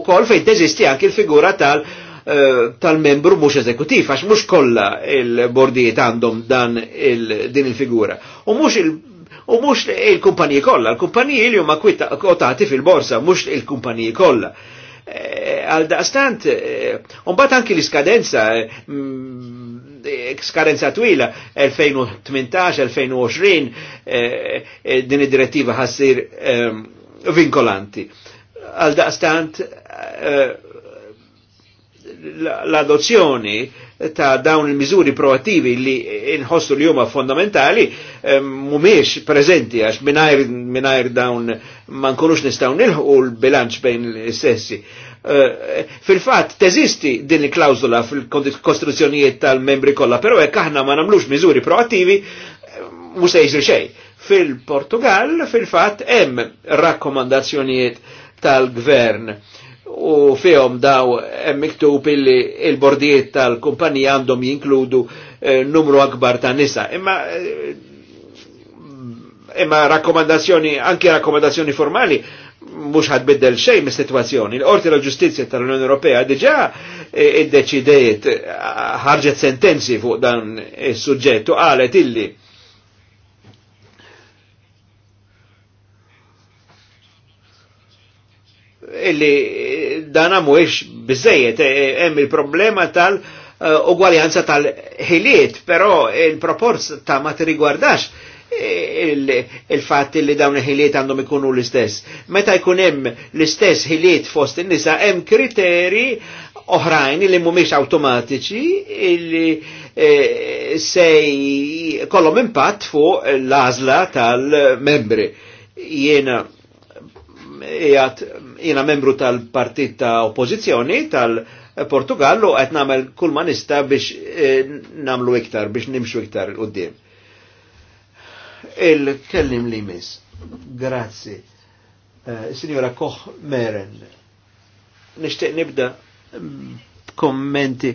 ukoll fejn teżisti anke il-figura tal- tal-membru mux eżekutif, għax mux kolla il-bordijiet għandhom dan il din il-figura. U mux U mux il-kumpaniji kolla, l-kumpaniji li huma kotati fil-borsa, mux il-kumpaniji kollha. Eh, għal daqstant, eh, un bat anki l-iskadenza, mm, skadenza twila, 2018-2020, eh, din id-direttiva ħassir vinkolanti. Għal daqstant, l-adozzjoni ta' dawn il-miżuri proattivi li inħossu li huma fondamentali mhumiex prezenti għax minajr dawn ma nkunux nistgħu nilħu l-bilanċ bejn l-sessi. Eh, fil-fatt teżisti din il klausula fil-kostruzzjonijiet tal-membri kollha, però hekk aħna ma nagħmlux miżuri proattivi eh, musa se xej. xejn. Fil-Portugal fil-fatt hemm rakkomandazzjonijiet tal-gvern u fihom daw hemm miktub illi il-bordijiet tal-kumpanija għandhom jinkludu eh, numru akbar ta' nisa. Imma eh, imma rakkomandazzjoni, anke rakkomandazzjoni formali, mux ħadbiddel xej mis situazzjoni L-Qorti tal ġustizja tal-Unjoni Ewropea diġa eh, id-deċidejiet eh, ħarġet sentenzi fuq dan is-suġġett għalet qalet illi illi dana muħiex biżejjed e, e, hemm il-problema tal-ugwaljanza eh, tal-ħiliet, però il-proporz ta' ma tirigwardax e, il-fatt li dawn il-ħiliet għandhom ikunu l-istess. Meta jkun hemm l-istess ħiliet fost il nisa hemm kriteri oħrajn li mhumiex automatiċi li se kollhom impatt fuq l azla tal-membri. Jiena jgħat jina membru tal-partit ta' oppozizjoni tal-Portugallu għet namel kull manista biex eh, namlu iktar, biex nimxu iktar d-dim. Il-kellim li mis. Grazzi. Eh, signora Koch Meren. Nishtiq nibda mm, kommenti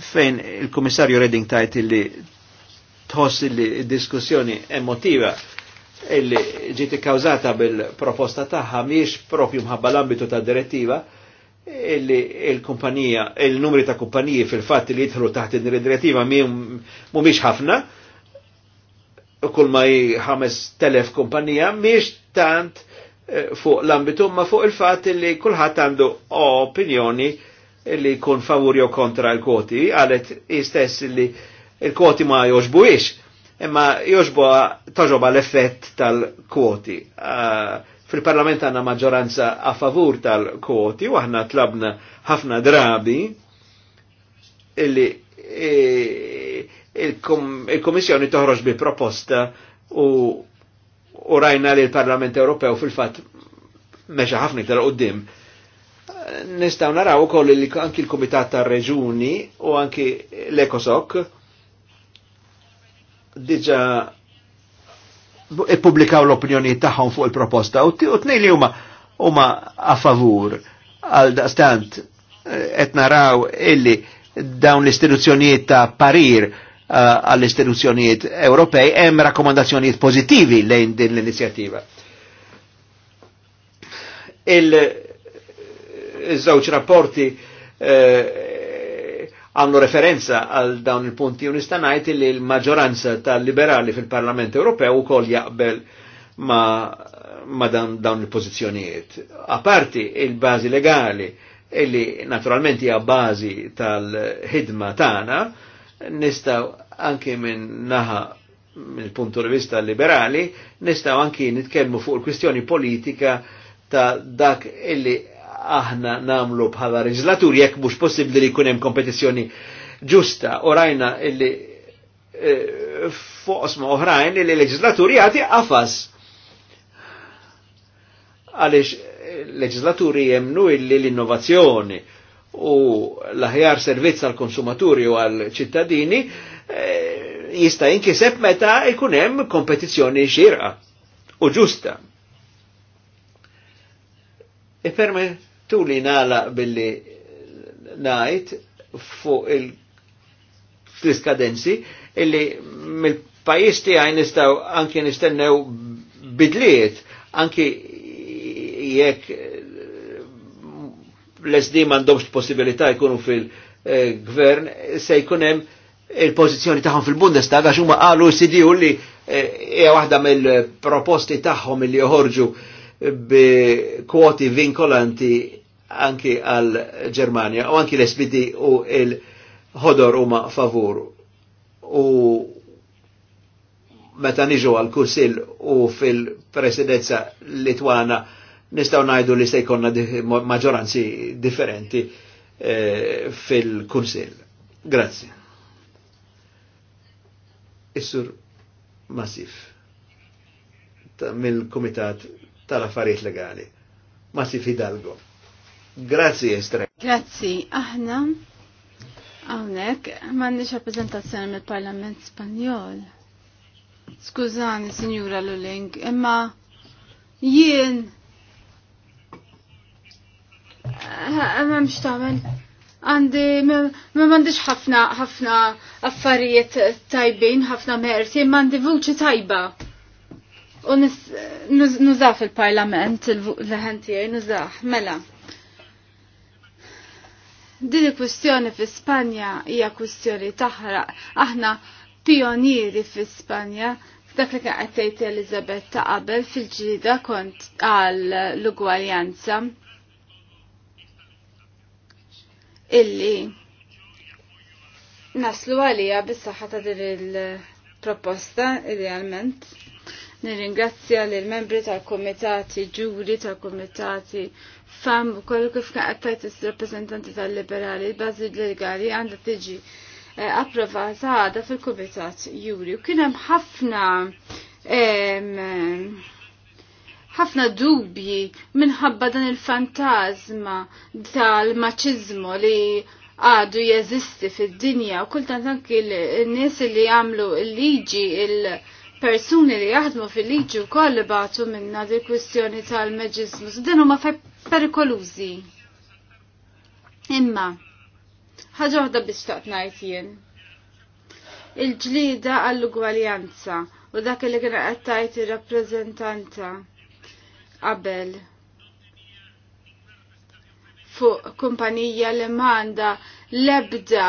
fejn il-Komissarju Redding tajt li tħoss il diskussjoni emotiva illi ġiti kawzata bil-proposta taħħa miex propju mħabba l-ambitu ta' direttiva illi il-kumpanija, il-numri ta' kumpaniji fil-fat li jidħlu taħt il-direttiva mumiex ħafna, u kull ma telef kumpanija, miex tant eh, fuq l-ambitu ma fuq il-fat li kullħat għandu opinjoni li kun favur jew kontra l-koti, għalet istess li l-koti ma iċ imma joġbo toġoba l-effett tal-kwoti. Uh, fil-parlament għanna maġġoranza a favur tal-kwoti u aħna tlabna ħafna drabi illi e, il-Komissjoni toħroġ bi proposta u, u rajna li l-Parlament Ewropew fil-fat meċa ħafna tal qoddim Nistaw naraw ukoll li anki l-Komitat tar-Reġuni u anki l-Ekosok diġa ippubblikaw l-opinjoni tagħhom fuq il-proposta u t-nej li huma huma a favur għal daqstant eh, qed naraw illi dawn l-istituzzjonijiet ta' parir eh, għall istituzzjonijiet Ewropej hemm rakkomandazzjonijiet pożittivi lejn din l-inizjattiva. Il-żewġ eh, rapporti għannu referenza għal dawn il-punti u nistanajt li l maġoranza tal-liberali fil-Parlament Ewropew u ukoll jaqbel ma, ma dan, dawn il-pozizjonijiet. A parti il-bazi legali, illi naturalment hija bazi tal-ħidma tana, nistaw anki minn naħa mill punto di vista liberali, nistaw anki nitkellmu fuq il-kwistjoni politika ta' dak illi aħna namlu bħala reġislaturi jekk mhux possibbli li jkun hemm kompetizzjoni ġusta u rajna illi eh, fuq osma oħrajn li l leġislaturi jagħti qafas. Għaliex eh, leġislaturi jemnu illi l-innovazzjoni u l-aħjar servizz għal konsumaturi u għal ċittadini eh, jista' jinkiseb meta jkun hemm kompetizzjoni xirqa u ġusta. E perme Tu li nala billi najt fuq il tliskadensi illi mill-pajis għaj nistaw anke nistennew bidliet anki jekk l-SD mandomx possibilità jkunu fil-gvern se jkun hemm il-pozizjoni tagħhom fil-Bundestag għax huma qalu jsidiu li eh, hija waħda mill-proposti tagħhom li joħorġu bi kwoti vinkolanti anki għal Ġermanja u anki l spd u il-ħodor huma favur. U meta niġu għal kusil u fil-presidenza Litwana nistaw najdu li sejkonna maġoranzi differenti eh, fil-kunsil. Grazie. Issur Masif mill komitat tal-Affarijiet Legali. Masif Hidalgo. Grazzi, Estre. Grazzi, aħna għawnek mannix rappresentazzjoni mill parlament Spanjol. Skużani, Signora Luling, imma jien Memx tamen. Għandi, ma mandiġ ħafna, ħafna affarijiet tajbin, ħafna mersi, mandi vuċi tajba. U nuzaf il-parlament, l-ħentijaj, nuzaf, mela. Din il-kwistjoni fi Spanja hija kwistjoni taħraq. Aħna pionieri fi Spanja. Dak li kien qed tgħid Elizabeth qabel fil-ġrida kont għal l-ugwaljanza illi naslu għalija bis-saħħa ta' din il-proposta idealment. Nirringrazzja lill membri tal-komitati ġuri tal-komitati fam u kollu kif kaqtajt il rappreżentanti tal-liberali, l bazi legali għanda tiġi eh, approvata għada fil kubitat juri. U kienem ħafna ħafna dubji minħabba dan il-fantazma tal-maċizmu li għadu jeżisti fid-dinja u kultant anki l-nies li għamlu l-liġi il-, -liġi, il persuni li jaħdmu fil-liġi u koll li batu minna di kwistjoni tal-meġizmu. ma huma perikolużi. Imma, ħaġa biex taqt ngħid jien. Il-ġlida għall-ugwaljanza u dak li kien qed il ir qabel fuq kumpanija li m'għandha l-ebda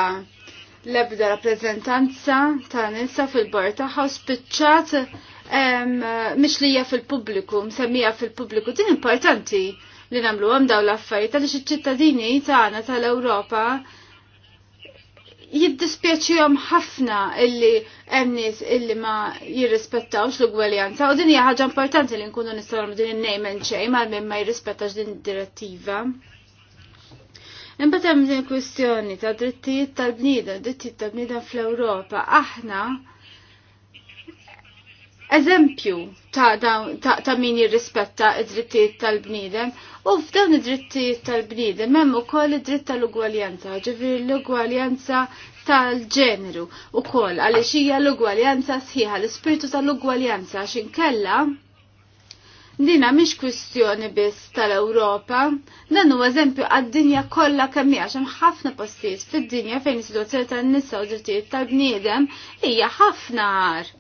l-ebda rappresentanza ta' nisa fil-bar taħħa spiċċat mixlija fil-pubbliku, msemmija fil-pubbliku. Din importanti li namlu għam daw l-affarijiet għaliex iċ-ċittadini tagħna tal-Ewropa jiddispjaċihom ħafna illi hemm nies illi ma jirrispettawx l-ugwaljanza u din hija ħaġa importanti li nkunu nistgħu din in-name and shame għal min ma jirrispettax din id-direttiva. Imbagħad hemm din kwistjoni ta' drittijiet tal-bniedem, drittijiet tal-bniedem fl-Ewropa. Aħna eżempju ta', ta, ta min jirrispetta id-drittijiet tal-bniedem u f'dawn id-drittijiet tal-bniedem hemm ukoll id-dritt tal-ugwaljanza, ġifieri l-ugwaljanza tal-ġeneru ukoll għaliex hija l-ugwaljanza sħiħa, l-ispirtu tal-ugwaljanza x'inkella kella Dina mhix kwistjoni biss tal-Ewropa, dan huwa eżempju għad-dinja kollha kemm hija hemm ħafna postijiet fid-dinja fejn is-sitwazzjoni tan-nisa u drittijiet tal-bniedem hija ħafna għar.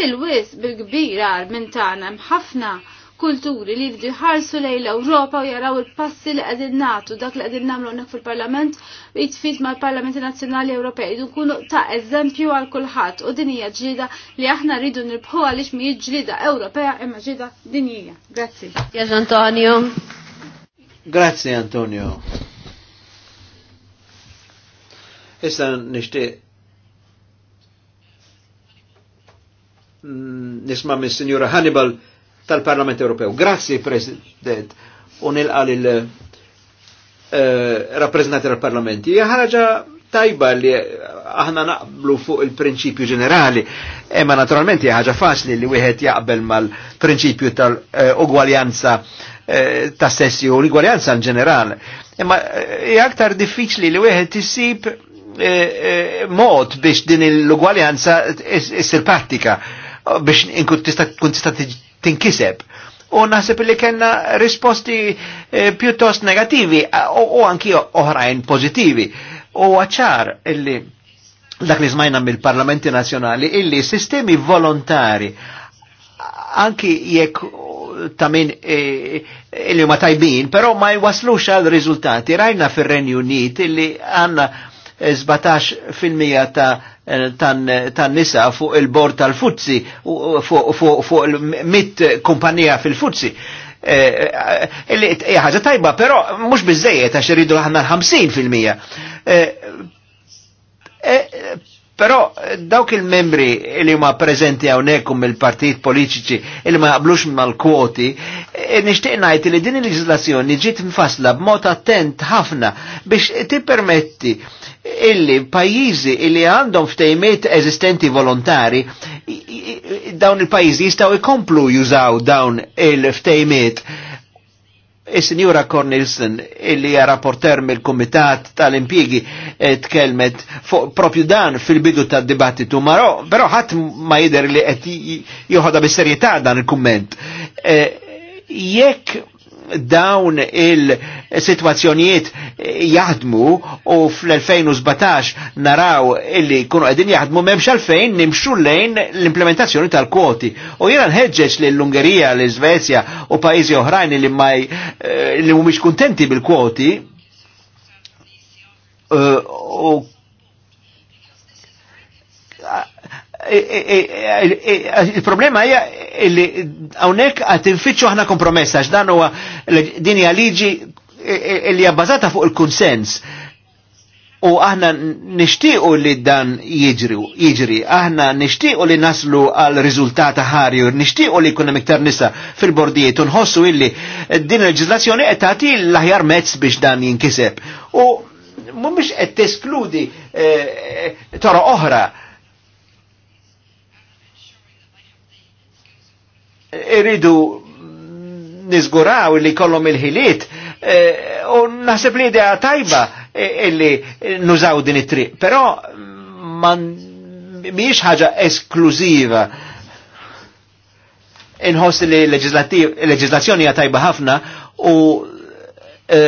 Bil-wis, bil-kbir għar minn tagħna hemm ħafna kulturi li jibdu ħarsu lej l-Ewropa u jaraw il-passi li qegħdin nagħtu dak li qegħdin nagħmlu nek fil-Parlament jitfid mal-Parlamenti nazjonali Ewropej du nkunu ta' eżempju għal kulħadd u din hija ġlida li aħna rridu nirbħu għaliex mi ġlida Ewropea imma ġlida dinija. Grazzi. Jaġ Antonio. Grazzi Antonio. Issa nishtiq nisma' mis Signora Hannibal tal-Parlament Ewropew. Grazzi, President, u nilqal il-rappresentanti eh, tal-Parlamenti. ħaraġa tajba li aħna naqblu fuq il-prinċipju ġenerali, Emma naturalment hija ħaġa faċli li wieħed jaqbel mal-prinċipju tal-ugwaljanza eh, ta' sessi u l-ugwaljanza in ġenerali. Imma eh, hija aktar diffiċli li wieħed isib mod biex din l-ugwaljanza issir pratika biex inkun tista' tinkiseb. U naħseb li kena risposti eh, piuttost negativi u anki oħrajn pozitivi. U għacċar illi dak li smajna mill-parlamenti nazjonali illi sistemi volontari anki jekk ta' min eh, illi ma tajbin, pero ma jwaslux għal rizultati Rajna fil renju Unit illi għanna 17% ta' eh, tan nisa fuq il-bord tal-futsi, fuq il-mit kumpanija fil-futsi. Eh, eh, ħaġa tajba, pero mux bizzejiet għax ħamsin ħanna 50%. Però eh, dawk il-membri li ma prezenti hawnhekk il-partit politiċi li ma jaqblux mal-kwoti, e nixtieq li din il legislazzjoni ġiet mfassla b'mod attent ħafna biex permetti illi pajjiżi illi għandhom ftejmiet eżistenti volontari dawn il-pajjiżi jistgħu jkomplu jużaw dawn il-ftejmiet il sinjura Cornelsen, illi hija rapporter mill-Kumitat tal impiegi eh, tkelmet, propju dan fil-bidu tad-dibattitu, maro, però ħadd ma jidher li qed joħodha bis-serjetà dan il-kumment. Eh, jekk dawn il-situazzjonijiet jaħdmu u fl-2017 naraw illi kunu għedin jaħdmu memx għalfejn nimxu lejn l-implementazzjoni tal-kwoti. U jena nħedġeċ li l-Ungerija, l-Svezja u pajizi oħrajn li maj eh, li mumiex kontenti bil-kwoti eh, u il-problema hija li hawnhekk qed infittxu aħna kompromessa għax dan huwa din hija liġi li hija bbażata fuq il-kunsens. U aħna nixtiequ li dan jiġri, jiġri, aħna nixtiequ li naslu għal riżultata ħarju, nixtiequ li jkun hemm iktar nisa fil-bordijiet u nħossu illi din il-leġislazzjoni qed tagħti l-aħjar mezz biex dan jinkiseb. U mhumiex qed teskludi eh, toro oħra iridu nizguraw li kollom il-ħiliet e, u naħseb li idea tajba e, illi nużaw din it-triq, però man miex ħaġa esklużiva inħoss li leġizlazzjoni hija tajba ħafna u e,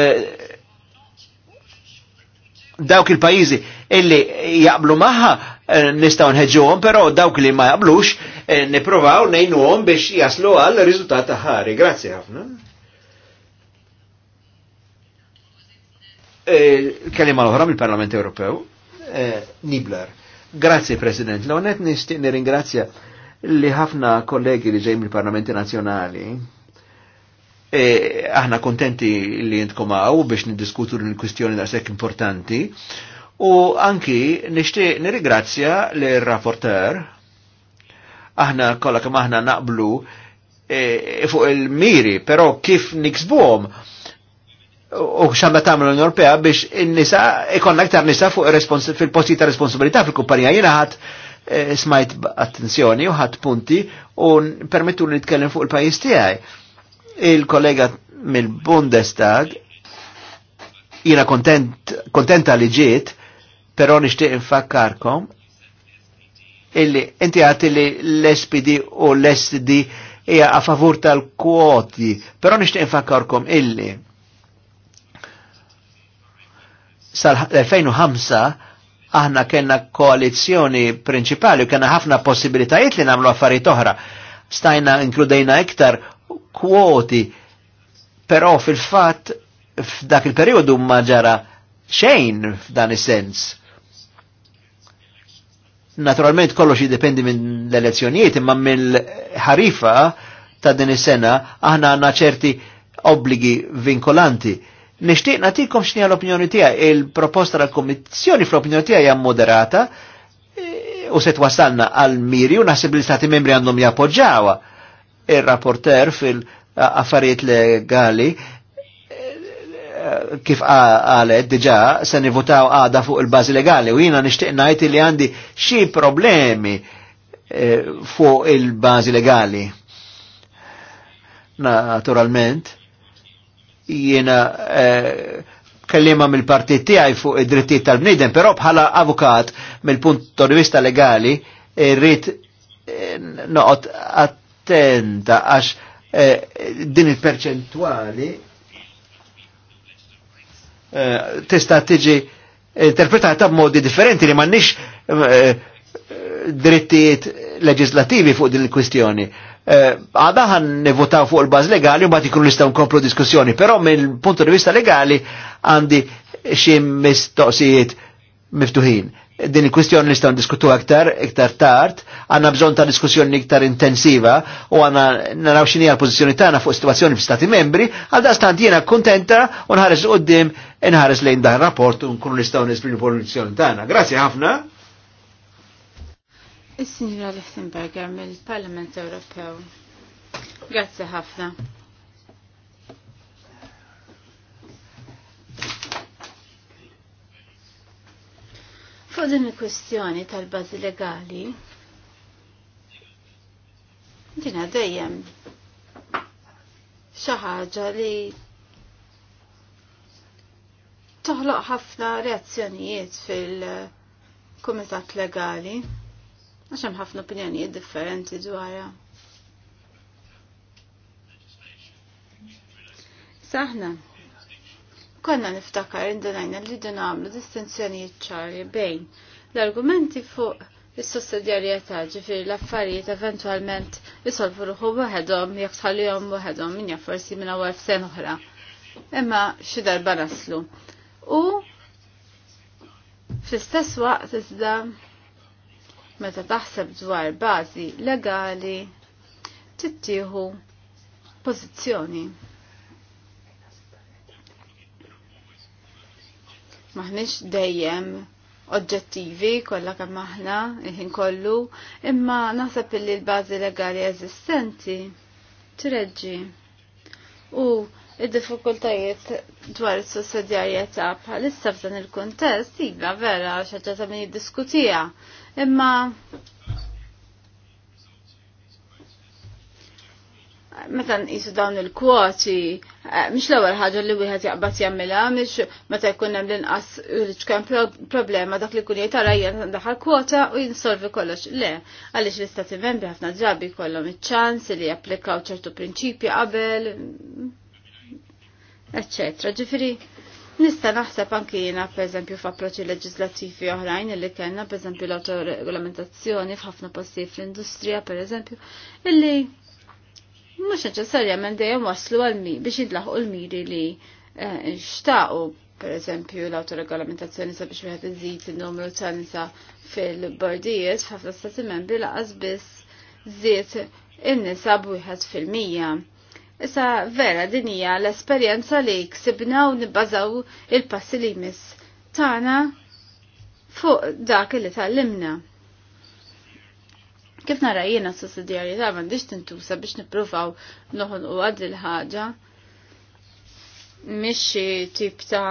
dawk il-pajizi illi jaqblu maħħa Eh, nistaw nħedġuhom, però dawk li ma jablux, eh, niprovaw nejnuhom biex jaslu għal riżultat ħari. Grazzi ħafna. Eh, kelima l ħra mill-Parlament Ewropew, Nibler. Grazie President, l-onet nistin nirringrazzja li ħafna kollegi li ġej mill-Parlamenti Nazzjonali aħna kontenti li jintkomaw biex niddiskutu l-kwistjoni da sekk importanti U anki nishti nirigrazzja li rapporter aħna kolla kemm aħna naqblu e, e fuq il-miri, però kif niksbuħom u xamba tagħmel l-Unjoni Ewropea biex in-nisa ikonna aktar nisa fuq fil-posti ta' responsabilità fil-kumpanija jiena ħadd e, smajt attenzjoni u ħadd punti u permettu li nitkellem fuq il-pajjiż tiegħi. Il-kollega mill-Bundestag jiena kontent, kontenta li ġiet Però nishtiq infakkarkom illi inti għati li l-SPD u l-SD hija a favur tal-kwoti, però nixtieq infakkarkom illi sal-2005 aħna kena koalizjoni prinċipali u kena ħafna possibilitajiet li namlu affarijiet oħra. Stajna inkludejna iktar kwoti, però fil-fat f'dak il-periodu ma ġara xejn f'dan is-sens. Naturalment kollox jiddependi minn l-elezzjonijiet, imma mill-ħarifa ta' din is-sena aħna għandna ċerti obbligi vinkolanti. Nixtieq nagħtikom x'nija l-opinjoni tiegħi. Il-proposta tal-Kummissjoni fl-opinjoni tiegħi hija moderata eh, u se twasalna għal miri u naħseb li stati membri għandhom jappoġġawha. Ir-rapporter fil-affarijiet legali kif għalet diġa se nivutaw għada fuq il-bazi legali u jina nishtiqnajt najt li għandi xi problemi eh, fuq il-bazi legali. Naturalment, jina eh, kellima mill-partit tiegħi fuq id-drittijiet tal-bniedem, però bħala avukat mill-punt di vista legali rrid eh, noqgħod attenta għax din il-perċentwali Eh, tista' tiġi interpretata b'modi differenti li m'għandniex eh, drittijiet leġislativi fuq din il-kwistjoni. Eh, għada ħan nivotaw fuq il-baż legali u mbagħad ikunu nistgħu nkomplu diskussjoni, però minn punt di vista legali għandi xie mistoqsijiet miftuħin din il-kwistjoni nistgħu diskutu aktar, iktar tard, għandna bżonn ta' diskussjoni iktar intensiva u għandna naraw x'inhi l ta' tagħna fuq situazzjoni stati membri, għal stant jiena kuntenta u nħares għoddim nħares lejn dan rapport u nkunu nistgħu pozizjoni ta' tagħna. Grazzi ħafna. Is-Sinjura Lichtenberger mill-Parlament Ewropew. Grazzi ħafna. Fuq din il-kwestjoni tal-bażi legali, dina dejjem xi ħaġa li toħloq ħafna reazzjonijiet fil-kumitat legali għax hemm ħafna opinjonijiet differenti dwarha. Saħna, konna niftakar indunajna li dun għamlu distinzjoni ċari bejn l-argumenti fuq is-sussidjarjetà ġifieri l-affarijiet eventwalment isolvu ruħu waħedhom jekk tħallihom waħedhom minja forsi minn għarf sen oħra. Imma xi darba naslu. U fl-istess waqt iżda meta taħseb dwar bażi legali tittieħu pożizzjoni. Maħniex dejjem oġġettivi kollha kemm aħna ħin kollu, imma naħseb illi l-bażi legali eżistenti treġġi. U il diffikultajiet dwar is-sussidjarjetà bħalissa f'dan il-kuntest jibba vera xaġġa ħaġa ta' min jiddiskutija. Imma meta nqisu dawn il-kwoti, eh, mhix l-ewwel ħaġa li wieħed jaqbad jagħmilha mhix meta jkun hemm l-inqas kemm problema dak li jkun jgħid ara daħal kwota u jinsolvi kollox. Le, għaliex l-istati membri ħafna drabi jkollhom iċ-ċans li japplikaw ċertu prinċipji qabel, eċċetra. Ġifieri, Nista naħseb anki jena pereżempju f'approċċi leġislattivi oħrajn li kellna eżempju, l-autoregolamentazzjoni f'ħafna postijiet fl-industrija pereżempju illi mhux neċessarjament dejjem waslu għal mi biex jidlaħqu l-miri li eh, per pereżempju l-autoregolamentazzjoni sabiex wieħed iżid in-numru ta' nisa fil-bordijiet f'ħafna stati membri laqas biss żied in-nisa b'wieħed fil-mija. Issa vera din hija l-esperjenza li ksibna u nibbażaw il-passi li jmiss tagħna fuq dak li tal-limna. Kif nara jiena s-sussidjarjetà m'għandix tintusa biex nippruvaw noħon u għad il-ħaġa mhix xi tip ta'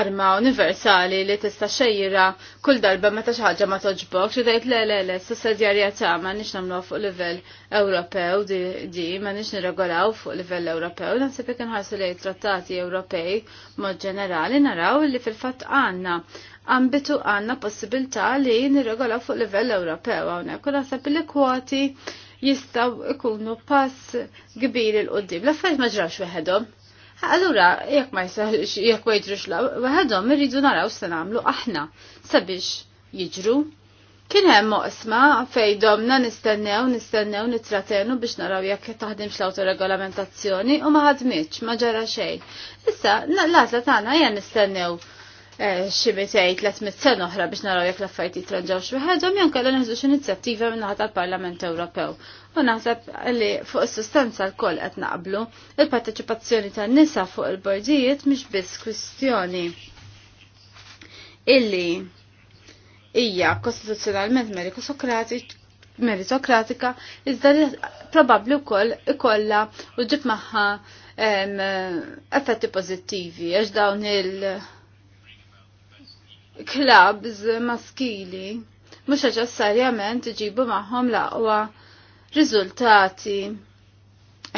arma universali li tista' xejjira kull darba meta xi ħaġa ma toġbok xi tgħid le le le sussidjarjetà m'għandix nagħmluha fuq livell Ewropew di m'għandix nirregolaw fuq livell Ewropew naħseb jekk inħarsu lejn trattati Ewropej mod ġenerali naraw li fil-fatt għandna ambitu għanna possibilità li nirregola fuq livell Ewropew hawnhekk u naħseb li kwoti jistgħu ikunu pass kbir il qudiem L-affarijiet ma ġrawx weħedhom. Allura, jekk ma jsaħx, jekk ma jidrux la, weħedhom irridu naraw se nagħmlu aħna sabiex jiġru. Kien hemm moqsma fejn domna nistennew, nistennew, nitratenu biex naraw jekk taħdimx l-autoregolamentazzjoni u ma ħadmitx, ma ġara xejn. Issa, l-għażla tagħna hija nistennew Eh, ximitej 300 sena oħra biex naraw jekk l-affarijiet jitranġaw xi ħadhom jew kellha neħdu xi inizjattiva minn tal-Parlament Ewropew. U naħseb li fuq is-sustanza l-koll qed naqblu, il-parteċipazzjoni tan-nisa fuq il-bordijiet mhix biss kwistjoni illi hija kostituzzjonalment meritokratika iżda li probabbli wkoll ikollha u ġib magħha effetti pożittivi għax dawn il- klabs maskili mhux neċessarjament iġibu magħhom laqwa riżultati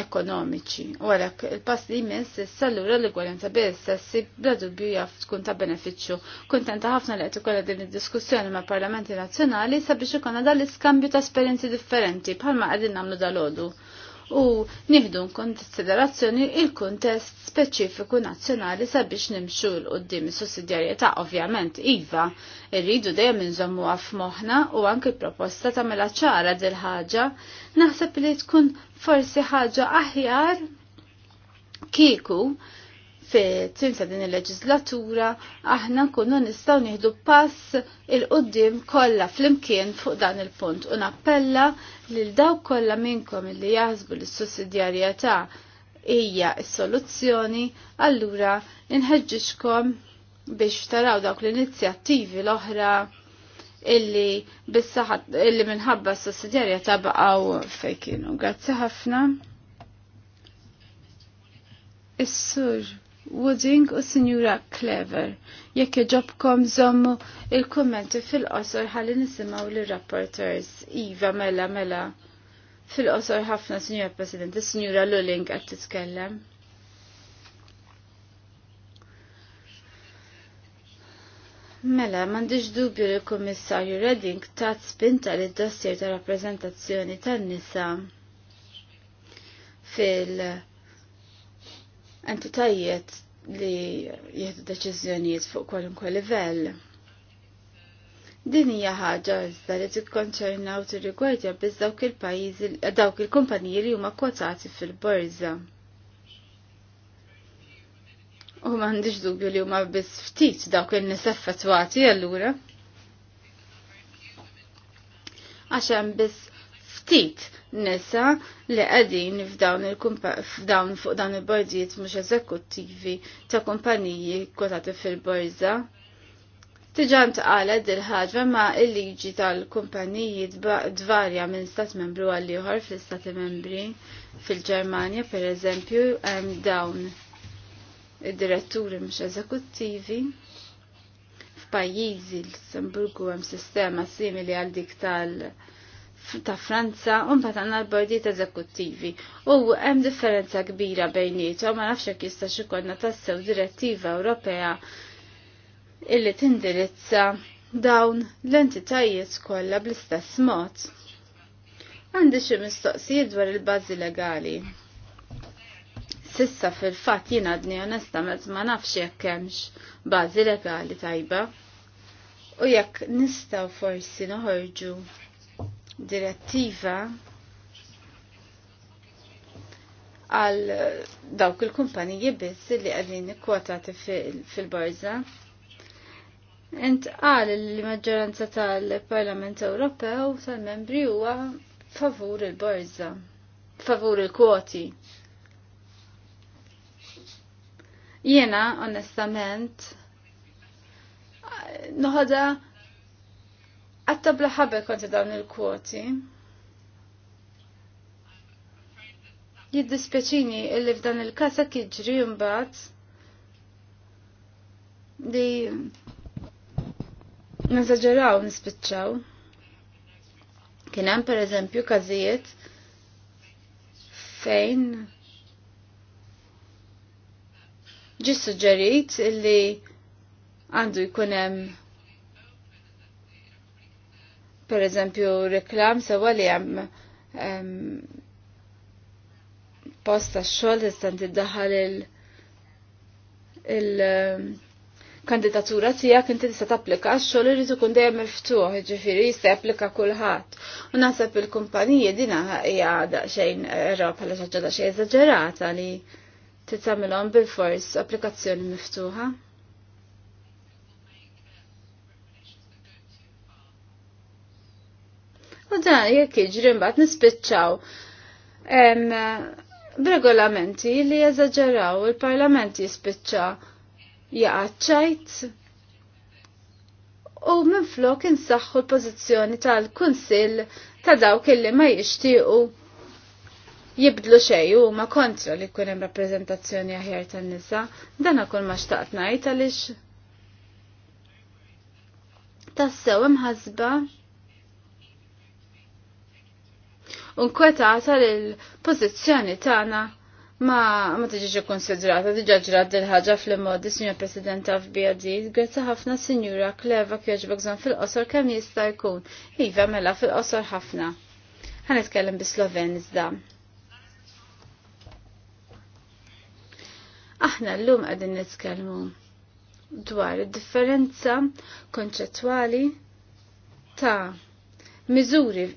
ekonomiċi. U għalhekk il-pass li jmiss issa lura l-gwalenza bi sessi bla dubju jaf tkun ta' benefiċċju Kuntenta ħafna li għetikolla din id diskussjoni ma' parlamenti nazzjonali sabiex ikonna dal-iskambju ta' esperjenzi differenti bħalma qegħdin nagħmlu dal għodu u nieħdu konsiderazzjoni il-kuntest speċifiku nazzjonali sabiex nimxu l qoddim sussidjarjetà ovvjament iva irridu dejjem inżommu għaf moħna u anke proposta ta' mela ċara dil ħaġa naħseb li tkun forsi ħaġa aħjar kieku Fi tim ta' din il-leġislatura aħna nkunu nistgħu nieħdu pass il-qudiem kollha flimkien fuq dan il-punt u nappella lil dawk kollha minnkom li jaħsbu l sussidjarjetà hija s-soluzzjoni, allura inħeġġixkom biex taraw dawk l-inizjattivi l-oħra illi bissaħat illi minħabba s-sussidjarja tabaqaw fejkinu. Grazzi ħafna. Is-sur Wooding u Signora Clever. Jekk iġobkom zommu il-kommenti fil-qosor ħalli nisimgħu l rapporters Iva mela mela. Fil-qosor ħafna Signora President, Signora Luling qed titkellem. Mela, mandiġ dubju li l-Komissarju Redding tat spinta li d-dossier ta' rappresentazzjoni tan-nisa fil- entitajiet li jieħdu deċiżjonijiet fuq kwalunkwe livell. Din hija ħaġa iżda li tikkonċerna u tirrigwardja biss dawk il-pajjiżi dawk il-kumpaniji li huma kwotati fil-borża. U m'għandix dubju li huma biss ftit dawk in-nies effettwati allura. Għax hemm biss ftit nisa li qegħdin f'dawn f'dawn fuq dawn il-bordijiet mhux eżekuttivi ta' kumpaniji kotati fil borza Tiġa għala dil ħadra ma il-liġi tal-kumpaniji dvarja minn stat membru għal ieħor fl-istati membri fil-Ġermanja pereżempju hemm dawn id-diretturi mhux eżekuttivi f'pajjiżi l-Lussemburgu hemm sistema simili għal dik tal- ta' Franza un għanna l ta' eżekuttivi u hemm differenza kbira bejnietom ma nafx jekk jista' xi tassew direttiva Ewropea illi tindirizza dawn l-entitajiet kollha bl-istess mod. Għandi xi mistoqsijiet dwar il-bażi legali. Sissa fil-fatt jien dni onestament ma nafx jekk hemmx bażi legali tajba u jekk nistgħu forsi noħorġu direttiva għal dawk il-kumpaniji biss li għadin kwotati fil-borza. Ent għal li maġġoranza tal-Parlament Ewropew tal-membri huwa favur il-borza, favur il-kwoti. Jena, onestament, noħada. Għattabla ħabel konti dawn il-kwoti. Jiddispjaċini illi f'dan il-kasa kiġri jumbat li nazagġeraw nispiċċaw. Kien hemm pereżempju każijiet fejn ġi suġġerit li għandu jkun hemm per eżempju reklam sewa li hemm post tax-xogħol tista' tiddaħħal il- il-kandidatura tiegħek inti tista' tapplika x-xogħol irid ikun dejjem miftuħ, jiġifieri jista' japplika kulħadd. U naħseb il kumpaniji din hija daqsxejn era eh, bħala xi ħaġa daqsxejn eżaġerata li titagħmilhom bil-fors applikazzjoni miftuħa. U dan jekk jiġri mbagħad nispiċċaw b'regolamenti li jeżaġeraw il-Parlament jispiċċa jaqaċċajt u minflok insaħħu l-pożizzjoni tal-Kunsill ta' dawk illi ma jixtiequ jibdlu xej u ma kontra li kunem hemm rappreżentazzjoni aħjar tan-nisa, dan ukoll ma xtaqt ngħid għaliex tassew ħazba unkwetata li l-pozizjoni tagħna ma ma tiġiġi konsidrata diġà ġrat dil ħaġa fl modi Sinjor President of BRD, grazzi ħafna Sinjura Kleva kjoġbok żon fil-qosor kemm jista' jkun. Iva mela fil-qosor ħafna. Ħanitkellem bi Sloven iżda. Aħna l-lum għadin nitkellmu dwar differenza konċettwali ta' miżuri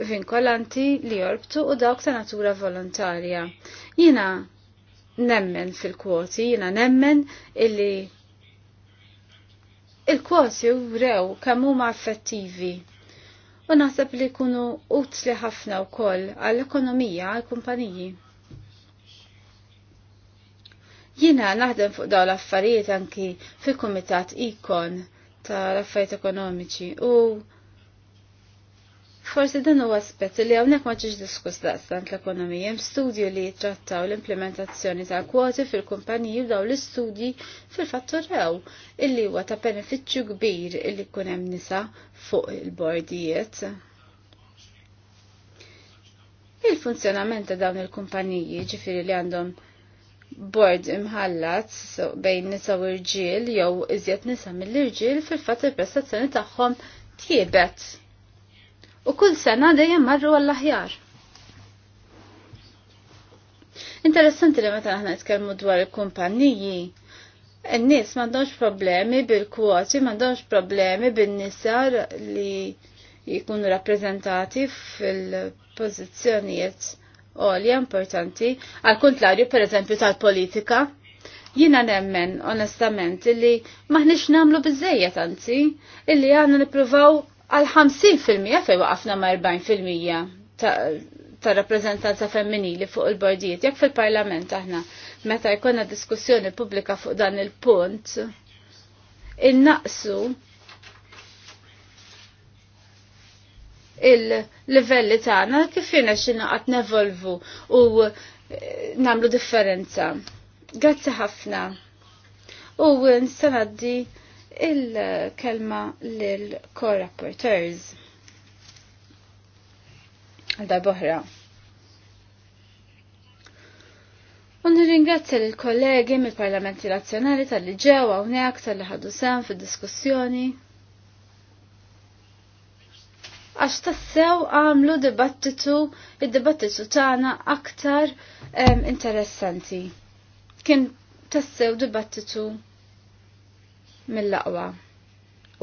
vinkolanti li jorbtu u dawk ta' natura volontarja. Jina nemmen fil-kwoti, jina nemmen illi il-kwoti rew kemm huma affettivi. U naħseb li jkunu utli ħafna wkoll għall-ekonomija għall-kumpaniji. Jina naħdem fuq dawn l-affarijiet anki fil-Kumitat Ikon tal-Affarijiet Ekonomiċi u Forsi dan huwa aspet li hawnhekk ma diskus diskuss daqstant l-ekonomija hemm studju li jittrattaw l-implementazzjoni ta' kwoti fil-kumpaniji u daw l-istudji fil-fatturaw illi huwa ta' benefiċċju kbir illi jkun hemm nisa fuq il-bordijiet. Il-funzjonament ta' dawn il-kumpaniji ġifieri li għandhom bord imħallat so, bejn nisa u rġiel jew iżjed nisa mill-irġiel fil-fatt il-prestazzjoni tagħhom tiebet u kull sena dejjem marru għall-aħjar. Interessanti li meta aħna nitkellmu dwar il-kumpanniji, n-nies m'għandhomx problemi bil-kwoti, m'għandhomx problemi bin-nisa li jkunu rappreżentati fil-pożizzjonijiet għolja importanti, għal kontrarju per eżempju tal-politika, jina nemmen onestament li maħnix namlu bizzejiet anzi, illi għanna nipruvaw għal 50% fej waqafna ma' 40% ta', ta rappresentanza femminili fuq il-bordijiet, jekk fil-parlament aħna meta jkollna diskussjoni pubblika fuq dan il-punt, innaqsu il-livelli tagħna kif jiena x'inaqat nevolvu u eh, namlu differenza. Grazzi ħafna. U nista' il-kelma lil co-rapporteurs. Għalda boħra. Un ringrazzja lil kollegi mill-Parlamenti Nazzjonali tal-li ġew hawnhekk tal-li ħadu sem fid-diskussjoni. Għax tassew għamlu dibattitu, id-dibattitu tagħna aktar interessanti. Kien tassew dibattitu mill-laqwa.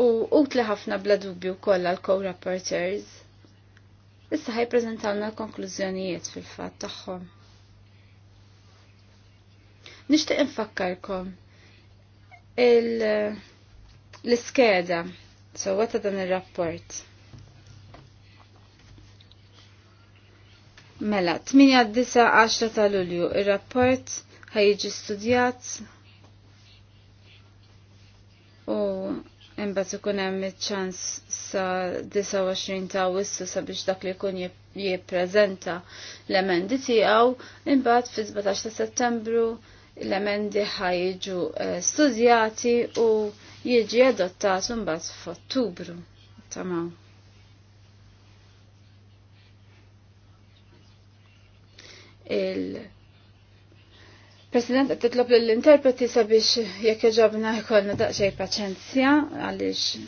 U utli ħafna bla dubju kollha l-co-rapporters. Issa ħaj prezentalna konklużjonijiet fil-fatt tagħhom. Nixtieq infakkarkom l-iskeda sewwa ta' dan ir-rapport. Mela, 8-9-10 ta' Lulju, ir-rapport ħajġi studjat imbagħad ikun hemm iċ-ċans sa 29 ta' Awwissu sabiex dak li jkun jippreżenta l-emendi tiegħu, imbagħad fi 17 ta' Settembru l-emendi ħajġu eh, studjati u jiġi adottat imbagħad f'Ottubru. Tamam. il President, qed titlob lill interpreti sabiex jekk jġobna jkollna daqsxejn paċenzja għaliex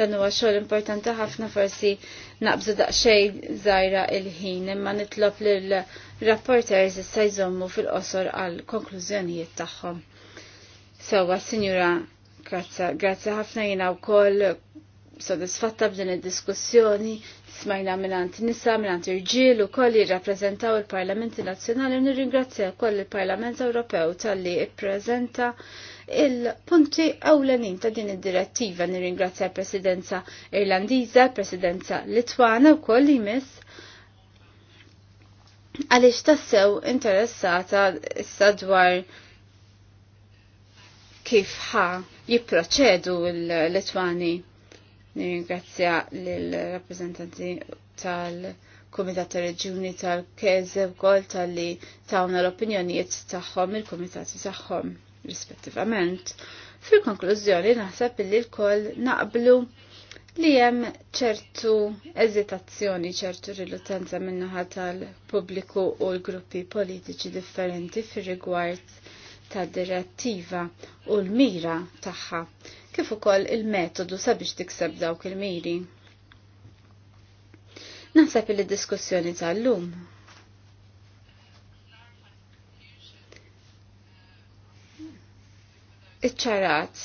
dan huwa xogħol importanti ħafna forsi naqbżu daqsxejn żgħira il-ħin imma nitlob lill rapporters issa jżommu fil-qosor għal konklużjonijiet tagħhom. Sewwa Sinjura grazzi ħafna jiena wkoll sodisfatta b'din id-diskussjoni, Smajna minant nisa, minant irġiel u koll jirrapprezentaw il-Parlamenti Nazzjonali nirringrazzja koll il-Parlament Ewropew tal-li ippreżenta il-punti ewlenin ta' din id-direttiva nirringrazzja l-Presidenza Irlandiża, l-Presidenza Litwana u koll jmiss għaliex tassew interessata issa dwar kif ħa jipproċedu l-Litwani. Nirringrazzja l-rappresentanti tal-Kumitat tal-Reġuni tal-Keze wkoll tal-li tawna l-opinjonijiet tagħhom il-Kumitati tagħhom rispettivament. Fil-konklużjoni naħseb li l-koll naqblu li hemm ċertu eżitazzjoni, ċertu riluttanza minnaħa tal-pubbliku u l-gruppi politiċi differenti fir-rigward tad direttiva u l-mira tagħha kif ukoll il-metodu sabiex tikseb dawk il-miri. Naħseb li diskussjoni tal-lum. Iċċarat,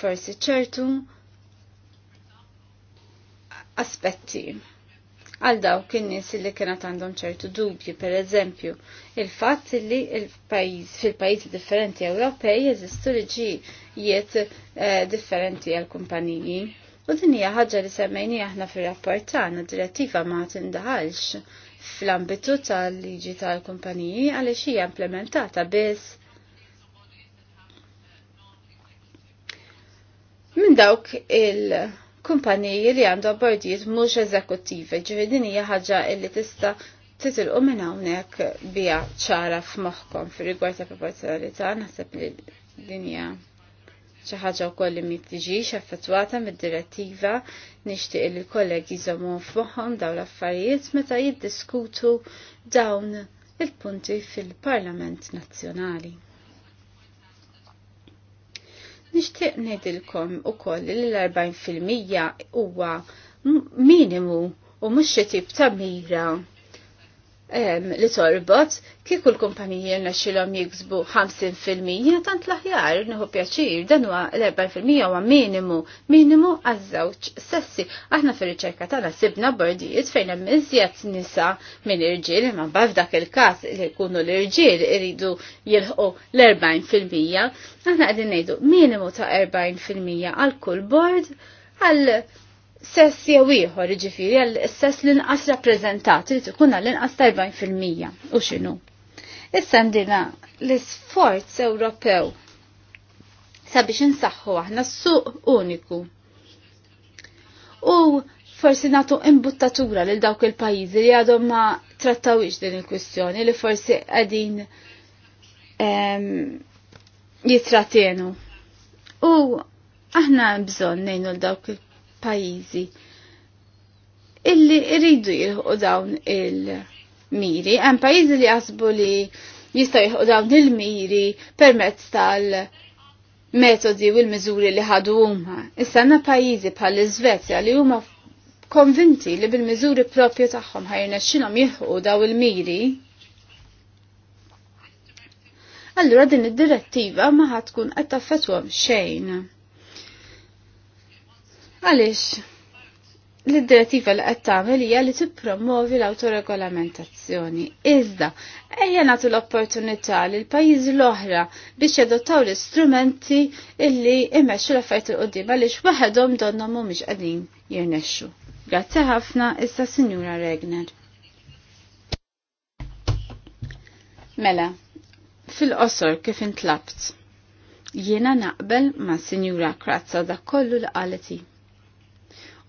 forsi ċertu aspetti għal dawk in-nies li kienet għandhom ċertu dubji, per eżempju, il-fatt li il fil-pajjiżi differenti Ewropej jeżistu liġijiet eh, differenti għal kumpaniji. U din hija ħaġa li semmejni aħna fir-rapport tagħna direttiva ma tindaħalx fl-ambitu tal-liġi tal-kumpaniji għaliex hija implementata biss minn dawk il- kumpaniji li għandu abbordijiet mhux eżekuttivi, ġifieri din hija ħaġa li tista' titilqu minn hawnhekk biha ċara f'moħħkom fir-rigward ta' proporzjonalità naħseb li din hija xi ħaġa wkoll li mittiġix affettwata mid-direttiva nixtieq li kollegi jżommu f'moħħhom dawn l-affarijiet meta jiddiskutu dawn il-punti fil-Parlament Nazzjonali. Nishtiq nedilkom u koll li l-40% huwa minimu u mux tip ta' mira li torbot kieku l kumpanijie l-naxilom jiksbu 50% tant l-aħjar nħu pjaċir dan huwa l-4% huwa minimu minimu għaż-żewġ sessi. Aħna fir-riċerka tagħna sibna bordijiet fejn hemm iżjed nisa minn irġiel imma dak il-każ li jkunu l-irġiel iridu jilħqu l-40%. Aħna qegħdin ngħidu minimu ta' 40% għal kull bord għal sess jew ieħor jiġifieri, għal sess l-inqas rappreżentat li tkun għal inqas 40% u x'inhu. Issa ndina l-isforz Ewropew sabiex insaħħu aħna s-suq uniku. U forsi nagħtu imbuttatura lil dawk il-pajjiżi li għadhom ma trattawix din il-kwistjoni li forsi qegħdin ehm, jitratenu. U aħna bżonn ngħinu l dawk il pajizi illi irridu jilħu dawn il-miri. Hemm pajjiżi li jasbu li jista' jilħu dawn il-miri permezz tal-metodi u l-miżuri li ħadu huma. Issa għandna pajjiżi bħal iżvezja li huma konvinti li bil-miżuri propju tagħhom ħajrna x'inhom jilħu daw il-miri. Allura din id-direttiva ma ħatkun qed taffetwhom xejn. Għaliex, l-direttiva li qed tagħmel hija li tippromovi l-autoregolamentazzjoni. Iżda, ejja nagħtu l-opportunità lil pajjiżi l-oħra biex jadottaw l-istrumenti illi imexxu l-affarijiet il qudiem għaliex waħedhom donna mhumiex qegħdin jirnexxu. Grazzi ħafna issa Sinjura Regner. Mela, fil-qosor kif intlabt. Jiena naqbel ma' Sinjura Krazza dak kollu li qaleti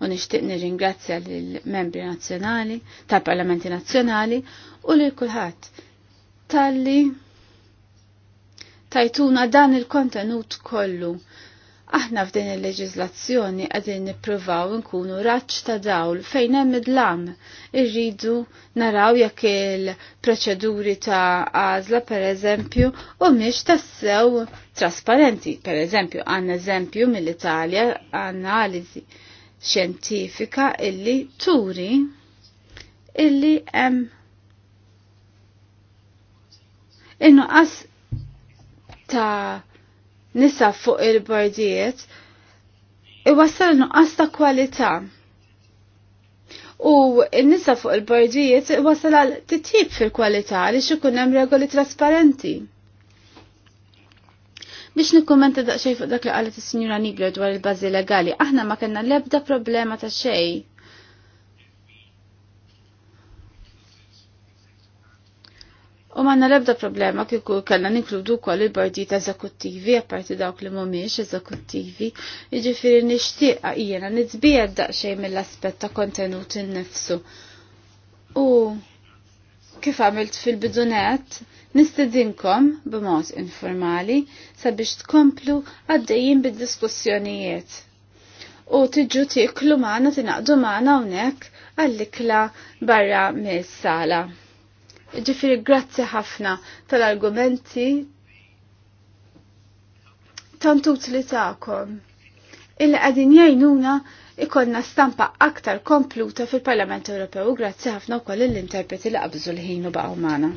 u nixtieq nirringrazzja lill-membri nazzjonali tal-Parlamenti Nazzjonali u lil kulħadd talli tajtuna dan il-kontenut kollu. Aħna f'din il-leġizlazzjoni għadin nippruvaw nkunu raċ ta' dawl fejn hemm id-lam irridu naraw jekk il-proċeduri ta' għażla pereżempju u miex tassew trasparenti. Pereżempju għandna eżempju mill-Italja għandna analiżi xjentifika illi turi illi em in-nuqqas ta' nisa fuq il-bordijiet iwassal nuqqas ta' kwalità. U n-nisa fuq il-bordijiet iwassal għal titjib fil-kwalità li xikun hemm regoli trasparenti. Biex nikkommenta daqsxejn fuq dak li qalet is-Sinjura Nigro dwar il-bażi legali, aħna ma kellna l-ebda problema ta' xejn. U manna l-ebda problema kieku kellna ninkludu wkoll il-bordijiet eżekuttivi apparti dawk li mhumiex eżekuttivi, jiġifieri nixtieqa jiena nitbiegħed daqsxejn mill-aspett ta' kontenut innifsu. U kif għamilt fil-bidunet, Nistedinkom b'mod informali sabiex tkomplu għaddejjin bid-diskussjonijiet. U tiġu tiklu magħna tinaqdu magħna hawnhekk għall-ikla barra mis sala Ġifiri grazzi ħafna tal-argumenti tant utli tagħkom. Illi qegħdin jgħinuna ikonna stampa aktar kompluta fil-Parlament Ewropew u grazzi ħafna wkoll l-interpreti li qabżu l-ħin u baqgħu